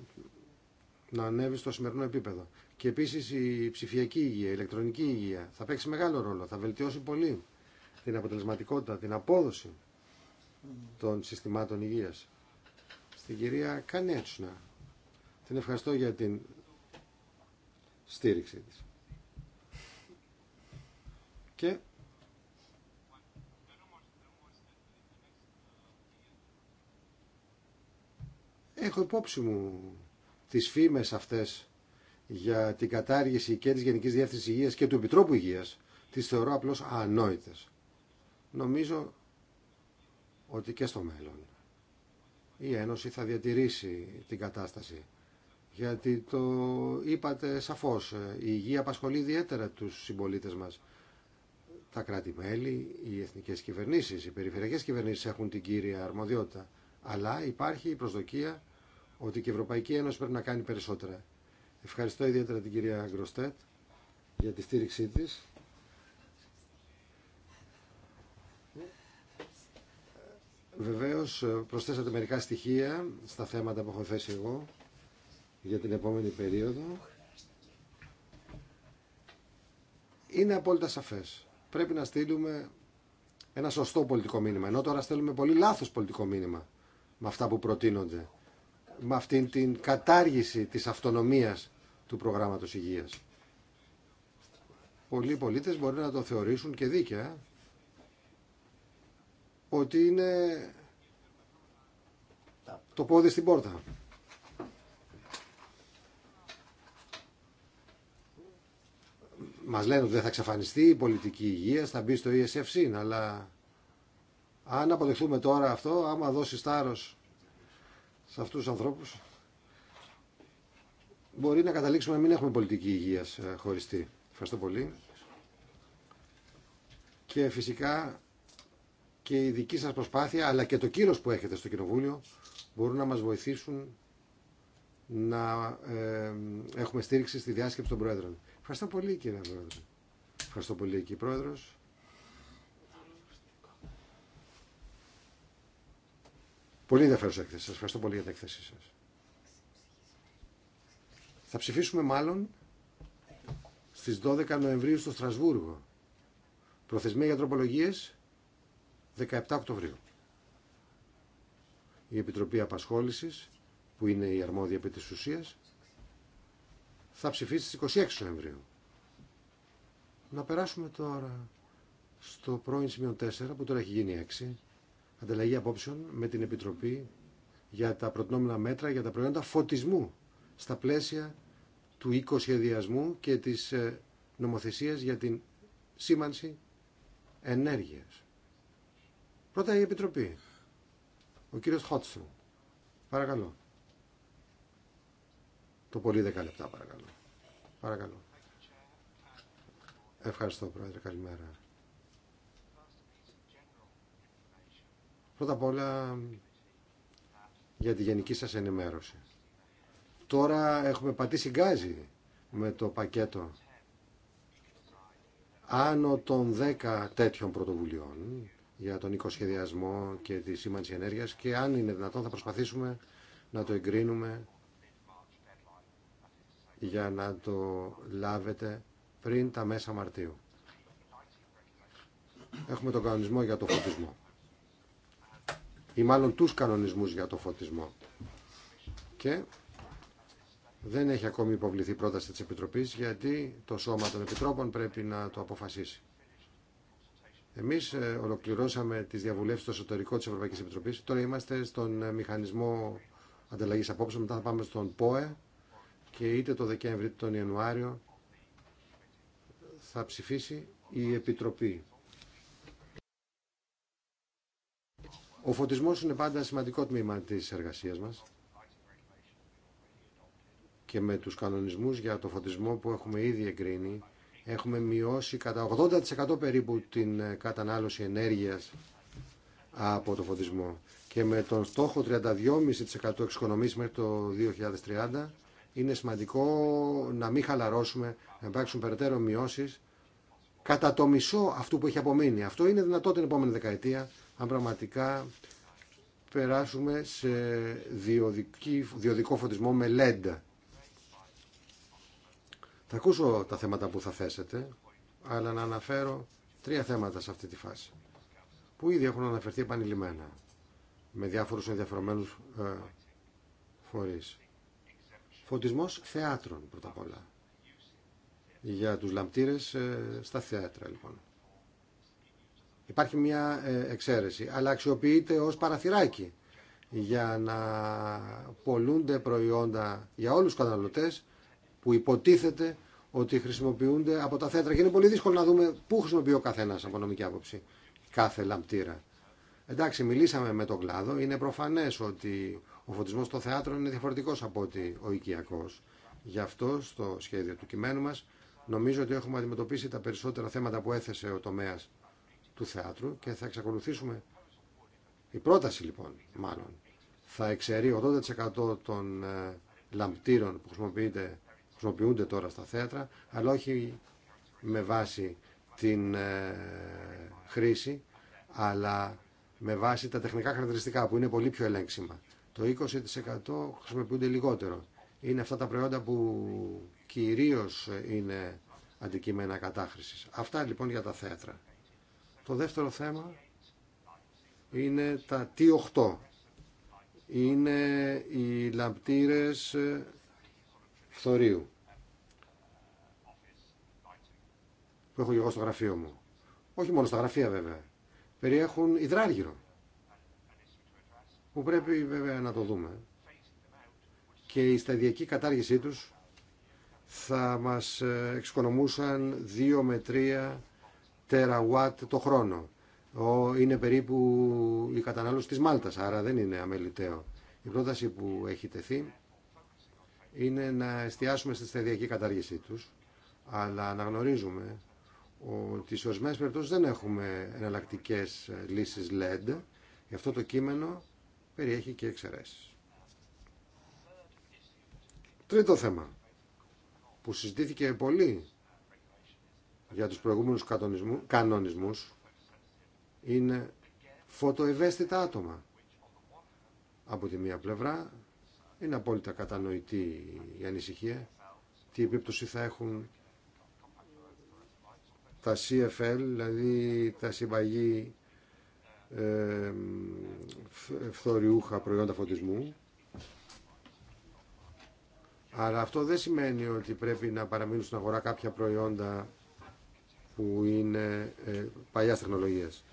να ανέβει στο σημερινό επίπεδο. Και επίσης η ψηφιακή υγεία, η ηλεκτρονική υγεία θα παίξει μεγάλο ρόλο, θα βελτιώσει πολύ την αποτελεσματικότητα, την απόδοση των συστημάτων υγείας. Στην κυρία Κανέτσουνα. Την ευχαριστώ για την στήριξή της. Και Έχω υπόψη μου τις φήμες αυτές για την κατάργηση και της Γενικής Διεύθυνσης Υγείας και του Επιτρόπου Υγείας. Τις θεωρώ απλώς ανόητες. Νομίζω ότι και στο μέλλον η Ένωση θα διατηρήσει την κατάσταση. Γιατί το είπατε σαφώς, ε, η υγεία απασχολεί ιδιαίτερα τους συμπολίτες μας. Τα κράτη-μέλη, οι εθνικές κυβερνήσεις, οι περιφερειακές κυβερνήσεις έχουν την κύρια αρμοδιότητα. Αλλά υπάρχει η προσδοκία ότι και η Ευρωπαϊκή Ένωση πρέπει να κάνει περισσότερα. Ευχαριστώ ιδιαίτερα την κυρία Γκροστέτ για τη στήριξή της. Βεβαίως προσθέσατε μερικά στοιχεία στα θέματα που έχω θέσει εγώ για την επόμενη περίοδο. Είναι απόλυτα σαφές. Πρέπει να στείλουμε ένα σωστό πολιτικό μήνυμα. Ενώ τώρα στέλνουμε πολύ λάθος πολιτικό μήνυμα με αυτά που προτείνονται με αυτήν την κατάργηση της αυτονομίας του προγράμματος υγείας. Πολλοί πολίτες μπορεί να το θεωρήσουν και δίκαια ότι είναι το πόδι στην πόρτα. Μας λένε ότι δεν θα εξαφανιστεί η πολιτική υγεία, θα μπει στο ESFC, αλλά αν αποδεχθούμε τώρα αυτό, άμα δώσει τάρος σε αυτούς τους ανθρώπους μπορεί να καταλήξουμε να μην έχουμε πολιτική υγείας ε, χωριστή. Ευχαριστώ πολύ. Και φυσικά και η δική σας προσπάθεια αλλά και το κύρος που έχετε στο Κοινοβούλιο μπορούν να μας βοηθήσουν να ε, έχουμε στήριξη στη διάσκεψη των Πρόεδρων. Ευχαριστώ πολύ κύριε Πρόεδρε. Ευχαριστώ πολύ κύριε Πρόεδρος. Πολύ ενδιαφέρουσα έκθεση. Σας ευχαριστώ πολύ για την έκθεσή σα. Θα ψηφίσουμε μάλλον στις 12 Νοεμβρίου στο Στρασβούργο. Προθεσμία για τροπολογίες 17 Οκτωβρίου. Η Επιτροπή Απασχόλησης, που είναι η αρμόδια επί τη ουσία, θα ψηφίσει στις 26 Νοεμβρίου. Να περάσουμε τώρα στο πρώην σημείο 4, που τώρα έχει γίνει 6 ανταλλαγή απόψεων με την Επιτροπή για τα προτινόμενα μέτρα για τα προϊόντα φωτισμού στα πλαίσια του οικοσχεδιασμού και της ε, νομοθεσίας για την σήμανση ενέργειας. Πρώτα η Επιτροπή. Ο κύριος Χότσου. Παρακαλώ. Το πολύ δέκα λεπτά παρακαλώ. Παρακαλώ. Ευχαριστώ πρόεδρε. Καλημέρα. Πρώτα απ' όλα για τη γενική σας ενημέρωση. Τώρα έχουμε πατήσει γκάζι με το πακέτο άνω των 10 τέτοιων πρωτοβουλειών για τον οικοσχεδιασμό και τη σήμανση ενέργειας και αν είναι δυνατόν θα προσπαθήσουμε να το εγκρίνουμε για να το λάβετε πριν τα μέσα Μαρτίου. Έχουμε τον κανονισμό για το φωτισμό ή μάλλον τους κανονισμούς για το φωτισμό. Και δεν έχει ακόμη υποβληθεί πρόταση της Επιτροπής γιατί το Σώμα των Επιτρόπων πρέπει να το αποφασίσει. Εμείς ε, ολοκληρώσαμε τις διαβουλεύσεις στο εσωτερικό της Ευρωπαϊκής Επιτροπής. Τώρα είμαστε στον ε, μηχανισμό ανταλλαγής απόψεων. Μετά θα πάμε στον ΠΟΕ και είτε το Δεκέμβρη είτε τον Ιανουάριο θα ψηφίσει η Επιτροπή Ο φωτισμός είναι πάντα σημαντικό τμήμα της εργασίας μας και με τους κανονισμούς για το φωτισμό που έχουμε ήδη εγκρίνει έχουμε μειώσει κατά 80% περίπου την ε, κατανάλωση ενέργειας από το φωτισμό και με τον στόχο 32,5% εξοικονομής μέχρι το 2030 είναι σημαντικό να μην χαλαρώσουμε, να υπάρξουν περαιτέρω μειώσεις κατά το μισό αυτού που έχει απομείνει. Αυτό είναι δυνατό την επόμενη δεκαετία αν πραγματικά περάσουμε σε διοδική, διοδικό φωτισμό με LED. Θα ακούσω τα θέματα που θα θέσετε, αλλά να αναφέρω τρία θέματα σε αυτή τη φάση, που ήδη έχουν αναφερθεί επανειλημμένα με διάφορους ενδιαφερομένους ε, φορείς. Φωτισμός θεάτρων πρώτα απ' όλα, για τους λαμπτήρες ε, στα θέατρα λοιπόν. Υπάρχει μια ε, εξαίρεση, αλλά αξιοποιείται ως παραθυράκι για να πολλούνται προϊόντα για όλους τους καταναλωτές που υποτίθεται ότι χρησιμοποιούνται από τα θέατρα. και είναι πολύ δύσκολο να δούμε πού χρησιμοποιεί ο καθένας από νομική άποψη κάθε λαμπτήρα. Εντάξει, μιλήσαμε με τον κλάδο. Είναι προφανές ότι ο φωτισμός στο θεάτρο είναι διαφορετικός από ότι ο οικιακός. Γι' αυτό στο σχέδιο του κειμένου μας νομίζω ότι έχουμε αντιμετωπίσει τα περισσότερα θέματα που έθεσε ο τομέας του θεάτρου και θα εξακολουθήσουμε. Η πρόταση λοιπόν, μάλλον, θα εξαιρεί 80% των ε, λαμπτήρων που χρησιμοποιούνται τώρα στα θέατρα, αλλά όχι με βάση την ε, χρήση, αλλά με βάση τα τεχνικά χαρακτηριστικά που είναι πολύ πιο ελέγξιμα. Το 20% χρησιμοποιούνται λιγότερο. Είναι αυτά τα προϊόντα που κυρίως είναι αντικείμενα κατάχρησης. Αυτά λοιπόν για τα θέατρα. Το δεύτερο θέμα είναι τα T8. Είναι οι λαμπτήρες φθορίου που έχω και εγώ στο γραφείο μου. Όχι μόνο στα γραφεία βέβαια. Περιέχουν υδράργυρο που πρέπει βέβαια να το δούμε. Και η σταδιακή κατάργησή τους θα μας εξοικονομούσαν 2 με 3 τεραουάτ το χρόνο. Είναι περίπου η κατανάλωση της Μάλτας, άρα δεν είναι αμεληταίο. Η πρόταση που έχει τεθεί είναι να εστιάσουμε στη σταδιακή κατάργησή τους, αλλά αναγνωρίζουμε ότι σε ορισμένε περιπτώσει δεν έχουμε εναλλακτικέ λύσει LED. Ε Γι' αυτό το κείμενο περιέχει και εξαιρέσει. Τρίτο θέμα που συζητήθηκε πολύ για τους προηγούμενους κανονισμούς είναι φωτοευαίσθητα άτομα. Από τη μία πλευρά είναι απόλυτα κατανοητή η ανησυχία τι επίπτωση θα έχουν τα CFL, δηλαδή τα συμπαγή ε, φθοριούχα προϊόντα φωτισμού. Αλλά αυτό δεν σημαίνει ότι πρέπει να παραμείνουν στην αγορά κάποια προϊόντα που είναι παλιά ε, παλιάς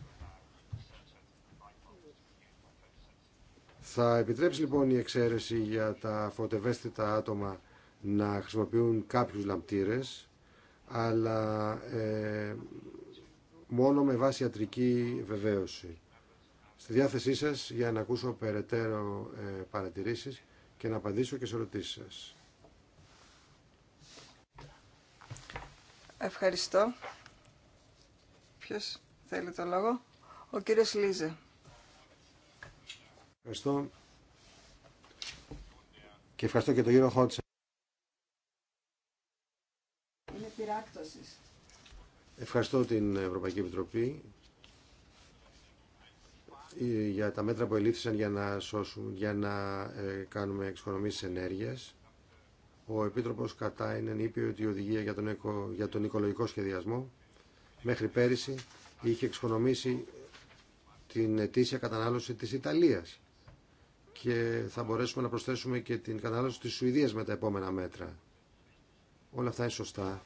Θα επιτρέψει λοιπόν η εξαίρεση για τα φωτευέστητα άτομα να χρησιμοποιούν κάποιους λαμπτήρες, αλλά ε, μόνο με βάση ιατρική βεβαίωση. Στη διάθεσή σας για να ακούσω περαιτέρω ε, παρατηρήσεις και να απαντήσω και σε ερωτήσεις σας. Ευχαριστώ. Ποιος θέλει το λόγο. Ο κύριος Λίζε. Ευχαριστώ. Και ευχαριστώ και τον κύριο Χότσε. Είναι Ευχαριστώ την Ευρωπαϊκή Επιτροπή ε, για τα μέτρα που ελήφθησαν για να σώσουν, για να ε, κάνουμε εξοικονομήσεις ενέργειας. Ο Επίτροπος Κατάινεν είπε ότι η οδηγία για τον, οικο, για τον οικολογικό σχεδιασμό Μέχρι πέρυσι είχε εξοικονομήσει την ετήσια κατανάλωση της Ιταλίας και θα μπορέσουμε να προσθέσουμε και την κατανάλωση της Σουηδίας με τα επόμενα μέτρα. Όλα αυτά είναι σωστά.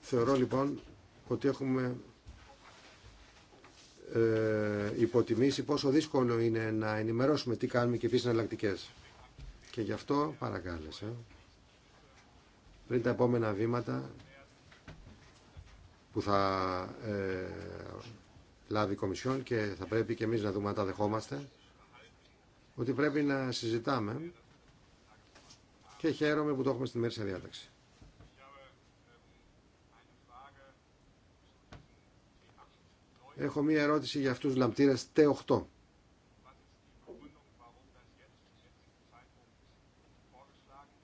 Θεωρώ λοιπόν ότι έχουμε ε, υποτιμήσει πόσο δύσκολο είναι να ενημερώσουμε τι κάνουμε και ποιες είναι εναλλακτικές. Και γι' αυτό παρακάλεσα πριν τα επόμενα βήματα που θα ε, λάβει η Κομισιόν και θα πρέπει και εμείς να δούμε αν τα δεχόμαστε ότι πρέπει να συζητάμε και χαίρομαι που το έχουμε στη μέρη σε διάταξη. Έχω μία ερώτηση για αυτούς λαμπτήρες T8.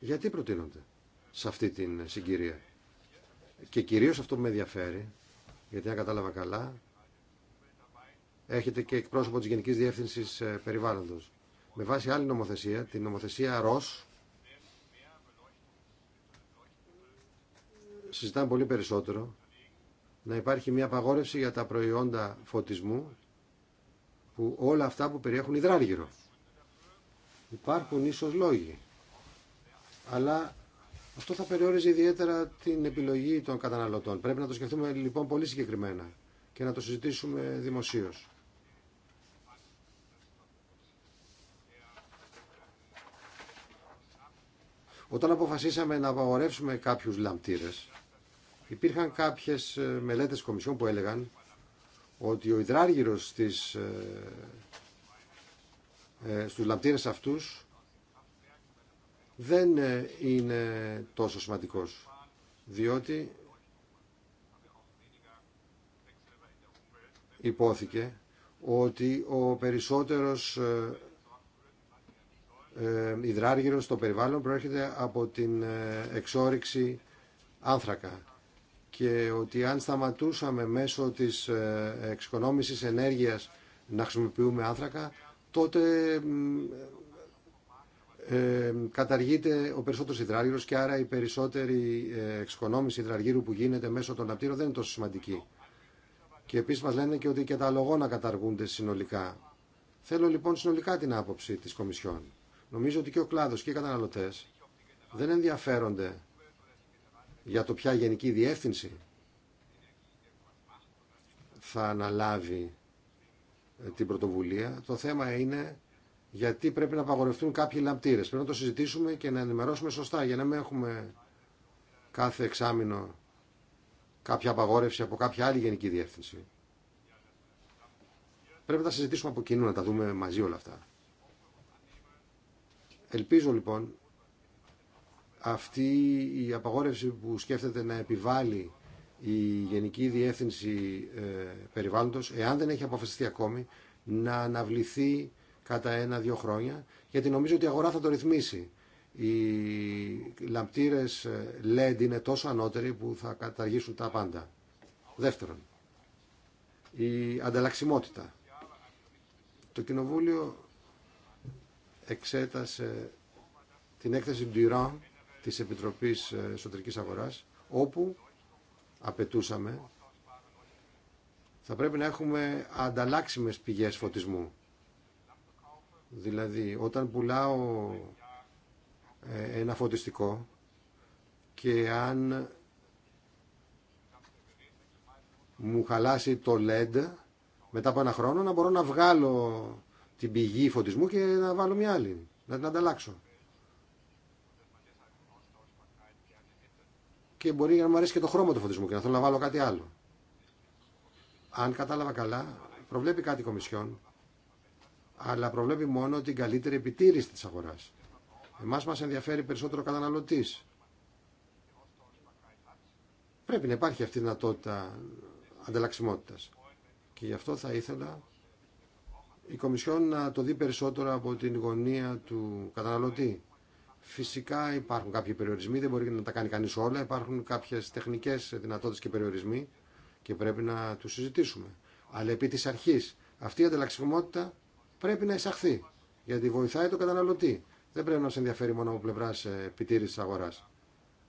Γιατί προτείνονται σε αυτή την συγκυρία. Και κυρίως αυτό που με ενδιαφέρει, γιατί αν κατάλαβα καλά, έχετε και εκπρόσωπο της Γενικής Διεύθυνσης ε, Περιβάλλοντος. Με βάση άλλη νομοθεσία, την νομοθεσία ΡΟΣ, συζητάμε πολύ περισσότερο να υπάρχει μια απαγόρευση για τα προϊόντα φωτισμού που όλα αυτά που περιέχουν υδράργυρο. Υπάρχουν ίσως λόγοι αλλά αυτό θα περιόριζε ιδιαίτερα την επιλογή των καταναλωτών. Πρέπει να το σκεφτούμε λοιπόν πολύ συγκεκριμένα και να το συζητήσουμε δημοσίως. Όταν αποφασίσαμε να απαγορεύσουμε κάποιους λαμπτήρες, υπήρχαν κάποιες ε, μελέτες κομισιών που έλεγαν ότι ο υδράργυρος στις, ε, ε στους λαμπτήρες αυτούς δεν ε, είναι τόσο σημαντικός, διότι υπόθηκε ότι ο περισσότερος ε, ε, υδράργυρος στο περιβάλλον προέρχεται από την εξόριξη άνθρακα και ότι αν σταματούσαμε μέσω της εξοικονόμησης ενέργειας να χρησιμοποιούμε άνθρακα τότε ε, καταργείται ο περισσότερο υδράργυρο και άρα η περισσότερη ε, εξοικονόμηση υδραργύρου που γίνεται μέσω των απτήρων δεν είναι τόσο σημαντική. Και επίση μα λένε και ότι και τα λογόνα καταργούνται συνολικά. Θέλω λοιπόν συνολικά την άποψη τη Κομισιόν. Νομίζω ότι και ο κλάδο και οι καταναλωτέ δεν ενδιαφέρονται για το ποια γενική διεύθυνση θα αναλάβει ε, την πρωτοβουλία. Το θέμα είναι γιατί πρέπει να απαγορευτούν κάποιοι λαμπτήρε. Πρέπει να το συζητήσουμε και να ενημερώσουμε σωστά για να μην έχουμε κάθε εξάμεινο κάποια απαγόρευση από κάποια άλλη γενική διεύθυνση. Πρέπει να τα συζητήσουμε από κοινού, να τα δούμε μαζί όλα αυτά. Ελπίζω λοιπόν αυτή η απαγόρευση που σκέφτεται να επιβάλλει η Γενική Διεύθυνση ε, Περιβάλλοντος, εάν δεν έχει αποφασιστεί ακόμη, να αναβληθεί κατά ένα-δύο χρόνια, γιατί νομίζω ότι η αγορά θα το ρυθμίσει. Οι λαμπτήρες ε, LED είναι τόσο ανώτεροι που θα καταργήσουν τα πάντα. Δεύτερον, η ανταλλαξιμότητα. Το Κοινοβούλιο εξέτασε την έκθεση του Ιράν της Επιτροπής ε, Εσωτερικής Αγοράς, όπου απαιτούσαμε θα πρέπει να έχουμε ανταλλάξιμες πηγές φωτισμού. Δηλαδή, όταν πουλάω ε, ένα φωτιστικό και αν μου χαλάσει το LED μετά από ένα χρόνο να μπορώ να βγάλω την πηγή φωτισμού και να βάλω μια άλλη, να την ανταλλάξω. Και μπορεί να μου αρέσει και το χρώμα του φωτισμού και να θέλω να βάλω κάτι άλλο. Αν κατάλαβα καλά, προβλέπει κάτι η Κομισιόν αλλά προβλέπει μόνο την καλύτερη επιτήρηση της αγοράς. Εμάς μας ενδιαφέρει περισσότερο ο καταναλωτής. Πρέπει να υπάρχει αυτή η δυνατότητα ανταλλαξιμότητας. Και γι' αυτό θα ήθελα η Κομισιόν να το δει περισσότερο από την γωνία του καταναλωτή. Φυσικά υπάρχουν κάποιοι περιορισμοί, δεν μπορεί να τα κάνει κανείς όλα, υπάρχουν κάποιες τεχνικές δυνατότητες και περιορισμοί και πρέπει να τους συζητήσουμε. Αλλά επί της αρχής αυτή η ανταλλαξιμότητα πρέπει να εισαχθεί. Γιατί βοηθάει τον καταναλωτή. Δεν πρέπει να σε ενδιαφέρει μόνο από πλευρά ε, επιτήρηση τη αγορά.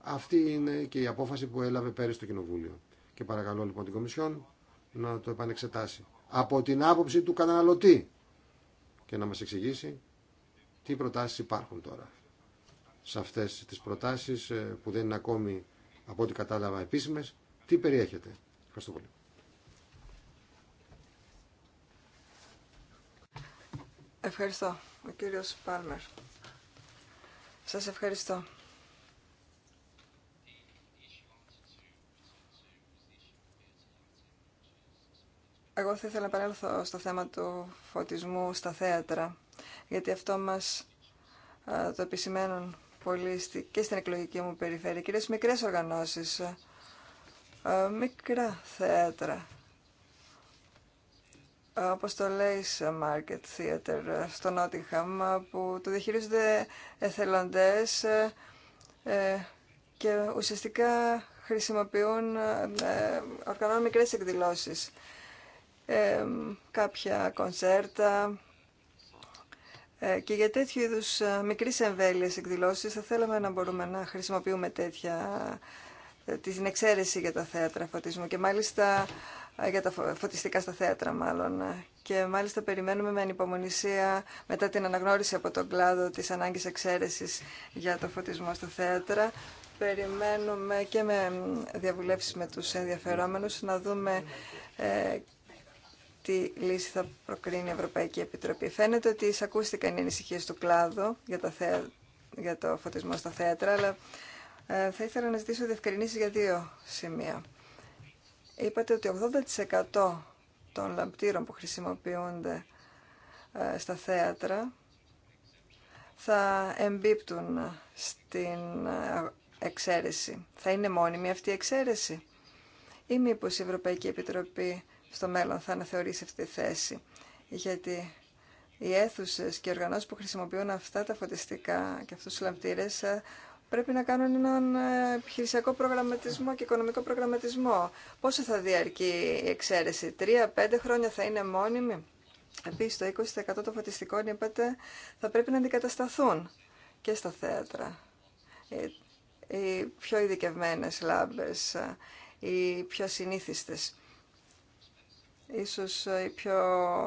Αυτή είναι και η απόφαση που έλαβε πέρυσι το Κοινοβούλιο. Και παρακαλώ λοιπόν την Κομισιόν να το επανεξετάσει. Από την άποψη του καταναλωτή και να μας εξηγήσει τι προτάσεις υπάρχουν τώρα. Σε αυτές τις προτάσει ε, που δεν είναι ακόμη από ό,τι κατάλαβα επίσημε, τι περιέχεται. Ευχαριστώ πολύ. Ευχαριστώ, ο κύριος Πάλμερ. Σας ευχαριστώ. Εγώ θα ήθελα να επανέλθω στο θέμα του φωτισμού στα θέατρα, γιατί αυτό μας το επισημαίνουν πολλοί και στην εκλογική μου περιφέρεια, κυρίως μικρές οργανώσεις, μικρά θέατρα όπως το Lace Market Theater στο Νότιχαμ, που το διαχειρίζονται εθελοντές ε, ε, και ουσιαστικά χρησιμοποιούν, ε, οργανώνουν μικρές εκδηλώσεις. κάποια κονσέρτα και για τέτοιου είδους μικρής εκδηλώσεις θα θέλαμε να μπορούμε να χρησιμοποιούμε τέτοια την εξαίρεση για τα θέατρα φωτισμού και μάλιστα ε, για τα φωτιστικά στα θέατρα μάλλον. Ε, και μάλιστα περιμένουμε με ανυπομονησία μετά την αναγνώριση από τον κλάδο της ανάγκης εξαίρεσης για το φωτισμό στα θέατρα. Περιμένουμε και με διαβουλεύσεις με τους ενδιαφερόμενους να δούμε ε, τι λύση θα προκρίνει η Ευρωπαϊκή Επιτροπή. Φαίνεται ότι εισακούστηκαν οι ανησυχίε του κλάδου για, το φωτισμό στα θέατρα, αλλά θα ήθελα να ζητήσω διευκρινήσεις για δύο σημεία είπατε ότι 80% των λαμπτήρων που χρησιμοποιούνται ε, στα θέατρα θα εμπίπτουν στην ε, εξαίρεση. Θα είναι μόνιμη αυτή η εξαίρεση ή μήπω η Ευρωπαϊκή Επιτροπή στο μέλλον θα αναθεωρήσει αυτή τη θέση. Γιατί οι αίθουσε και οι οργανώσει που χρησιμοποιούν αυτά τα φωτιστικά και αυτούς τους λαμπτήρες ε, πρέπει να κάνουν έναν ε, επιχειρησιακό προγραμματισμό και οικονομικό προγραμματισμό. Πόσο θα διαρκεί η εξαίρεση, τρία-πέντε χρόνια θα είναι μόνιμη. Επίση, το 20% των φωτιστικών, είπατε, θα πρέπει να αντικατασταθούν και στα θέατρα. Ε, οι πιο ειδικευμένε λάμπε, οι πιο συνήθιστες. Ίσως οι πιο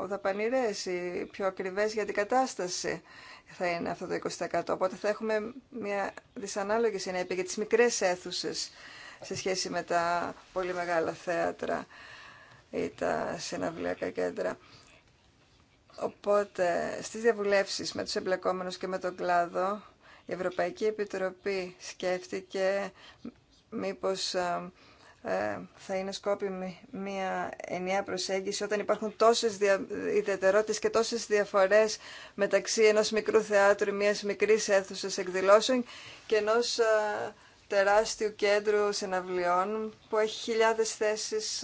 δαπανηρές, οι πιο ακριβές για την κατάσταση θα είναι αυτό το 20%. Οπότε θα έχουμε μια δυσανάλογη συνέπεια για τις μικρές αίθουσε σε σχέση με τα πολύ μεγάλα θέατρα ή τα συναυλιακά κέντρα. Οπότε στις διαβουλεύσεις με τους εμπλεκόμενους και με τον κλάδο η Ευρωπαϊκή Επιτροπή σκέφτηκε μήπως ε, ε, θα είναι σκόπιμη μια ενιαία προσέγγιση όταν υπάρχουν τόσες δια... ιδιαιτερότητες και τόσες διαφορές μεταξύ ενός μικρού θεάτρου μιας μικρής αίθουσας εκδηλώσεων και ενός ε, τεράστιου κέντρου συναυλιών που έχει χιλιάδες θέσεις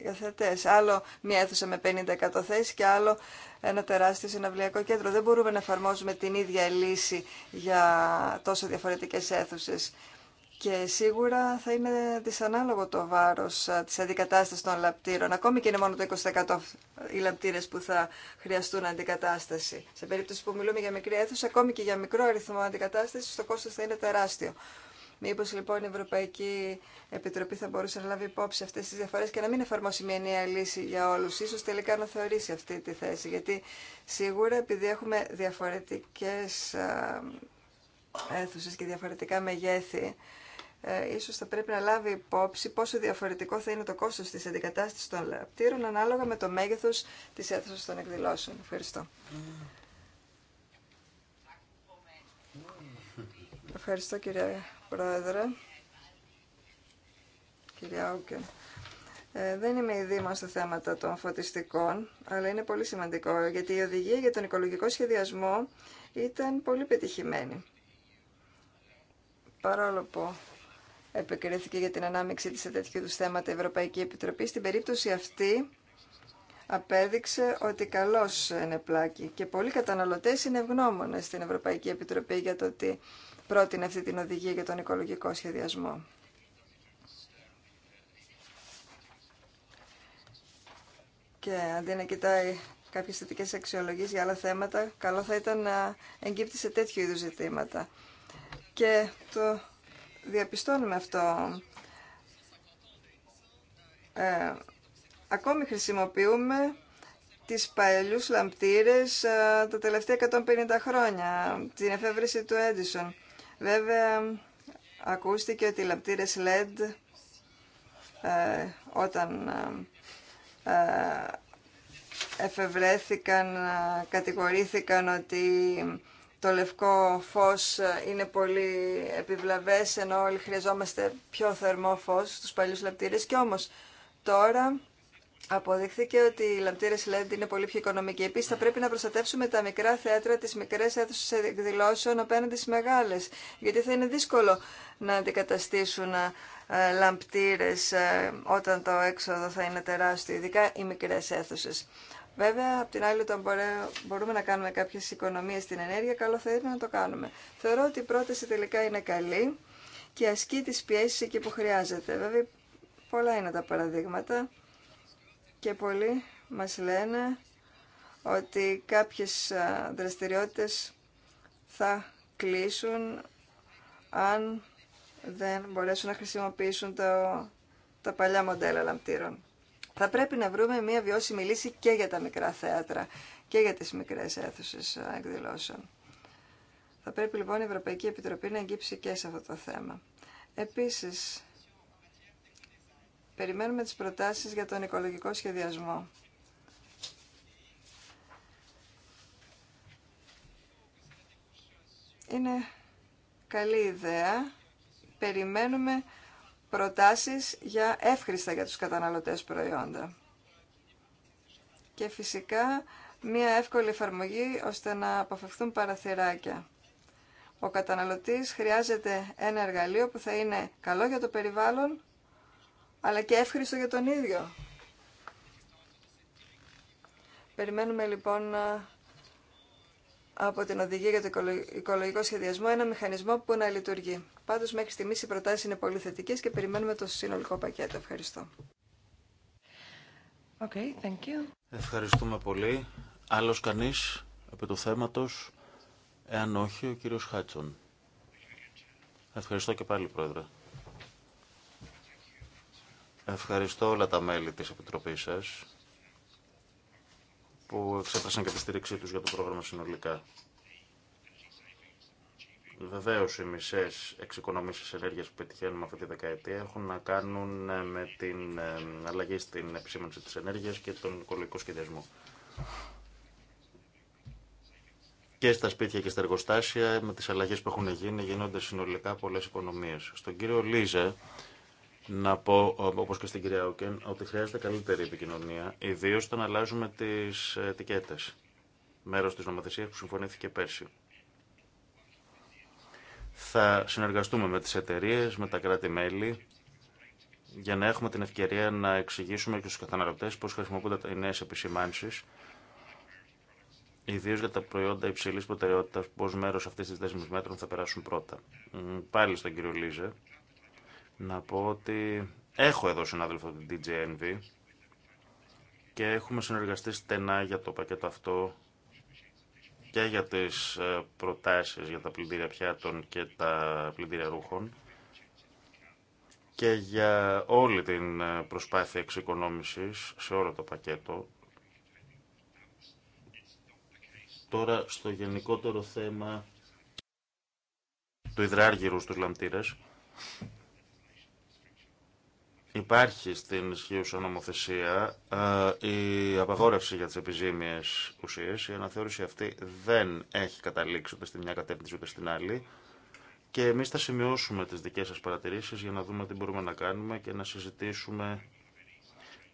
ε, θεατές. Άλλο μια αίθουσα με 50% θέσεις και άλλο ένα τεράστιο συναυλιακό κέντρο. Δεν μπορούμε να εφαρμόζουμε την ίδια λύση για τόσο διαφορετικές αίθουσες. Και σίγουρα θα είναι δυσανάλογο το βάρο τη αντικατάσταση των λαπτήρων. Ακόμη και είναι μόνο το 20% οι λαπτήρε που θα χρειαστούν αντικατάσταση. Σε περίπτωση που μιλούμε για μικρή αίθουσα, ακόμη και για μικρό αριθμό αντικατάσταση, το κόστο θα είναι τεράστιο. Μήπω λοιπόν η Ευρωπαϊκή Επιτροπή θα μπορούσε να λάβει υπόψη αυτέ τι διαφορέ και να μην εφαρμόσει μια νέα λύση για όλου, ίσω τελικά να θεωρήσει αυτή τη θέση. Γιατί σίγουρα επειδή έχουμε διαφορετικέ αίθουσε και διαφορετικά μεγέθη, ε, ίσως θα πρέπει να λάβει υπόψη πόσο διαφορετικό θα είναι το κόστος της αντικατάστασης των λαπτήρων ανάλογα με το μέγεθος της αίθουσας των εκδηλώσεων. Ευχαριστώ. Ευχαριστώ κύριε Πρόεδρε. Κυρία Όκεν. Ε, δεν είμαι η Δήμα στα θέματα των φωτιστικών, αλλά είναι πολύ σημαντικό, γιατί η οδηγία για τον οικολογικό σχεδιασμό ήταν πολύ πετυχημένη. Παρόλο που επικρίθηκε για την ανάμειξη της σε τέτοιου είδους θέματα η Ευρωπαϊκή Επιτροπή. Στην περίπτωση αυτή απέδειξε ότι καλώς είναι πλάκη και πολλοί καταναλωτές είναι ευγνώμονες στην Ευρωπαϊκή Επιτροπή για το ότι πρότεινε αυτή την οδηγία για τον οικολογικό σχεδιασμό. Και αντί να κοιτάει κάποιε θετικέ αξιολογήσει για άλλα θέματα, καλό θα ήταν να εγκύπτει σε τέτοιου είδου ζητήματα. Και το διαπιστώνουμε αυτό. Ε, ακόμη χρησιμοποιούμε τις παλιούς λαμπτήρες ε, τα τελευταία 150 χρόνια, την εφεύρεση του Έντισον. Βέβαια, ακούστηκε ότι οι λαμπτήρες LED ε, όταν ε, ε εφευρέθηκαν, κατηγορήθηκαν ότι το λευκό φως ε, είναι πολύ επιβλαβές, ενώ όλοι χρειαζόμαστε πιο θερμό φως στους παλιούς λαμπτήρες. Και όμως τώρα αποδείχθηκε ότι οι λαμπτήρες LED είναι πολύ πιο οικονομικοί. Επίσης θα πρέπει να προστατεύσουμε τα μικρά θέατρα, τις μικρές αίθουσες εκδηλώσεων απέναντι στις μεγάλες, γιατί θα είναι δύσκολο να αντικαταστήσουν ε, λαμπτήρες ε, όταν το έξοδο θα είναι τεράστιο, ειδικά οι μικρές αίθουσες. Βέβαια, από την άλλη, όταν μπορούμε να κάνουμε κάποιε οικονομίε στην ενέργεια, καλό θα είναι να το κάνουμε. Θεωρώ ότι η πρόταση τελικά είναι καλή και ασκεί τι πιέσει εκεί που χρειάζεται. Βέβαια, πολλά είναι τα παραδείγματα και πολλοί μας λένε ότι κάποιε δραστηριότητες θα κλείσουν αν δεν μπορέσουν να χρησιμοποιήσουν το, τα παλιά μοντέλα λαμπτήρων. Θα πρέπει να βρούμε μια βιώσιμη λύση και για τα μικρά θέατρα και για τις μικρές αίθουσες ε, εκδηλώσεων. Θα πρέπει λοιπόν η Ευρωπαϊκή Επιτροπή να εγγύψει και σε αυτό το θέμα. Επίσης, περιμένουμε τις προτάσεις για τον οικολογικό σχεδιασμό. Είναι καλή ιδέα. Περιμένουμε προτάσεις για εύχριστα για τους καταναλωτές προϊόντα. Και φυσικά μία εύκολη εφαρμογή ώστε να αποφευθούν παραθυράκια. Ο καταναλωτής χρειάζεται ένα εργαλείο που θα είναι καλό για το περιβάλλον, αλλά και εύχριστο για τον ίδιο. Περιμένουμε λοιπόν από την Οδηγία για το Οικολογικό Σχεδιασμό ένα μηχανισμό που να λειτουργεί. Πάντω, μέχρι στιγμή οι προτάσει είναι πολύ θετικέ και περιμένουμε το συνολικό πακέτο. Ευχαριστώ. Okay, thank you. Ευχαριστούμε πολύ. Άλλο κανεί από του θέματο, εάν όχι, ο κύριο Χάτσον. Ευχαριστώ και πάλι, Πρόεδρε. Ευχαριστώ όλα τα μέλη της Επιτροπής σας που εξέφρασαν και τη στήριξή τους για το πρόγραμμα συνολικά. Βεβαίω, οι μισέ εξοικονομήσει ενέργεια που πετυχαίνουμε αυτή τη δεκαετία έχουν να κάνουν ε, με την ε, αλλαγή στην επισήμανση τη ενέργεια και τον οικολογικό σχεδιασμό. Και στα σπίτια και στα εργοστάσια, με τι αλλαγέ που έχουν γίνει, γίνονται συνολικά πολλέ οικονομίε. Στον κύριο Λίζε, να πω, όπω και στην κυρία Όκεν, ότι χρειάζεται καλύτερη επικοινωνία, ιδίω όταν αλλάζουμε τι ετικέτε. Μέρο τη νομοθεσία που συμφωνήθηκε πέρσι. Θα συνεργαστούμε με τι εταιρείε, με τα κράτη-μέλη, για να έχουμε την ευκαιρία να εξηγήσουμε και στου καταναλωτέ πώ χρησιμοποιούνται οι νέε επισημάνσει, ιδίω για τα προϊόντα υψηλή προτεραιότητα, πώ μέρο αυτή τη δέσμη μέτρων θα περάσουν πρώτα. Πάλι στον κύριο Λίζε, να πω ότι έχω εδώ συνάδελφο την DJ Envy και έχουμε συνεργαστεί στενά για το πακέτο αυτό και για τις ε, προτάσεις για τα πλυντήρια πιάτων και τα πλυντήρια ρούχων και για όλη την ε, προσπάθεια εξοικονόμησης σε όλο το πακέτο. Τώρα στο γενικότερο θέμα του υδράργυρου στους λαμπτήρες Υπάρχει στην ισχύουσα νομοθεσία ε, η απαγόρευση για τι επιζήμιε ουσίε. Η αναθεώρηση αυτή δεν έχει καταλήξει ούτε στην μια κατεύθυνση ούτε στην άλλη. Και εμεί θα σημειώσουμε τι δικέ σα παρατηρήσει για να δούμε τι μπορούμε να κάνουμε και να συζητήσουμε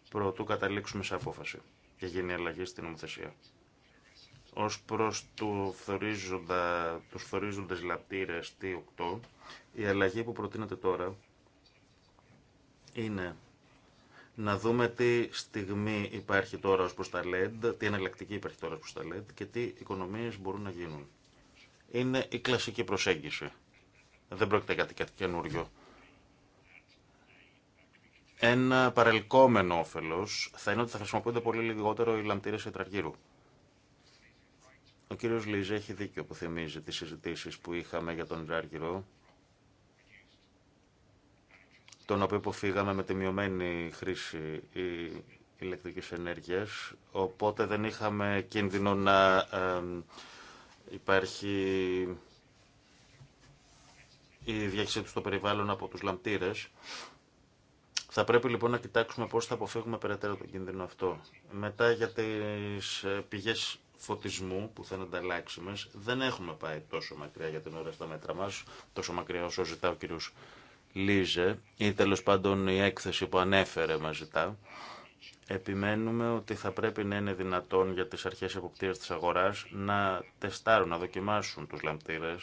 πρωτού καταλήξουμε σε απόφαση και γίνει αλλαγή στην νομοθεσία. Ω προ του φθορίζοντα, τους φθορίζοντες λαπτήρες T8, η αλλαγή που προτείνεται τώρα είναι να δούμε τι στιγμή υπάρχει τώρα ως προς τα LED, τι εναλλακτική υπάρχει τώρα ως προς τα LED και τι οικονομίες μπορούν να γίνουν. Είναι η κλασική προσέγγιση. Δεν πρόκειται για κάτι καινούριο. Ένα παρελκόμενο όφελος θα είναι ότι θα χρησιμοποιούνται πολύ λιγότερο οι λαμπτήρες ετραγύρου. Ο κύριος Λίζε έχει δίκιο που θυμίζει τις συζητήσεις που είχαμε για τον Τζάργυρο τον οποίο αποφύγαμε με τη μειωμένη χρήση ηλεκτρικής ενέργειας, οπότε δεν είχαμε κίνδυνο να υπάρχει η διάχυσή του στο περιβάλλον από τους λαμπτήρες. Θα πρέπει λοιπόν να κοιτάξουμε πώς θα αποφύγουμε περαιτέρω τον κίνδυνο αυτό. Μετά για τις ε, πηγές φωτισμού που θα είναι ανταλλάξιμες, δεν έχουμε πάει τόσο μακριά για την ώρα στα μέτρα μας, τόσο μακριά όσο ζητά ο κύριος Λίζε ή τέλος πάντων η έκθεση που ανέφερε μαζιτά, Επιμένουμε ότι θα πρέπει να είναι δυνατόν για τις αρχές εποπτείας της αγοράς να τεστάρουν, να δοκιμάσουν τους λαμπτήρες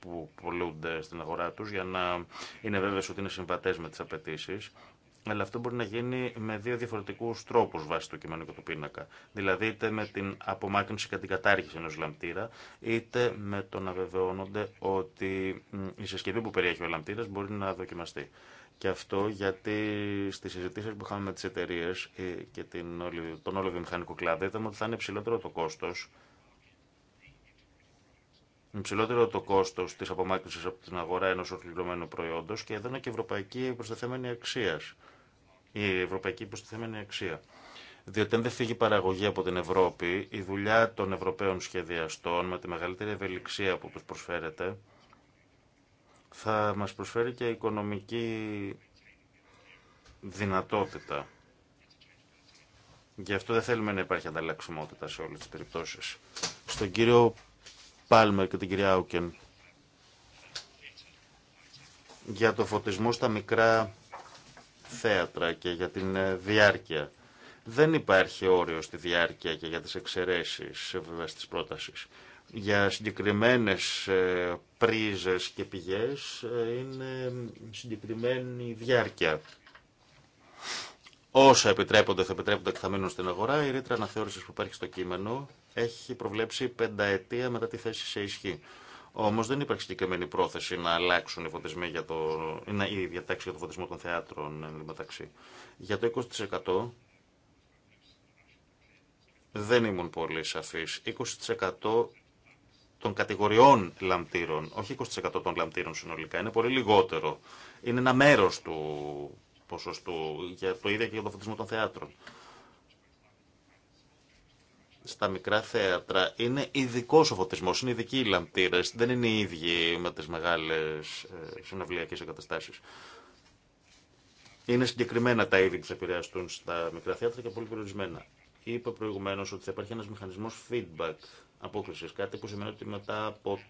που πολλούνται στην αγορά τους για να είναι βέβαιος ότι είναι συμβατές με τις απαιτήσει αλλά αυτό μπορεί να γίνει με δύο διαφορετικού τρόπου βάσει του κειμενικού του πίνακα. Δηλαδή, είτε με την απομάκρυνση και την κατάργηση ενό λαμπτήρα, είτε με το να βεβαιώνονται ότι η συσκευή που περιέχει ο λαμπτήρα μπορεί να δοκιμαστεί. Και αυτό γιατί στι συζητήσει που είχαμε με τι εταιρείε ε, και την, τον όλο βιομηχανικό κλάδο είδαμε ότι θα είναι υψηλότερο το κόστο υψηλότερο το κόστο τη απομάκρυνση από την αγορά ενό ολοκληρωμένου προϊόντο και εδώ είναι και η ευρωπαϊκή προστεθέμενη αξία η ευρωπαϊκή υποστηθέμενη αξία. Διότι αν δεν φύγει η παραγωγή από την Ευρώπη, η δουλειά των Ευρωπαίων σχεδιαστών με τη μεγαλύτερη ευελιξία που τους προσφέρεται, θα μας προσφέρει και οικονομική δυνατότητα. Γι' αυτό δεν θέλουμε να υπάρχει ανταλλαξιμότητα σε όλες τις περιπτώσεις. Στον κύριο Πάλμερ και την κυρία Άουκεν, για το φωτισμό στα μικρά θέατρα και για την ε, διάρκεια. Δεν υπάρχει όριο στη διάρκεια και για τις εξαιρέσεις ε, βέβαια της πρότασης. Για συγκεκριμένες ε, πρίζες και πηγές είναι συγκεκριμένη διάρκεια. Όσα επιτρέπονται θα επιτρέπονται και θα μείνουν στην αγορά. Η ρήτρα αναθεώρησης που υπάρχει στο κείμενο έχει προβλέψει πενταετία μετά τη θέση σε ισχύ. Όμω δεν υπάρχει συγκεκριμένη πρόθεση να αλλάξουν οι, φωτισμοί για το, να, διατάξει για το φωτισμό των θεάτρων εν μεταξύ. Για το 20% δεν ήμουν πολύ σαφή. 20% των κατηγοριών λαμπτήρων, όχι 20% των λαμπτήρων συνολικά, είναι πολύ λιγότερο. Είναι ένα μέρο του ποσοστού για το ίδιο και για το φωτισμό των θεάτρων στα μικρά θέατρα είναι ειδικό ο φωτισμό, είναι ειδικοί οι λαμπτήρε, δεν είναι οι ίδιοι με τι μεγάλε συναυλιακέ εγκαταστάσει. Είναι συγκεκριμένα τα είδη που θα επηρεαστούν στα μικρά θέατρα και πολύ περιορισμένα. Είπα προηγουμένω ότι θα υπάρχει ένα μηχανισμό feedback απόκριση, κάτι που σημαίνει ότι μετά από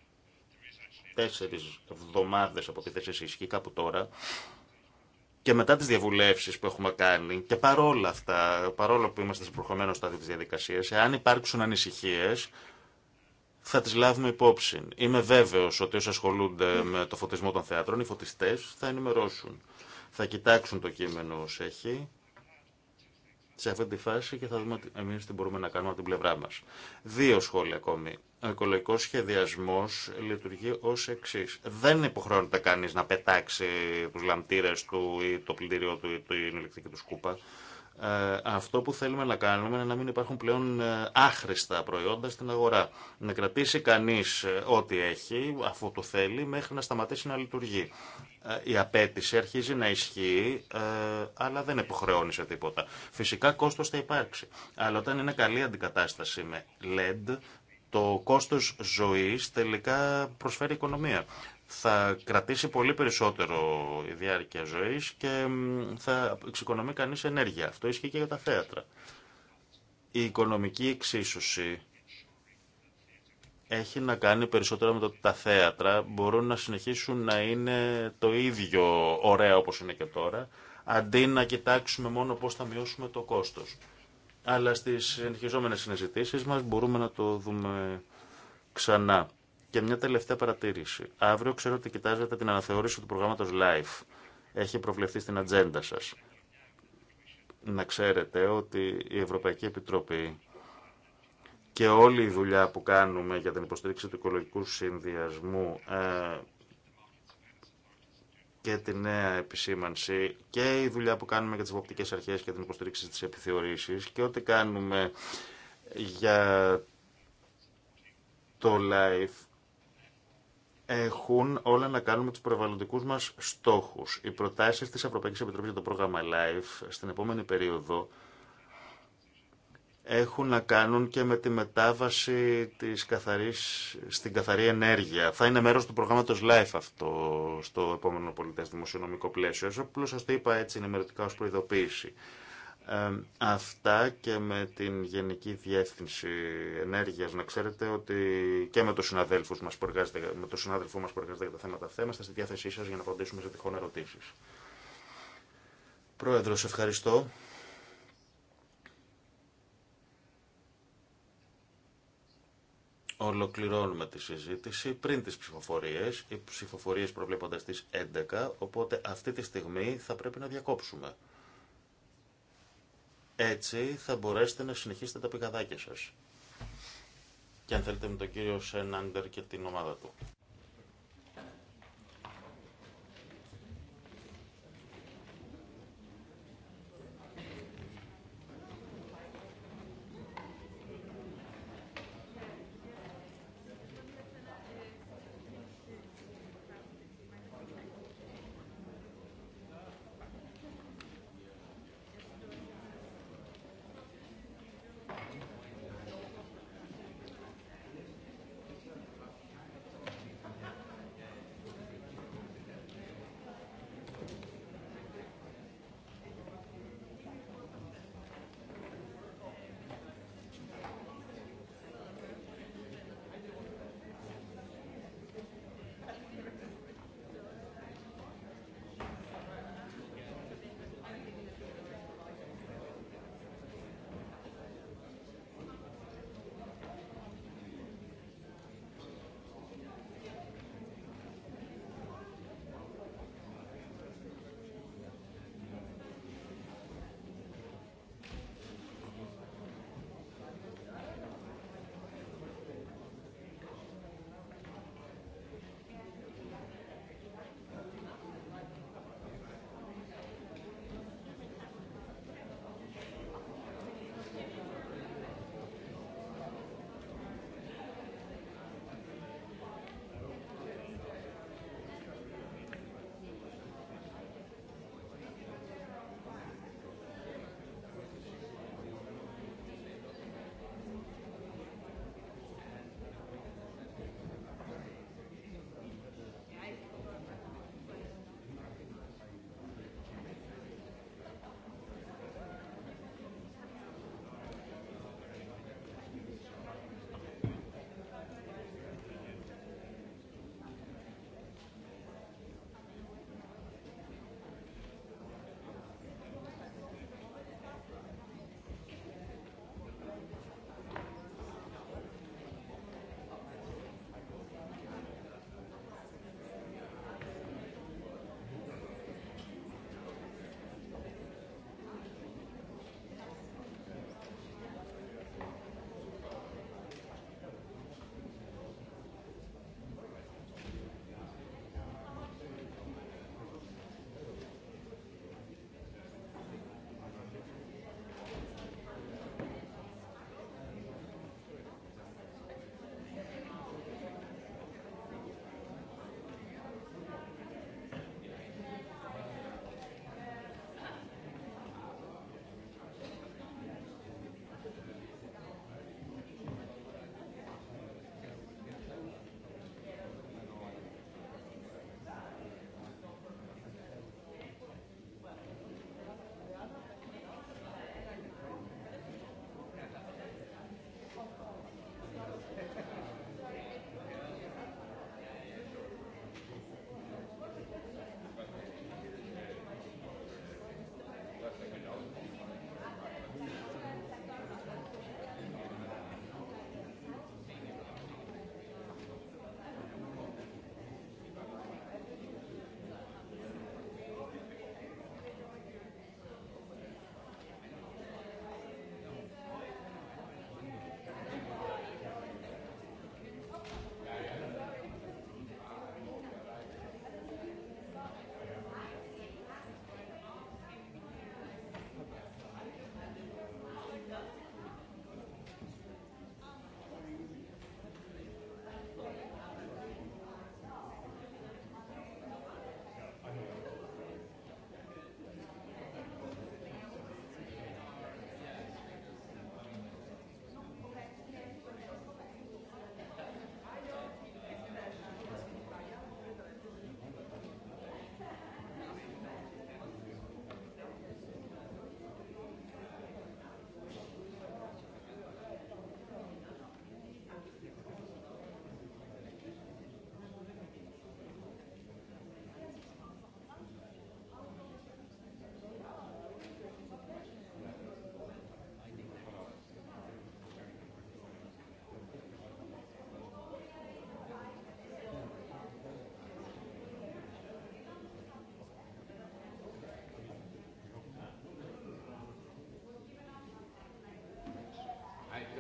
τέσσερι εβδομάδε από τη θέση ισχύει κάπου τώρα, και μετά τι διαβουλεύσεις που έχουμε κάνει και παρόλα αυτά, παρόλο που είμαστε σε προχωμένο στάδιο τη διαδικασία, εάν υπάρξουν ανησυχίε, θα τις λάβουμε υπόψη. Είμαι βέβαιος ότι όσοι ασχολούνται με το φωτισμό των θεάτρων, οι φωτιστές θα ενημερώσουν. Θα κοιτάξουν το κείμενο ω έχει σε αυτή τη φάση και θα δούμε εμεί τι μπορούμε να κάνουμε από την πλευρά μα. Δύο σχόλια ακόμη ο οικολογικός σχεδιασμός λειτουργεί ω εξή. Δεν υποχρεώνεται κανεί να πετάξει του λαμπτήρε του ή το πλυντήριο του ή την ηλεκτρική του σκούπα. Ε, αυτό που θέλουμε να κάνουμε είναι να μην υπάρχουν πλέον ε, άχρηστα προϊόντα στην αγορά. Να κρατήσει κανεί ε, ό,τι έχει, αφού το θέλει, μέχρι να σταματήσει να λειτουργεί. Η απέτηση αρχίζει να ισχύει, αλλά δεν υποχρεώνει σε τίποτα. Φυσικά κόστος θα υπάρξει. Αλλά όταν είναι καλή αντικατάσταση με LED, το κόστος ζωής τελικά προσφέρει οικονομία. Θα κρατήσει πολύ περισσότερο η διάρκεια ζωής και θα εξοικονομεί κανείς ενέργεια. Αυτό ισχύει και για τα θέατρα. Η οικονομική εξίσωση έχει να κάνει περισσότερο με το ότι τα θέατρα μπορούν να συνεχίσουν να είναι το ίδιο ωραία όπως είναι και τώρα, αντί να κοιτάξουμε μόνο πώς θα μειώσουμε το κόστος αλλά στις συνεχιζόμενες συνεζητήσεις μας μπορούμε να το δούμε ξανά. Και μια τελευταία παρατήρηση. Αύριο ξέρω ότι κοιτάζετε την αναθεώρηση του προγράμματος LIFE. Έχει προβλεφθεί στην ατζέντα σας. Να ξέρετε ότι η Ευρωπαϊκή Επιτροπή και όλη η δουλειά που κάνουμε για την υποστήριξη του οικολογικού συνδυασμού ε, και τη νέα επισήμανση και η δουλειά που κάνουμε για τις βοπτικές αρχές και την υποστήριξη της επιθεωρήσης και ό,τι κάνουμε για το LIFE έχουν όλα να κάνουν με του προβαλλοντικούς μα στόχου. Οι προτάσει τη Ευρωπαϊκή Επιτροπή για το πρόγραμμα LIFE στην επόμενη περίοδο έχουν να κάνουν και με τη μετάβαση της καθαρής, στην καθαρή ενέργεια. Θα είναι μέρος του προγράμματος LIFE αυτό στο επόμενο πολιτές δημοσιονομικό πλαίσιο. Απλώς σας το είπα έτσι ενημερωτικά ως προειδοποίηση. Ε, αυτά και με την Γενική Διεύθυνση Ενέργειας. Να ξέρετε ότι και με, τους συναδέλφους μας που με τον συνάδελφό μας που εργάζεται για τα θέματα αυτά είμαστε στη διάθεσή σας για να απαντήσουμε σε τυχόν ερωτήσεις. Πρόεδρος, ευχαριστώ. Ολοκληρώνουμε τη συζήτηση πριν τις ψηφοφορίες. Οι ψηφοφορίες προβλέπονται στις 11, οπότε αυτή τη στιγμή θα πρέπει να διακόψουμε. Έτσι θα μπορέσετε να συνεχίσετε τα πηγαδάκια σας. Και αν θέλετε με τον κύριο Σενάντερ και την ομάδα του.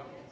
don't.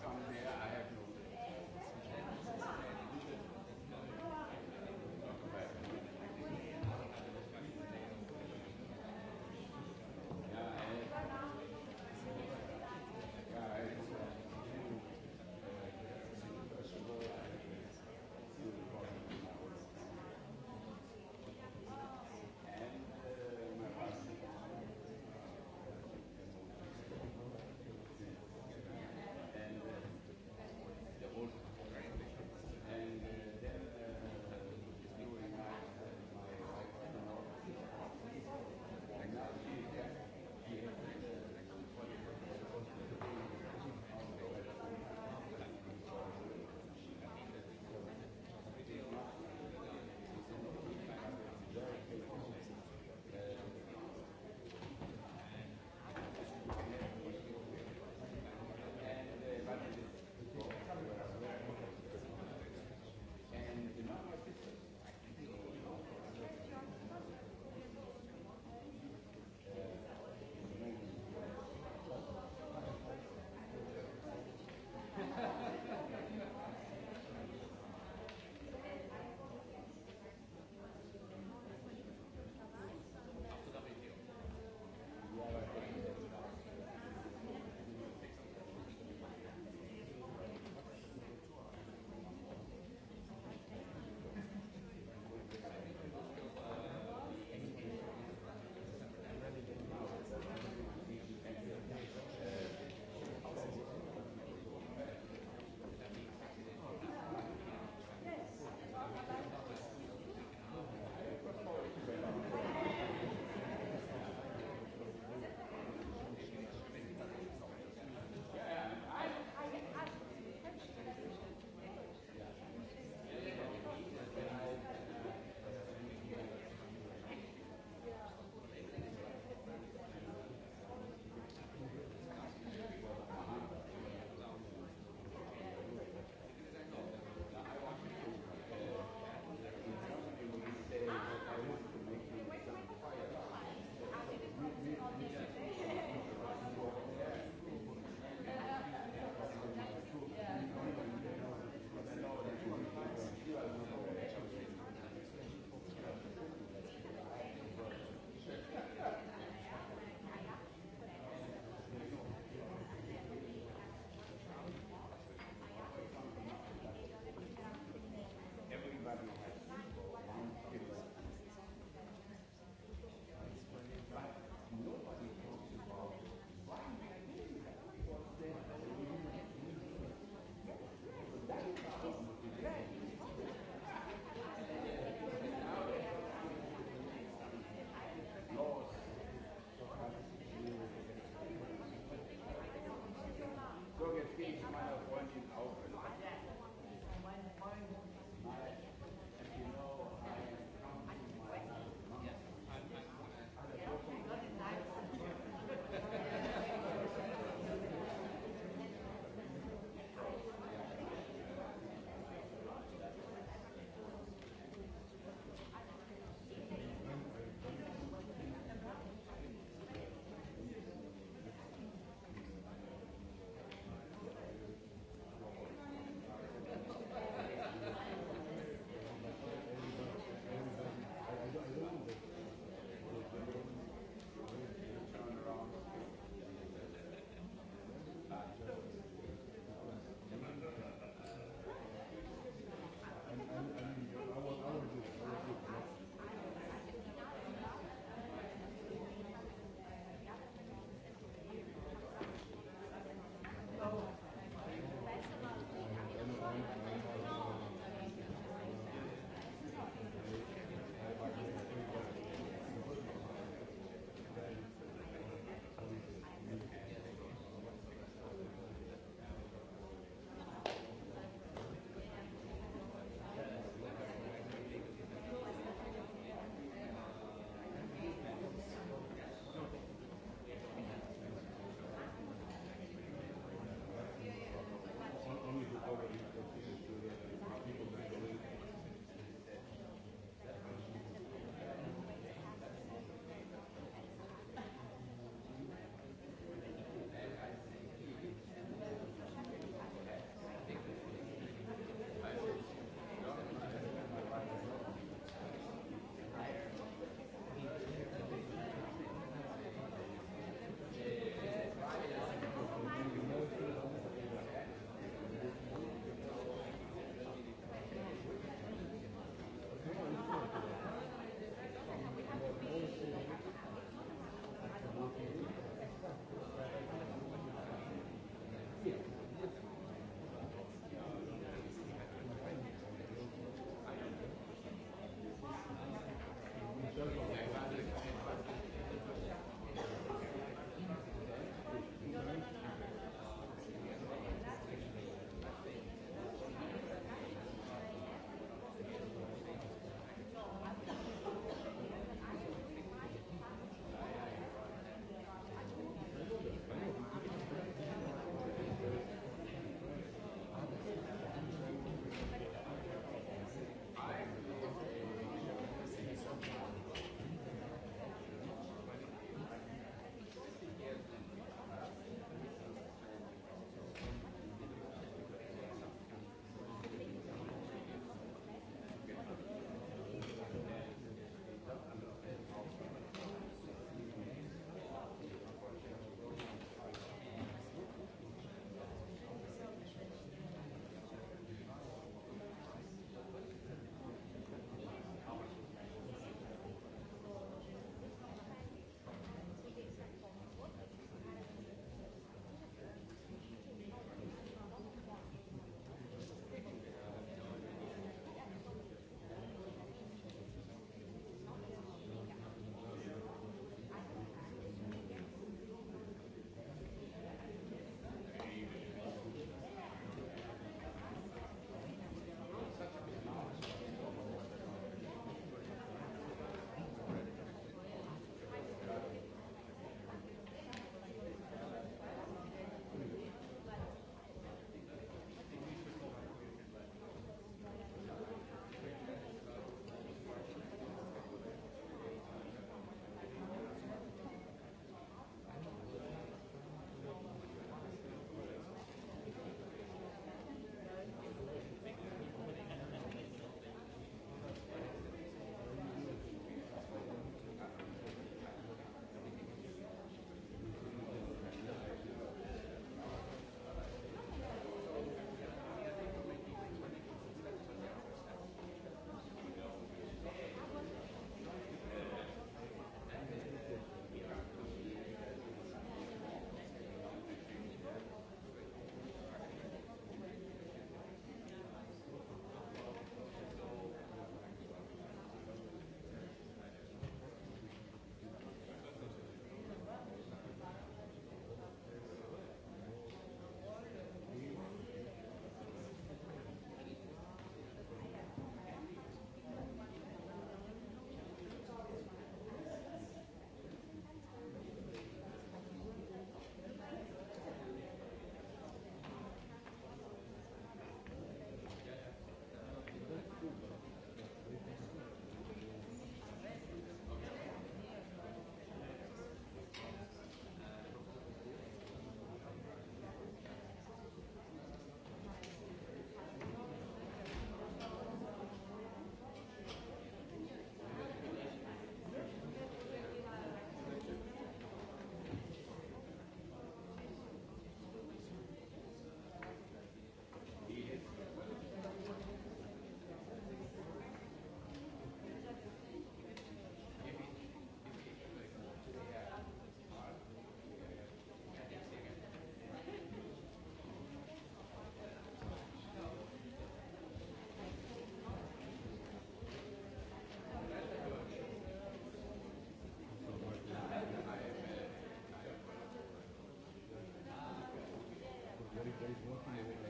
there's one thing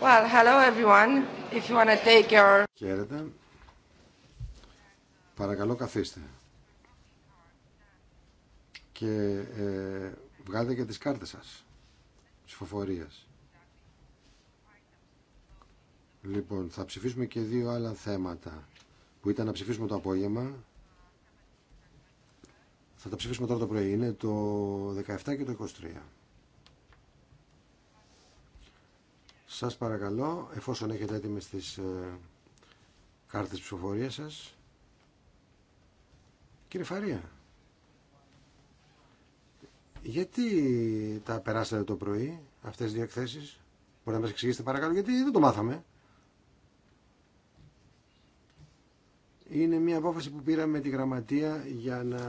Well, hello everyone. If you want to take your... Χαίρετε. Παρακαλώ καθίστε. Και ε, βγάλετε και τις κάρτες σας. Ψηφοφορίας. Λοιπόν, θα ψηφίσουμε και δύο άλλα θέματα που ήταν να ψηφίσουμε το απόγευμα. Θα τα ψηφίσουμε τώρα το πρωί. Είναι το 17 και το 23. Σας παρακαλώ, εφόσον έχετε έτοιμες τις ε, κάρτες ψηφοφορίας σας. Κύριε Φαρία, γιατί τα περάσατε το πρωί αυτές τις δύο εκθέσεις. Μπορεί να μας εξηγήσετε παρακαλώ γιατί δεν το μάθαμε. Είναι μια απόφαση που πήραμε τη γραμματεία για να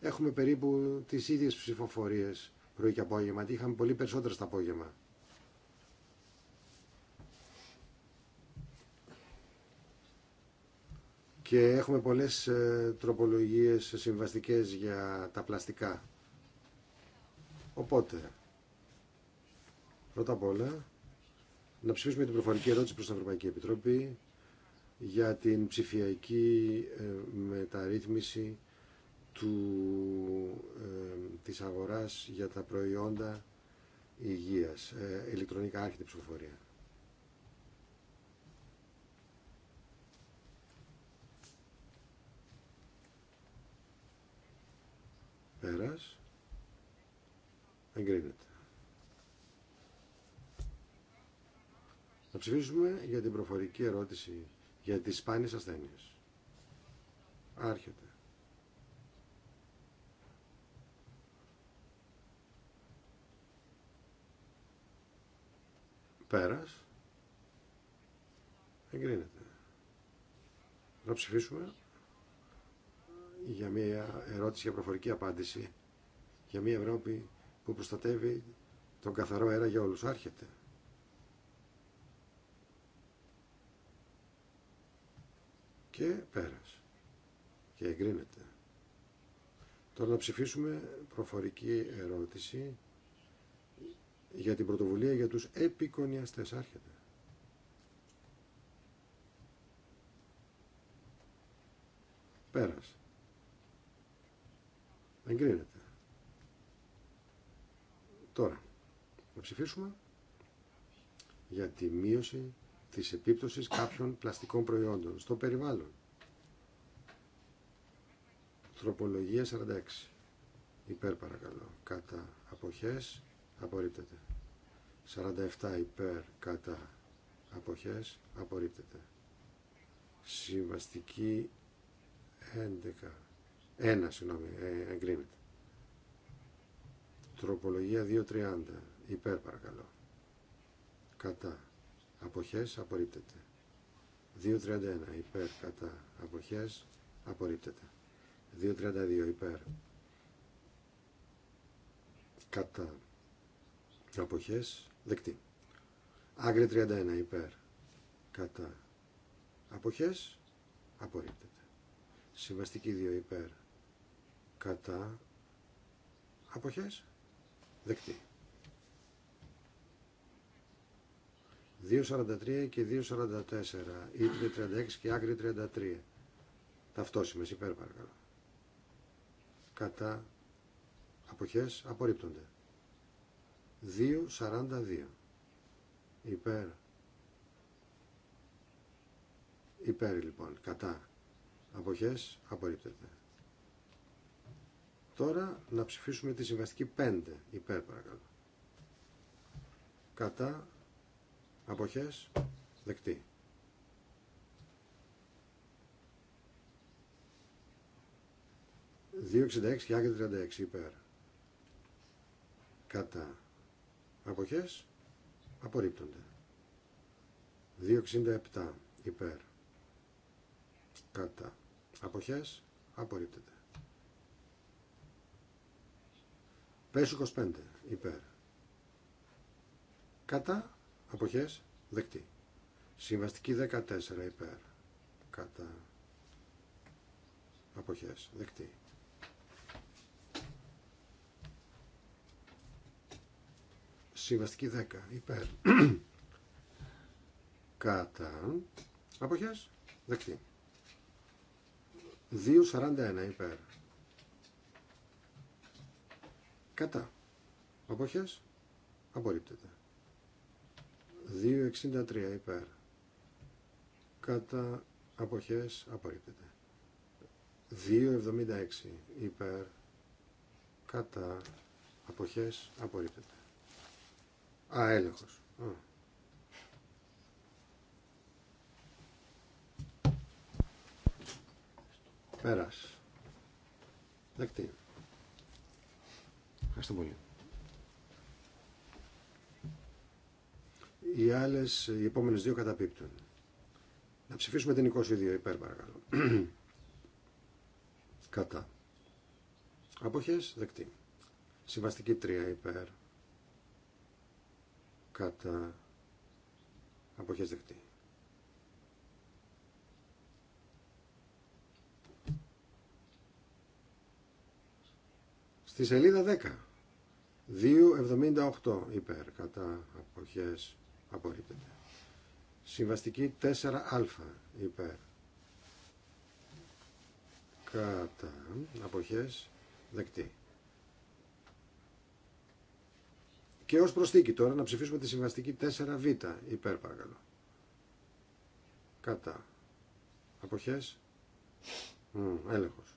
έχουμε περίπου τις ίδιες ψηφοφορίες πρωί και απόγευμα. γιατί είχαμε πολύ περισσότερες το απόγευμα. και έχουμε πολλές ε, τροπολογίες συμβαστικές για τα πλαστικά. Οπότε, πρώτα απ' όλα, να ψηφίσουμε την προφορική ερώτηση προς την Ευρωπαϊκή Επιτροπή για την ψηφιακή ε, μεταρρύθμιση του, ε, της αγοράς για τα προϊόντα υγείας. Ε, ηλεκτρονικά άρχεται ψηφοφορία. Πέρας. Εγκρίνεται. Να ψηφίσουμε για την προφορική ερώτηση για τις σπάνιες ασθένειες. Άρχεται. Πέρας. Εγκρίνεται. Να ψηφίσουμε για μια ερώτηση για προφορική απάντηση για μια Ευρώπη που προστατεύει τον καθαρό αέρα για όλους. Άρχεται. Και πέρας. Και εγκρίνεται. Τώρα να ψηφίσουμε προφορική ερώτηση για την πρωτοβουλία για τους επικονιαστές. Άρχεται. Πέρας. Εγκρίνεται. Τώρα, να ψηφίσουμε για τη μείωση της επίπτωσης κάποιων πλαστικών προϊόντων στο περιβάλλον. Τροπολογία 46. Υπέρ παρακαλώ. Κατά αποχές απορρίπτεται. 47 υπέρ κατά αποχές απορρίπτεται. Συμβαστική 11 ένα, συγγνώμη, ε, εγκρίνεται. Τροπολογία 2.30. Υπέρ παρακαλώ. Κατά. Αποχές απορρίπτεται. 2.31. Υπέρ. Κατά. Αποχές απορρίπτεται. 2.32. Υπέρ. Κατά. Αποχές δεκτή. Άγκρη 31. Υπέρ. Κατά. Αποχές απορρίπτεται. Συμβαστική 2. Υπέρ κατά αποχές δεκτή 2.43 και 2.44 ήτρε 36 και άκρη 33 ταυτόσιμες υπέρ παρακαλώ κατά αποχές απορρίπτονται 2.42 υπέρ υπέρ λοιπόν κατά αποχές απορρίπτεται Τώρα να ψηφίσουμε τη συμβαστική 5 υπέρ παρακαλώ. Κατά αποχές δεκτή. ...266 και άγγελ 36 υπέρ. Κατά. Αποχές. Απορρίπτονται. 267 υπέρ. Κατά. Αποχές. Απορρίπτεται. Πες 25 υπέρ. Κατά αποχές δεκτή. Συμβαστική 14 υπέρ. Κατά αποχές δεκτή. Συμβαστική 10 υπέρ. Κατά αποχές δεκτή. 2.41 υπέρ Κατά. Αποχές. Απορρίπτεται. 2.63 υπέρ. Κατά. Αποχές. Απορρίπτεται. 2.76 υπέρ. Κατά. Αποχές. Απορρίπτεται. Α, έλεγχος. Πέρας. Δεκτή. Ευχαριστώ πολύ. Οι άλλε οι επόμενες δύο καταπίπτουν. Να ψηφίσουμε την 22 υπέρ παρακαλώ. Κατά. Αποχές δεκτή. Συμβαστική 3 υπέρ. Κατά. Αποχές δεκτή. Στη σελίδα 10. 2,78 υπέρ κατά αποχές απορρίπτεται. Συμβαστική 4α υπέρ κατά αποχές δεκτή. Και ως προσθήκη τώρα να ψηφίσουμε τη συμβαστική 4β υπέρ παρακαλώ. Κατά. Αποχές. Μ, έλεγχος.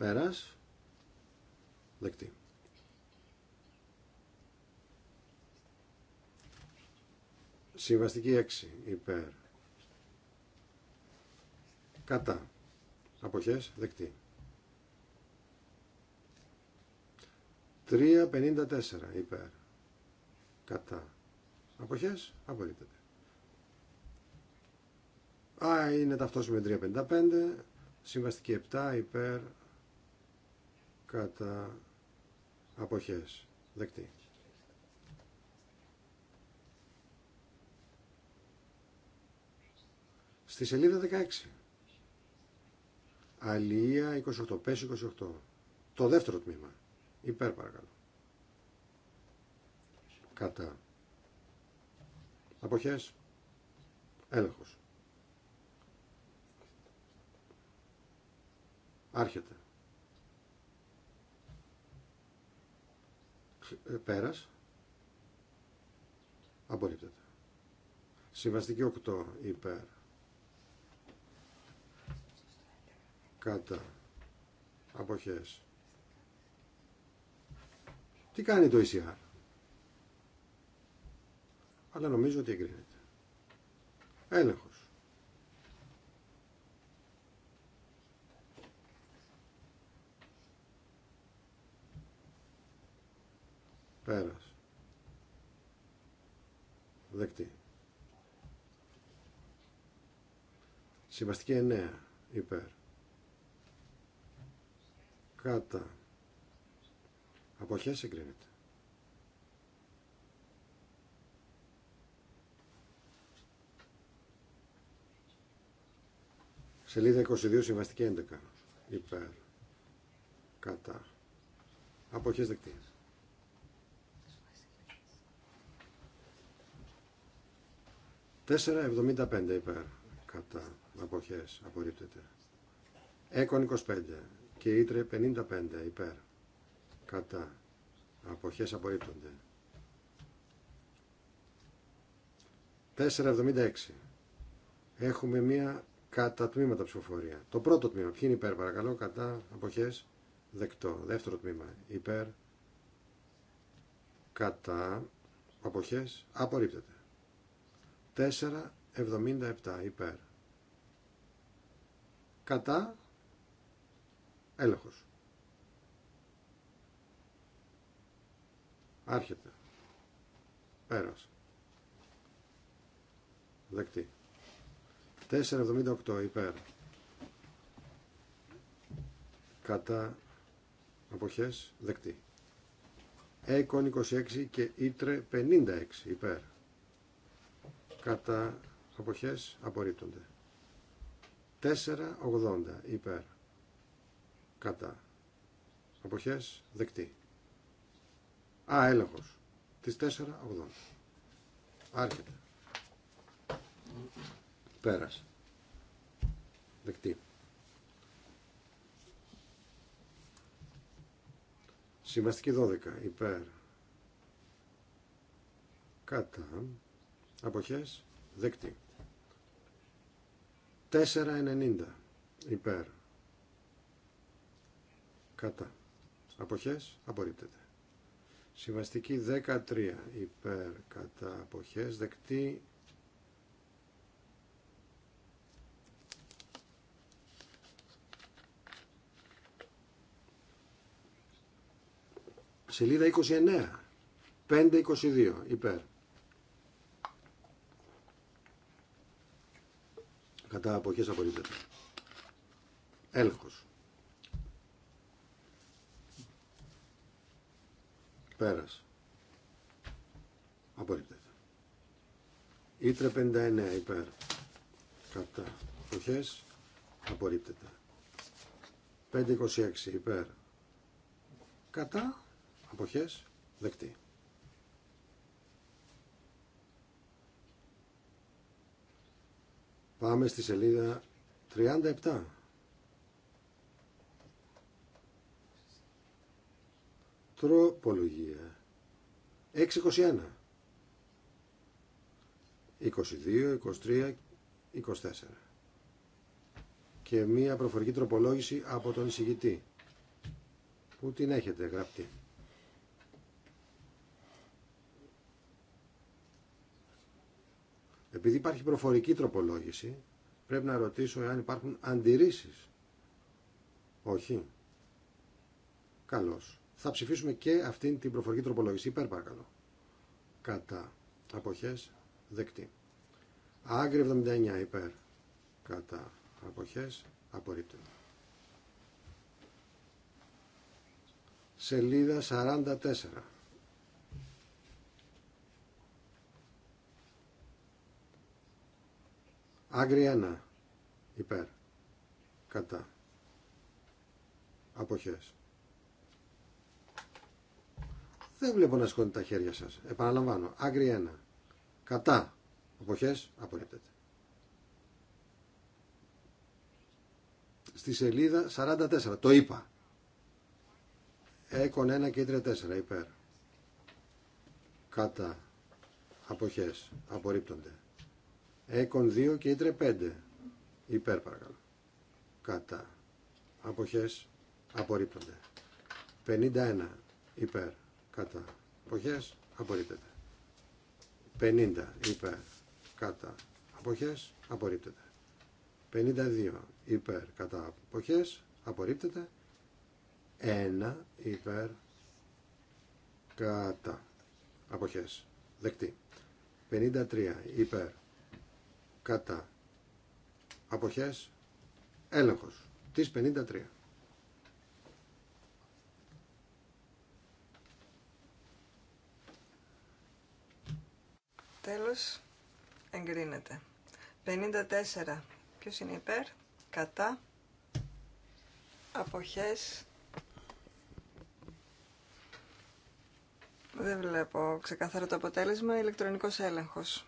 Πέρας. Δεκτή. Συμβαστική 6 υπέρ. Κατά. Αποχές δεκτή. 3.54 υπέρ. Κατά. Αποχές απορρίπτεται. Α, είναι ταυτόσιμη με 3.55. Συμβαστική 7 υπέρ κατά αποχές δεκτή. Στη σελίδα 16. Αλία 28, πες 28. Το δεύτερο τμήμα. Υπέρ παρακαλώ. Κατά. Αποχές. Έλεγχος. Άρχεται. Ε, πέρας. Απορρίπτεται. Συμβαστική 8 υπέρ. Κατά. Αποχές. Τι κάνει το ECR. Αλλά νομίζω ότι εγκρίνεται. Έλεγχο. Πέρας. Δεκτή. Συμβαστική εννέα. Υπέρ. Κάτα. Αποχές συγκρίνεται Σελίδα 22, συμβαστική 11. Υπέρ. Κατά. Αποχές Δεκτή. 4,75 υπέρ κατά αποχές απορρίπτεται. Έκον 25 και Ήτρε 55 υπέρ κατά αποχές απορρίπτονται. 4,76 έχουμε μία κατά τμήματα ψηφοφορία. Το πρώτο τμήμα, ποιοι είναι υπέρ παρακαλώ, κατά αποχές δεκτό. Δεύτερο τμήμα, υπέρ κατά αποχές απορρίπτεται. 4,77 υπέρ. Κατά έλεγχος. Άρχεται. πέρασε, Δεκτή. 4,78 υπέρ. Κατά αποχές δεκτή. Έκον 26 και Ήτρε 56 υπέρ κατά αποχές απορρίπτονται. 4,80 υπέρ κατά αποχές δεκτή. Α, έλεγχος. Τις 4,80. Άρχεται. Πέρασε. Δεκτή. Συμβαστική 12 υπέρ κατά Αποχές. Δεκτή. 4,90 υπέρ. Κατά. Αποχές. Απορρίπτεται. Συμβαστική 13 υπέρ κατά αποχές. Δεκτή Σελίδα 29. 522. Υπέρ. κατά αποχές απορρίπτεται. Έλεγχος. Πέρας. Απορρίπτεται. Ήτρε 59 υπέρ. Κατά αποχές απορρίπτεται. 526 υπέρ. Κατά αποχές δεκτή. Πάμε στη σελίδα 37. Τροπολογία. 621. 22, 23, 24. Και μία προφορική τροπολόγηση από τον εισηγητή. Πού την έχετε γραπτή. Επειδή υπάρχει προφορική τροπολόγηση, πρέπει να ρωτήσω εάν υπάρχουν αντιρρήσεις. Όχι. Καλώς. Θα ψηφίσουμε και αυτήν την προφορική τροπολόγηση. Υπέρ παρακαλώ. Κατά. Αποχές. Δεκτή. Άγκρι 79 υπέρ. Κατά. Αποχές. Απορρίπτεται. Σελίδα 44. Άγκρι 1. Υπέρ. Κατά. Αποχές. Δεν βλέπω να σηκώνετε τα χέρια σας. Επαναλαμβάνω. Άγκρι 1. Κατά. Αποχές. Απορρίπτεται. Στη σελίδα 44. Το είπα. Έκον 1 και 34. Υπέρ. Κατά. Αποχές. Απορρίπτονται. Έκον 2 και Ήτρε 5. Υπέρ παρακαλώ. Κατά. Αποχές απορρίπτονται. 51 υπέρ. Κατά. Αποχές απορρίπτεται. 50 υπέρ. Κατά. Αποχές απορρίπτεται. 52 υπέρ. Κατά. Αποχές απορρίπτεται. 1 υπέρ. Κατά. Αποχές. Δεκτή. 53 υπέρ κατά αποχές έλεγχος της 53. Τέλος, εγκρίνεται. 54. Ποιος είναι υπέρ, κατά, αποχές, δεν βλέπω ξεκάθαρο το αποτέλεσμα, ηλεκτρονικός έλεγχος.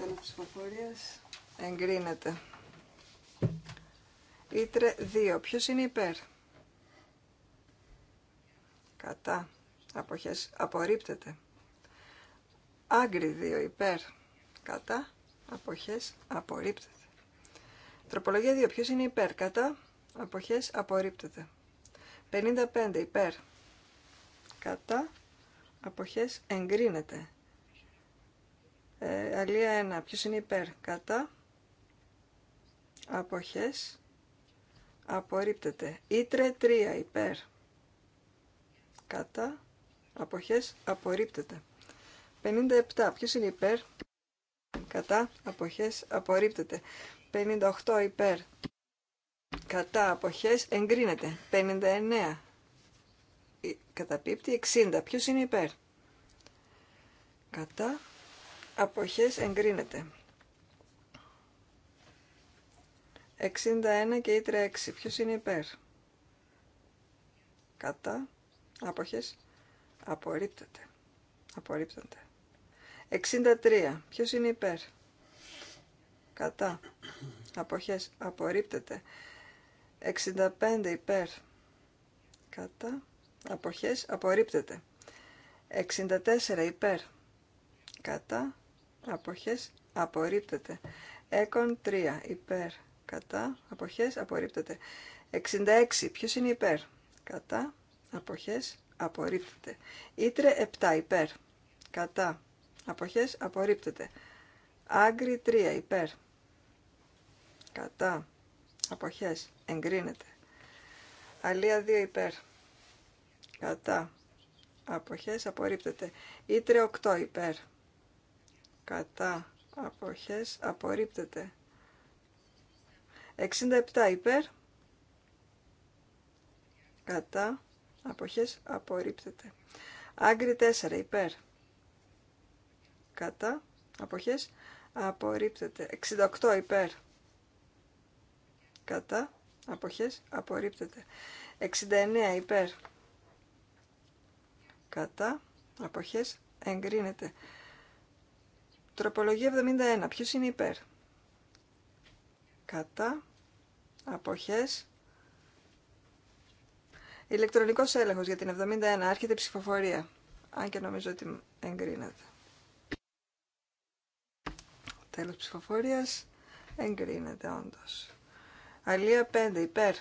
Τέλος ψηφοφορίας. Εγκρίνεται. Ήτρε 2. Ποιος είναι υπέρ. Κατά. Αποχές. Απορρίπτεται. Άγκρι 2. Υπέρ. Κατά. Αποχές. Απορρίπτεται. Τροπολογία 2. Ποιος είναι υπέρ. Κατά. Αποχές. Απορρίπτεται. 55. Υπέρ. Κατά. Αποχές. Εγκρίνεται. Ε, αλία 1. Ποιος είναι υπέρ. Κατά. Αποχές. Απορρίπτεται. Ήτρε 3. Υπέρ. Κατά. Αποχές. Απορρίπτεται. 57. Ποιος είναι υπέρ. Κατά. Αποχές. Απορρίπτεται. 58. Υπέρ. Κατά. Αποχές. Εγκρίνεται. 59. Ε, καταπίπτει. 60. Ποιος είναι υπέρ. Κατά αποχές εγκρίνεται. 61 και ήτρε 6. Ποιος είναι υπέρ. Κατά. Αποχές. Απορρίπτεται. Απορρίπτονται. 63. Ποιος είναι υπέρ. Κατά. Αποχές. Απορρίπτεται. 65 υπέρ. Κατά. Αποχές. Απορρίπτεται. 64 υπέρ. Κατά αποχές απορρίπτεται. Έκον 3 υπέρ κατά αποχές απορρίπτεται. 66 ποιος είναι υπέρ κατά αποχές απορρίπτεται. Ήτρε 7 υπέρ κατά αποχές απορρίπτεται. Άγκρι 3 υπέρ κατά αποχές εγκρίνεται. Αλία 2 υπέρ κατά αποχές απορρίπτεται. Ήτρε 8 υπέρ κατά αποχές απορρίπτεται 67 υπέρ κατά αποχές απορρίπτεται άγκρι 4 υπέρ κατά αποχές απορρίπτεται 68 υπέρ κατά αποχές απορρίπτεται 69 υπέρ κατά αποχές εγκρίνεται Τροπολογία 71. Ποιος είναι υπέρ. Κατά. Αποχές. Ηλεκτρονικός έλεγχος για την 71. Άρχεται ψηφοφορία. Αν και νομίζω ότι εγκρίνεται. Τέλος ψηφοφορίας. Εγκρίνεται όντως. Αλία 5. Υπέρ.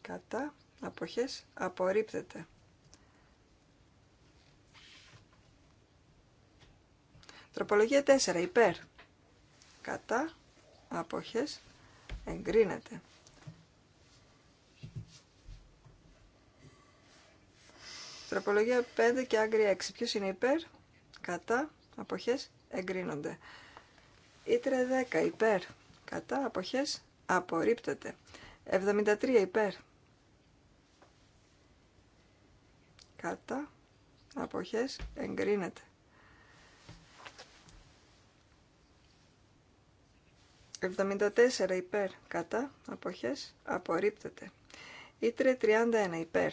Κατά. Αποχές. Απορρίπτεται. Τροπολογία 4. Υπέρ. Κατά. Αποχές. Εγκρίνεται. Τροπολογία 5 και άγκρι 6. Ποιος είναι υπέρ. Κατά. Αποχές. Εγκρίνονται. Ήτρε 10. Υπέρ. Κατά. Αποχές. Απορρίπτεται. 73. Υπέρ. Κατά. Αποχές. Εγκρίνεται. 74 υπέρ κατά αποχές απορρίπτεται. Ήτρε 31 υπέρ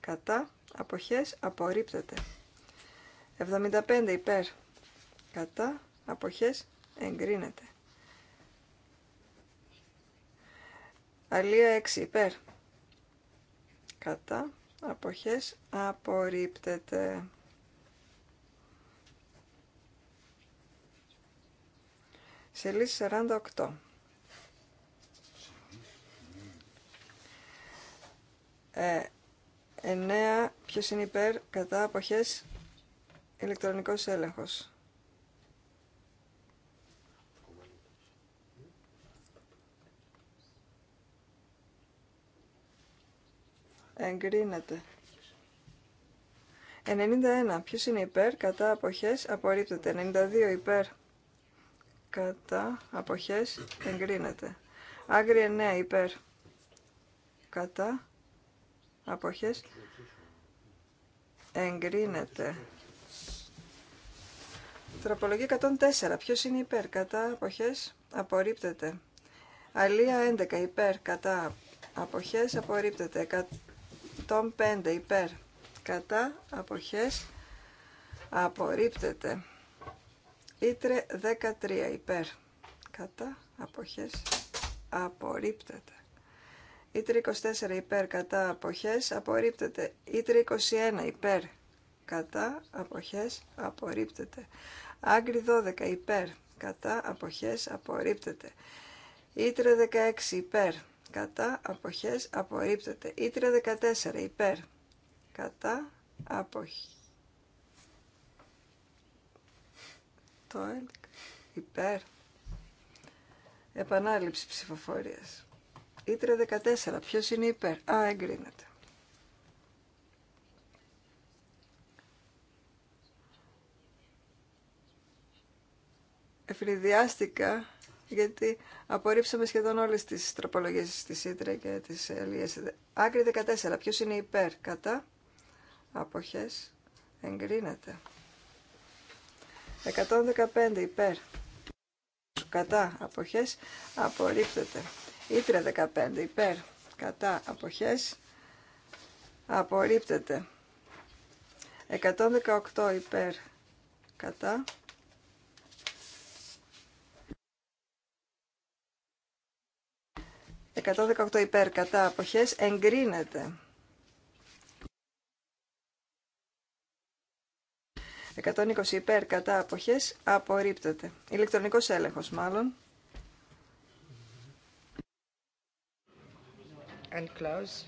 κατά αποχές απορρίπτεται. 75 υπέρ κατά αποχές εγκρίνεται. Αλία 6 υπέρ κατά αποχές απορρίπτεται. Σελίδα 48. Ε, 9. Ποιος είναι υπέρ, κατά, αποχές, ηλεκτρονικός έλεγχος. Εγκρίνεται. 91. Ποιος είναι υπέρ, κατά, αποχές, απορρίπτεται. 92 υπέρ, κατά αποχές εγκρίνεται. Άγριε 9 υπέρ κατά αποχές εγκρίνεται. Τροπολογία 104. Ποιος είναι υπέρ κατά αποχές απορρίπτεται. Αλία 11 υπέρ κατά αποχές απορρίπτεται. 105 υπέρ κατά αποχές απορρίπτεται. Ήτρε 13 υπέρ. Κατά αποχές απορρίπτεται. Ήτρε 24 υπέρ. Κατά αποχές απορρίπτεται. Ήτρε 21 υπέρ. Κατά αποχές απορρίπτεται. Άγκρι 12 υπέρ. Κατά αποχές απορρίπτεται. Ήτρε 16 υπέρ. Κατά αποχές απορρίπτεται. Ήτρε 14 υπέρ. Κατά αποχές το ΕΛΚ υπέρ επανάληψη ψηφοφορίας Ήτρε 14 ποιος είναι υπέρ α εγκρίνεται γιατί απορρίψαμε σχεδόν όλες τις τροπολογίες της Ήτρε και της Ελίας. Άκρη 14. Ποιος είναι υπέρ, κατά, αποχές, εγκρίνεται. 115 υπέρ. Κατά αποχές απορρίπτεται. Ήτρε 15 υπέρ. Κατά αποχές απορρίπτεται. 118 υπέρ. Κατά. «118 υπέρ κατά αποχές εγκρίνεται». 120 υπέρ κατά αποχές απορρίπτεται. Ηλεκτρονικός έλεγχος μάλλον. And close.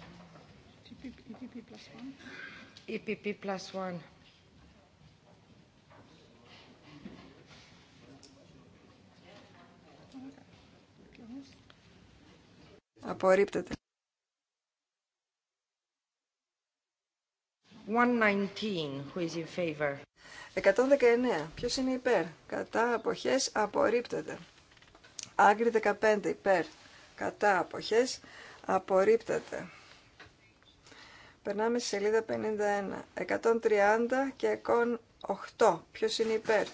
EPP plus one. Απορρίπτεται. 119, who is in favor. 119. Ποιος είναι υπέρ. Κατά αποχές απορρίπτεται. Άγκρι 15. Υπέρ. Κατά αποχές απορρίπτεται. Περνάμε στη σελίδα 51. 130 και 8. Ποιος είναι υπέρ.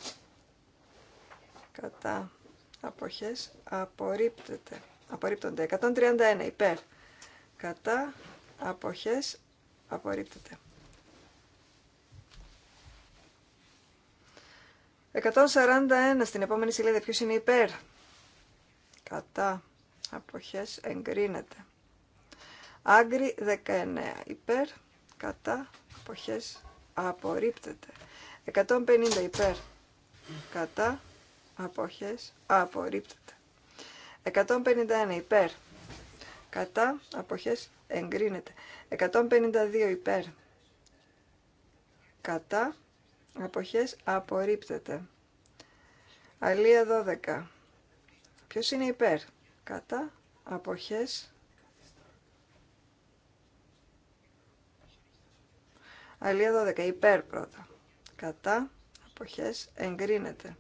Κατά αποχές απορρίπτεται. Απορρίπτονται. 131. Υπέρ. Κατά αποχές απορρίπτεται. 141 στην επόμενη σελίδα. Ποιος είναι υπέρ. Κατά. Αποχές εγκρίνεται. Άγκρι 19. Υπέρ. Κατά. Αποχές απορρίπτεται. 150 υπέρ. Κατά. Αποχές απορρίπτεται. 151 υπέρ. Κατά. Αποχές εγκρίνεται. 152 υπέρ. Κατά. Αποχές απορρίπτεται. Αλία 12. Ποιος είναι υπέρ. Κατά. Αποχές. Αλία 12. Υπέρ πρώτα. Κατά. Αποχές. Εγκρίνεται.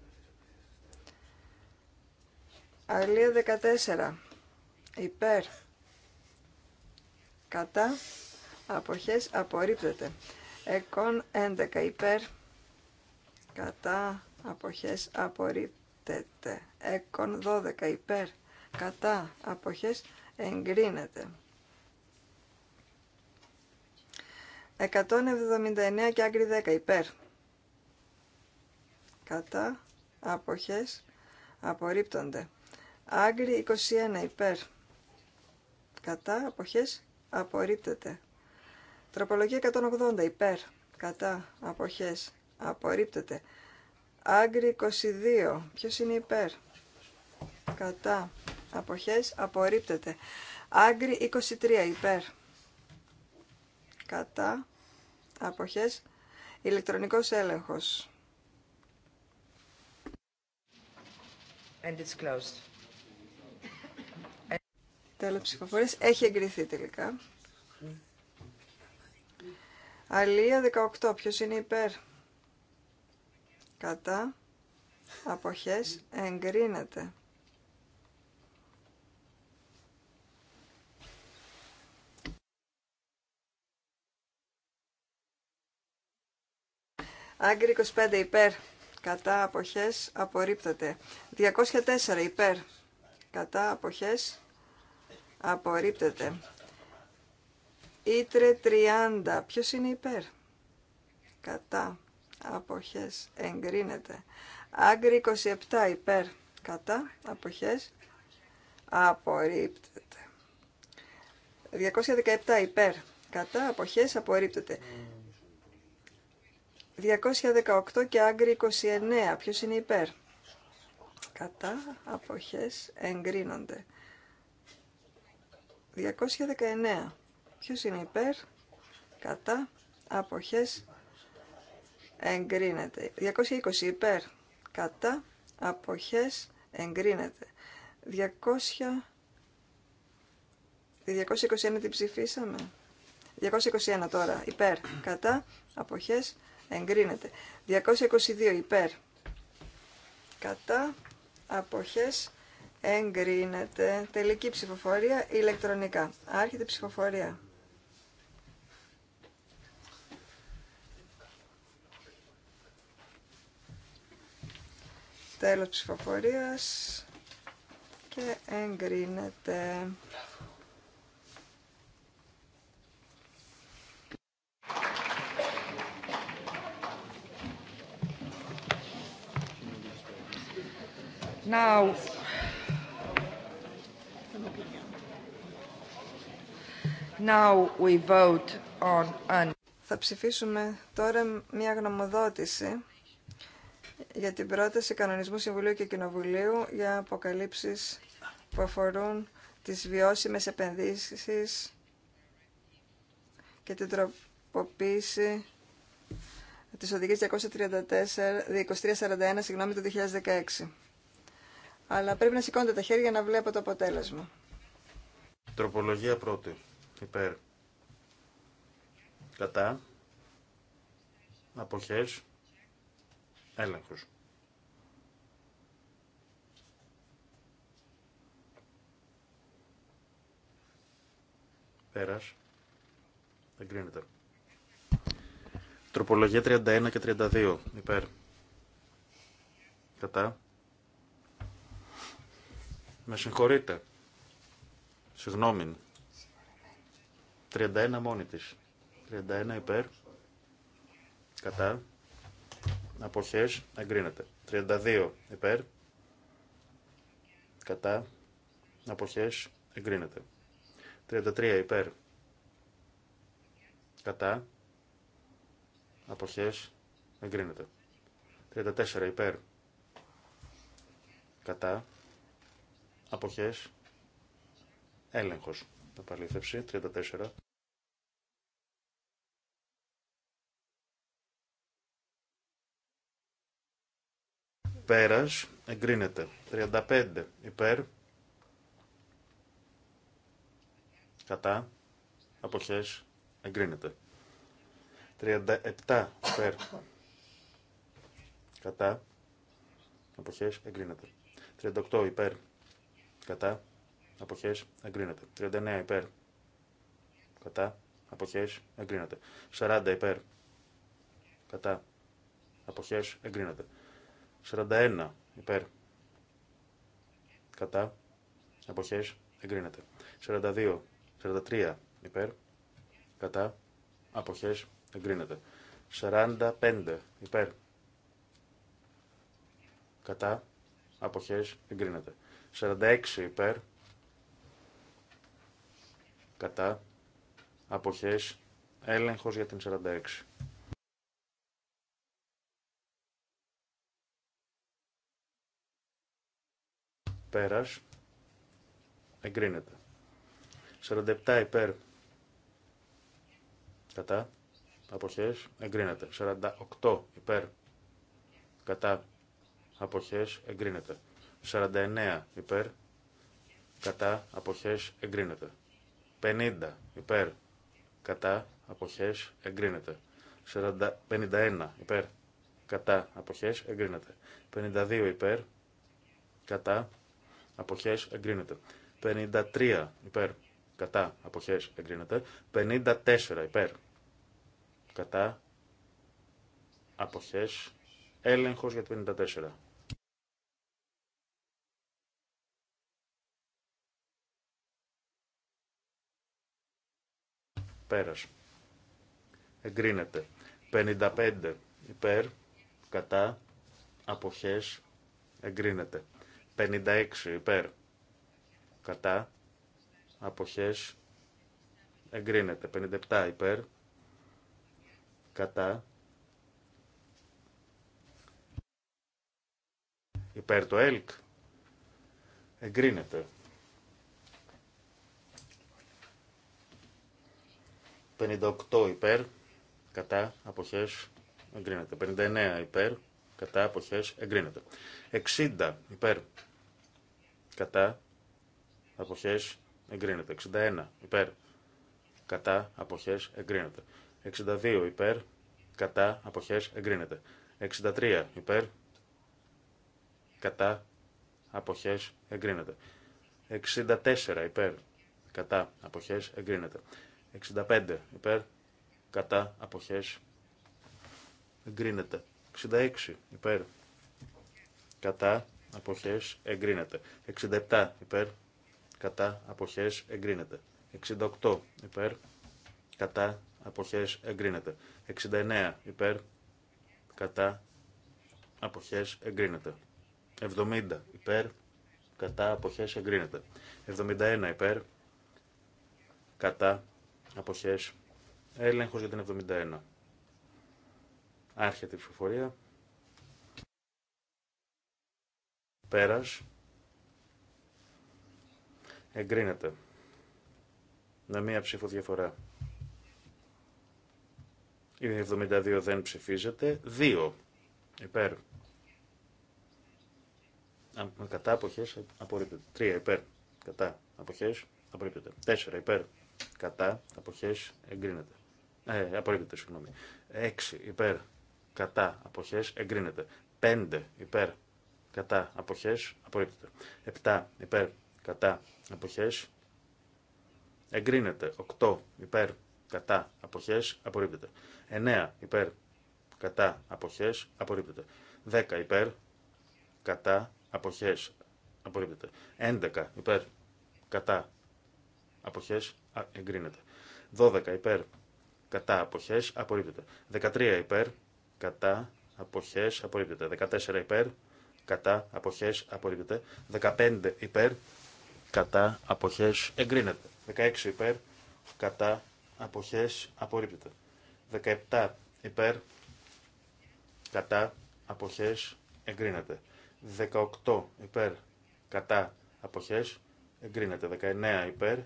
Αλία 14. Υπέρ. Κατά. Αποχές. Απορρίπτεται. Εκόν 11. Υπέρ κατά αποχές απορρίπτεται. Έκον 12 υπέρ κατά αποχές εγκρίνεται. 179 και άγκρι 10 υπέρ. Κατά αποχές απορρίπτονται. Άγκρι 21 υπέρ. Κατά αποχές απορρίπτεται. Τροπολογία 180 υπέρ. Κατά αποχές απορρίπτεται. Άγκρι 22. Ποιος είναι υπέρ. Κατά. Αποχές απορρίπτεται. Άγκρι 23. Υπέρ. Κατά. Αποχές. Ηλεκτρονικός έλεγχος. And it's closed. Τέλος ψηφοφορίας. Έχει εγκριθεί τελικά. Mm. Αλία 18. Ποιος είναι υπέρ κατά αποχές εγκρίνεται. Άγκρι 25 υπέρ, κατά αποχές απορρίπτεται. 204 υπέρ, κατά αποχές απορρίπτεται. Ήτρε 30, ποιος είναι υπέρ, κατά αποχές εγκρίνεται. Άγκρι 27 υπέρ κατά αποχές απορρίπτεται. 217 υπέρ κατά αποχές απορρίπτεται. 218 και άγκρι 29. Ποιος είναι υπέρ. Κατά αποχές εγκρίνονται. 219. Ποιος είναι υπέρ. Κατά αποχές εγκρίνεται. 220 υπέρ κατά αποχές εγκρίνεται. 200... 221 την ψηφίσαμε. 221 τώρα υπέρ κατά αποχές εγκρίνεται. 222 υπέρ κατά αποχές εγκρίνεται. Τελική ψηφοφορία ηλεκτρονικά. Άρχεται ψηφοφορία. Τέλος ψηφοφορίας και εγκρίνεται. Now, now we vote on... Θα ψηφίσουμε τώρα μια γνωμοδότηση για την πρόταση κανονισμού Συμβουλίου και Κοινοβουλίου για αποκαλύψεις που αφορούν τις βιώσιμες επενδύσεις και την τροποποίηση της οδηγίας 2341 συγγνώμη, του 2016. Αλλά πρέπει να σηκώνετε τα χέρια για να βλέπω το αποτέλεσμα. Τροπολογία πρώτη. Υπέρ. Κατά. Αποχές έλεγχος. Πέρας. Εγκρίνεται. Τροπολογία 31 και 32. Υπέρ. Κατά. Με συγχωρείτε. Συγγνώμη. 31 μόνη της. 31 υπέρ. Κατά αποχές εγκρίνεται. 32 υπέρ, κατά, αποχές εγκρίνεται. 33 υπέρ, κατά, αποχές εγκρίνεται. 34 υπέρ, κατά, αποχές, έλεγχος, επαλήθευση, 34. πέρας εγκρίνεται. 35 υπέρ. Κατά. Αποχές εγκρίνεται. 37 υπέρ. Κατά. Αποχές εγκρίνεται. 38 υπέρ. Κατά. Αποχές εγκρίνεται. 39 υπέρ. Κατά. Αποχές εγκρίνεται. 40 υπέρ. Κατά. Αποχές εγκρίνεται. 41 υπέρ. Κατά. Αποχές. Εγκρίνεται. 42. 43 υπέρ. Κατά. Αποχές. Εγκρίνεται. 45 υπέρ. Κατά. Αποχές. Εγκρίνεται. 46 υπέρ. Κατά. Αποχές. Έλεγχος για την 46. Πέρας. Εγκρίνεται. 47 υπέρ. Κατά. Αποχές. Εγκρίνεται. 48 υπέρ. Κατά. Αποχές. Εγκρίνεται. 49 υπέρ. Κατά. Αποχές. Εγκρίνεται. 50 υπέρ. Κατά. Αποχές. Εγκρίνεται. 40, 51 υπέρ. Κατά. Αποχές. Εγκρίνεται. 52 υπέρ. Κατά αποχές εγκρίνεται. 53 υπέρ, κατά, αποχές εγκρίνεται. 54 υπέρ, κατά, αποχές, έλεγχος για το 54. Πέρας. Εγκρίνεται. 55 υπέρ, κατά, αποχές, εγκρίνεται. 56 υπέρ. Κατά. Αποχές. Εγκρίνεται. 57 υπέρ. Κατά. Υπέρ το ΕΛΚ. Εγκρίνεται. 58 υπέρ. Κατά. Αποχές. Εγκρίνεται. 59 υπέρ. Κατά. Αποχές. Εγκρίνεται. 60 υπέρ κατά, αποχές, εγκρίνεται. 61 υπέρ, κατά, απόχέ, εγκρίνεται. 62 υπέρ, κατά, αποχές, εγκρίνεται. 63 υπέρ, κατά, αποχές, εγκρίνεται. 64 υπέρ, κατά, αποχές, εγκρίνεται. 65 υπέρ, κατά, απόχέ. εγκρίνεται. 66 υπέρ, κατά, αποχές εγκρίνεται. 67 υπέρ, κατά, αποχές εγκρίνεται. 68 υπέρ, κατά, αποχές εγκρίνεται. 69 υπέρ, κατά, αποχές εγκρίνεται. 70 υπέρ, κατά, αποχές εγκρίνεται. 71 υπέρ, κατά, αποχές, έλεγχος για την 71. Άρχεται η ψηφοφορία. Πέρας. Εγκρίνεται. Με μία ψήφο διαφορά. Η 72 δεν ψηφίζεται. 2. Υπέρ. Με κατά αποχές απορρίπτεται. 3. Υπέρ. Κατά αποχές απορρίπτεται. 4. Υπέρ. Κατά αποχές εγκρίνεται. Ε, απορρίπτεται, συγγνώμη. 6. Υπέρ. Κατά αποχές εγκρίνεται. 5. Υπέρ κατά αποχές απορρίπτεται. 7 υπέρ κατά αποχές εγκρίνεται. 8 υπέρ κατά αποχές απορρίπτεται. 9 υπέρ κατά αποχές απορρίπτεται. 10 υπέρ κατά αποχές απορρίπτεται. 11 υπέρ κατά αποχές εγκρίνεται. 12 υπέρ κατά αποχές απορρίπτεται. 13 υπέρ κατά αποχές απορρίπτεται. 14 υπέρ κατά αποχές απορρίπτεται. 15 υπέρ κατά αποχές εγκρίνεται. 16 υπέρ κατά αποχές απορρίπτεται. 17 υπέρ κατά αποχές εγκρίνεται. 18 υπέρ κατά αποχές εγκρίνεται. 19 υπέρ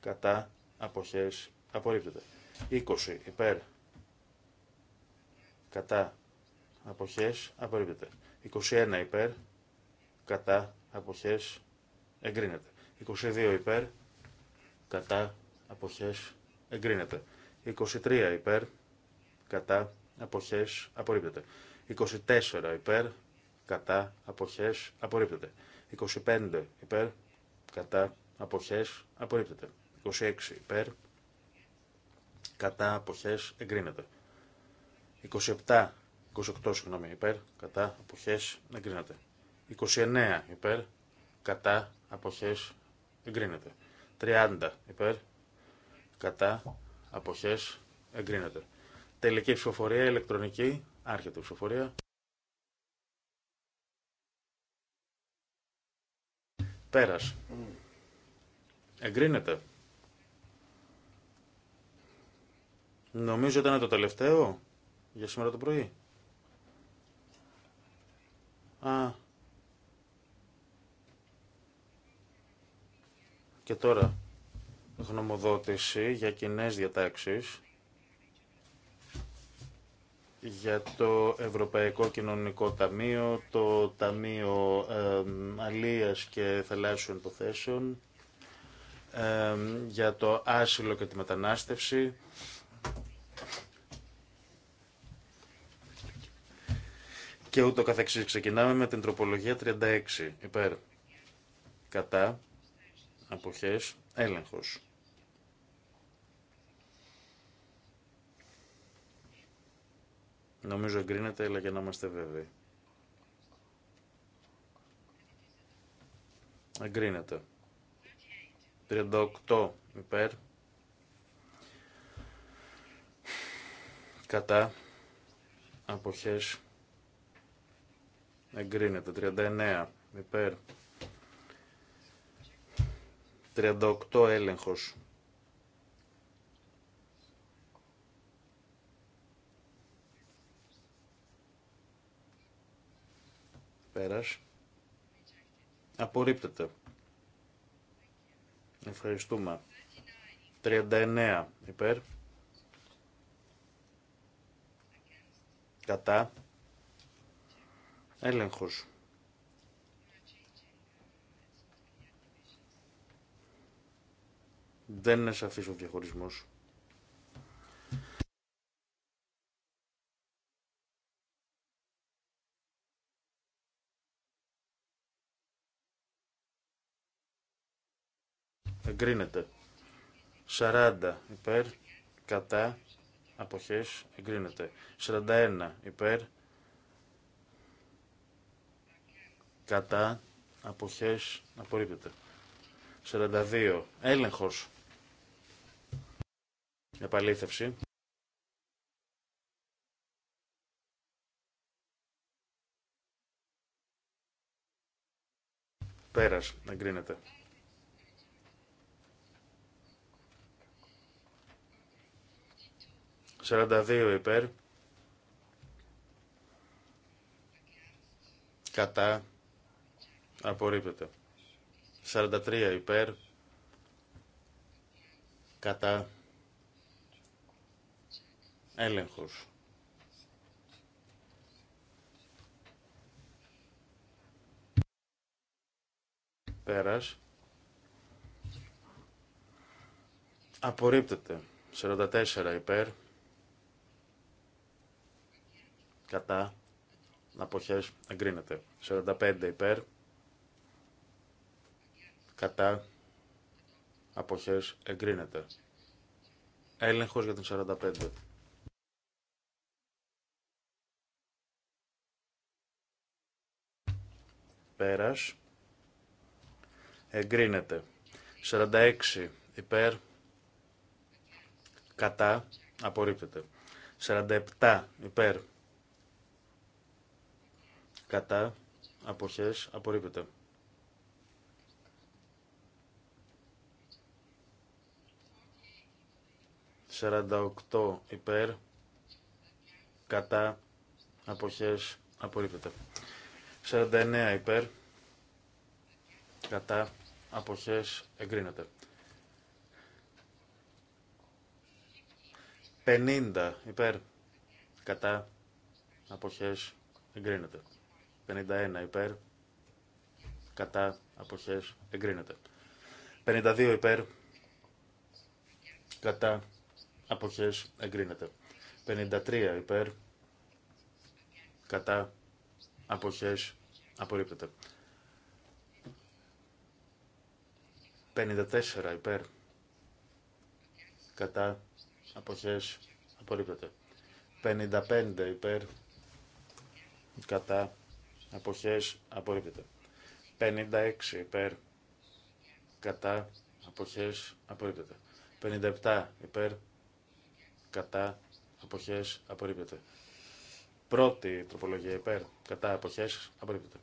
κατά αποχές απορρίπτεται. 20 υπέρ κατά αποχές απορρίπτεται. 21 υπέρ, κατά, αποχές, εγκρίνεται. 22 υπέρ, κατά, αποχές, εγκρίνεται. 23 υπέρ, κατά, αποχές, απορρίπτεται. 24 υπέρ, κατά, αποχές, απορρίπτεται. 25 υπέρ, κατά, αποχές, απορρίπτεται. 26 υπέρ, κατά, αποχές, εγκρίνεται. 27 28 συγγνώμη υπέρ, κατά, αποχές, εγκρίνεται. 29 υπέρ, κατά, αποχές, εγκρίνεται. 30 υπέρ, κατά, αποχές, εγκρίνεται. Τελική ψηφοφορία, ηλεκτρονική, άρχεται η ψηφοφορία. Πέρας. Εγκρίνεται. Νομίζω ήταν το τελευταίο για σήμερα το πρωί. Α. Και τώρα, γνωμοδότηση για κοινέ διατάξεις για το Ευρωπαϊκό Κοινωνικό Ταμείο, το Ταμείο ε, και Θαλάσσιων Υποθέσεων, για το άσυλο και τη μετανάστευση, και ούτω καθεξής. Ξεκινάμε με την τροπολογία 36 υπέρ κατά αποχές έλεγχος. Νομίζω εγκρίνεται, αλλά για να είμαστε βέβαιοι. Εγκρίνεται. 38 υπέρ. Κατά. Αποχές εγκρίνεται. 39 υπέρ. 38 έλεγχος. Πέρας. Απορρίπτεται. Ευχαριστούμε. 39 υπέρ. Κατά έλεγχος. Δεν είναι σαφής ο διαχωρισμός. Εγκρίνεται. 40 υπέρ, κατά, αποχές, εγκρίνεται. 41 υπέρ, κατά αποχές απορρίπτεται. 42. Έλεγχος. Επαλήθευση. Πέρας, εγκρίνεται. Σαράντα δύο υπέρ. Κατά. Απορρίπτεται. 43 υπέρ. Κατά. Έλεγχος. Πέρας. Απορρίπτεται. 44 υπέρ. Κατά. Αποχές. Εγκρίνεται. 45 υπέρ κατά αποχές εγκρίνεται. Έλεγχος για την 45. Πέρας. Εγκρίνεται. 46 υπέρ. Κατά. Απορρίπτεται. 47 υπέρ. Κατά. Αποχές. Απορρίπτεται. 48 υπέρ, κατά, αποχές, απορρίπτεται. 49 υπέρ, κατά, αποχές, εγκρίνεται. 50 υπέρ, κατά, αποχές, εγκρίνεται. 51 υπέρ, κατά, αποχές, εγκρίνεται. 52 υπέρ, κατά, αποχές εγκρίνεται. 53 υπέρ κατά αποχές απορρίπτεται. 54 υπέρ κατά αποχές απορρίπτεται. 55 υπέρ κατά αποχές απορρίπτεται. 56 υπέρ κατά αποχές απορρίπτεται. 57 υπέρ κατά, αποχές, απορρίπτεται. Πρώτη τροπολογία υπέρ, κατά, αποχές, απορρίπτεται.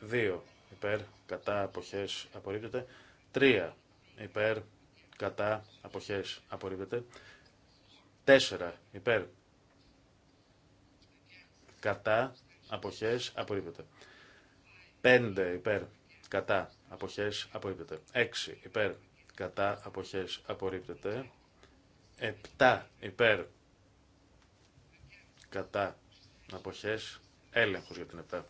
Δύο υπέρ, κατά, αποχές, απορρίπτεται. Τρία υπέρ, κατά, αποχές, απορρίπτεται. Τέσσερα υπέρ, κατά, αποχές, απορρίπτεται. Πέντε υπέρ, κατά, αποχές, απορρίπτεται. Έξι υπέρ, κατά, αποχές, απορρίπτεται. Επτά υπέρ κατά αποχές έλεγχος για την επτά.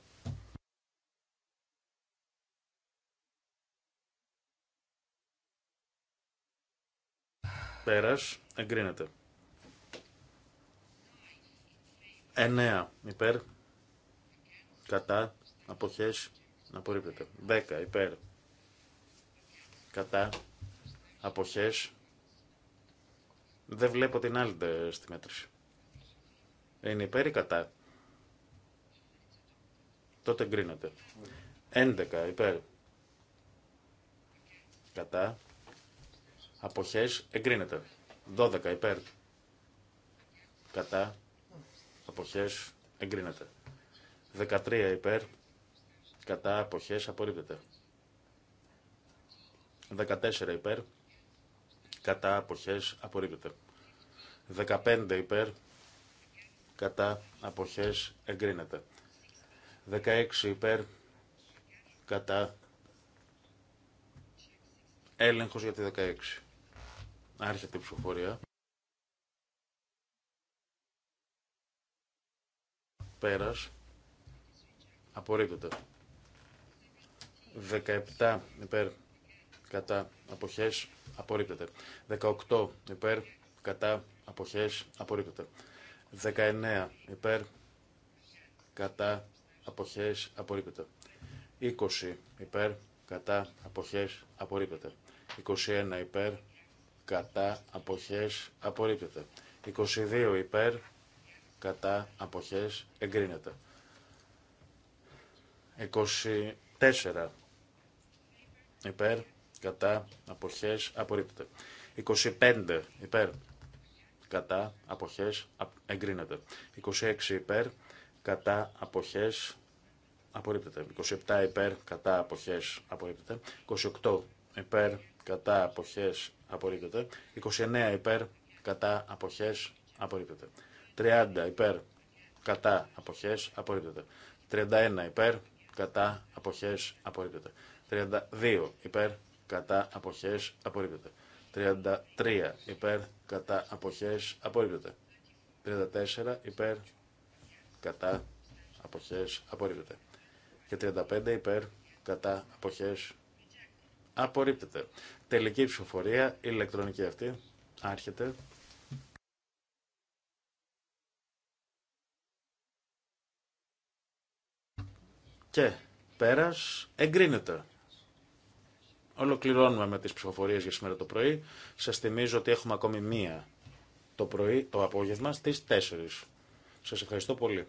Πέρας εγκρίνεται. Εννέα υπέρ κατά αποχές απορρίπτεται. Δέκα υπέρ κατά αποχές δεν βλέπω την άλλη στη μέτρηση. Είναι υπέρ ή κατά. Τότε εγκρίνεται. 11 υπέρ. Κατά. Αποχές εγκρίνεται. 12 υπέρ. Κατά. Αποχές εγκρίνεται. 13 υπέρ. Κατά. Αποχές απορρίπτεται. 14 υπέρ. Κατά. Αποχές απορρίπτεται. 15 υπέρ, κατά αποχές εγκρίνεται. 16 υπέρ, κατά έλεγχος για τη 16. Άρχεται η ψηφοφορία. Πέρας. Απορρίπτεται. 17 υπέρ κατά αποχές απορρίπτεται. 18 υπέρ κατά αποχές απορρίπτεται. 19 υπέρ κατά αποχές απορρίπτεται. 20 υπέρ κατά αποχές απορρίπτεται. 21 υπέρ κατά αποχές απορρίπτεται. 22 υπέρ κατά αποχές εγκρίνεται. 24 υπέρ κατά αποχές απορρίπτεται. 25 υπέρ κατά, αποχές, εγκρίνεται. 26 υπέρ, κατά, αποχές, απορρίπτεται. 27 υπέρ, κατά, αποχές, απορρίπτεται. 28 υπέρ, κατά, αποχές, απορρίπτεται. 29 υπέρ, κατά, αποχές, απορρίπτεται. 30 υπέρ, κατά, αποχές, απορρίπτεται. 31 υπέρ, κατά, αποχές, απορρίπτεται. 32 υπέρ, κατά, αποχές, απορρίπτεται. 33 υπέρ κατά αποχές απορρίπτεται. 34 υπέρ κατά αποχές απορρίπτεται. Και 35 υπέρ κατά αποχές απορρίπτεται. Τελική ψηφοφορία, ηλεκτρονική αυτή, άρχεται. Και πέρας εγκρίνεται. Ολοκληρώνουμε με τις ψηφοφορίες για σήμερα το πρωί. Σας θυμίζω ότι έχουμε ακόμη μία το πρωί, το απόγευμα, στις 4. Σας ευχαριστώ πολύ.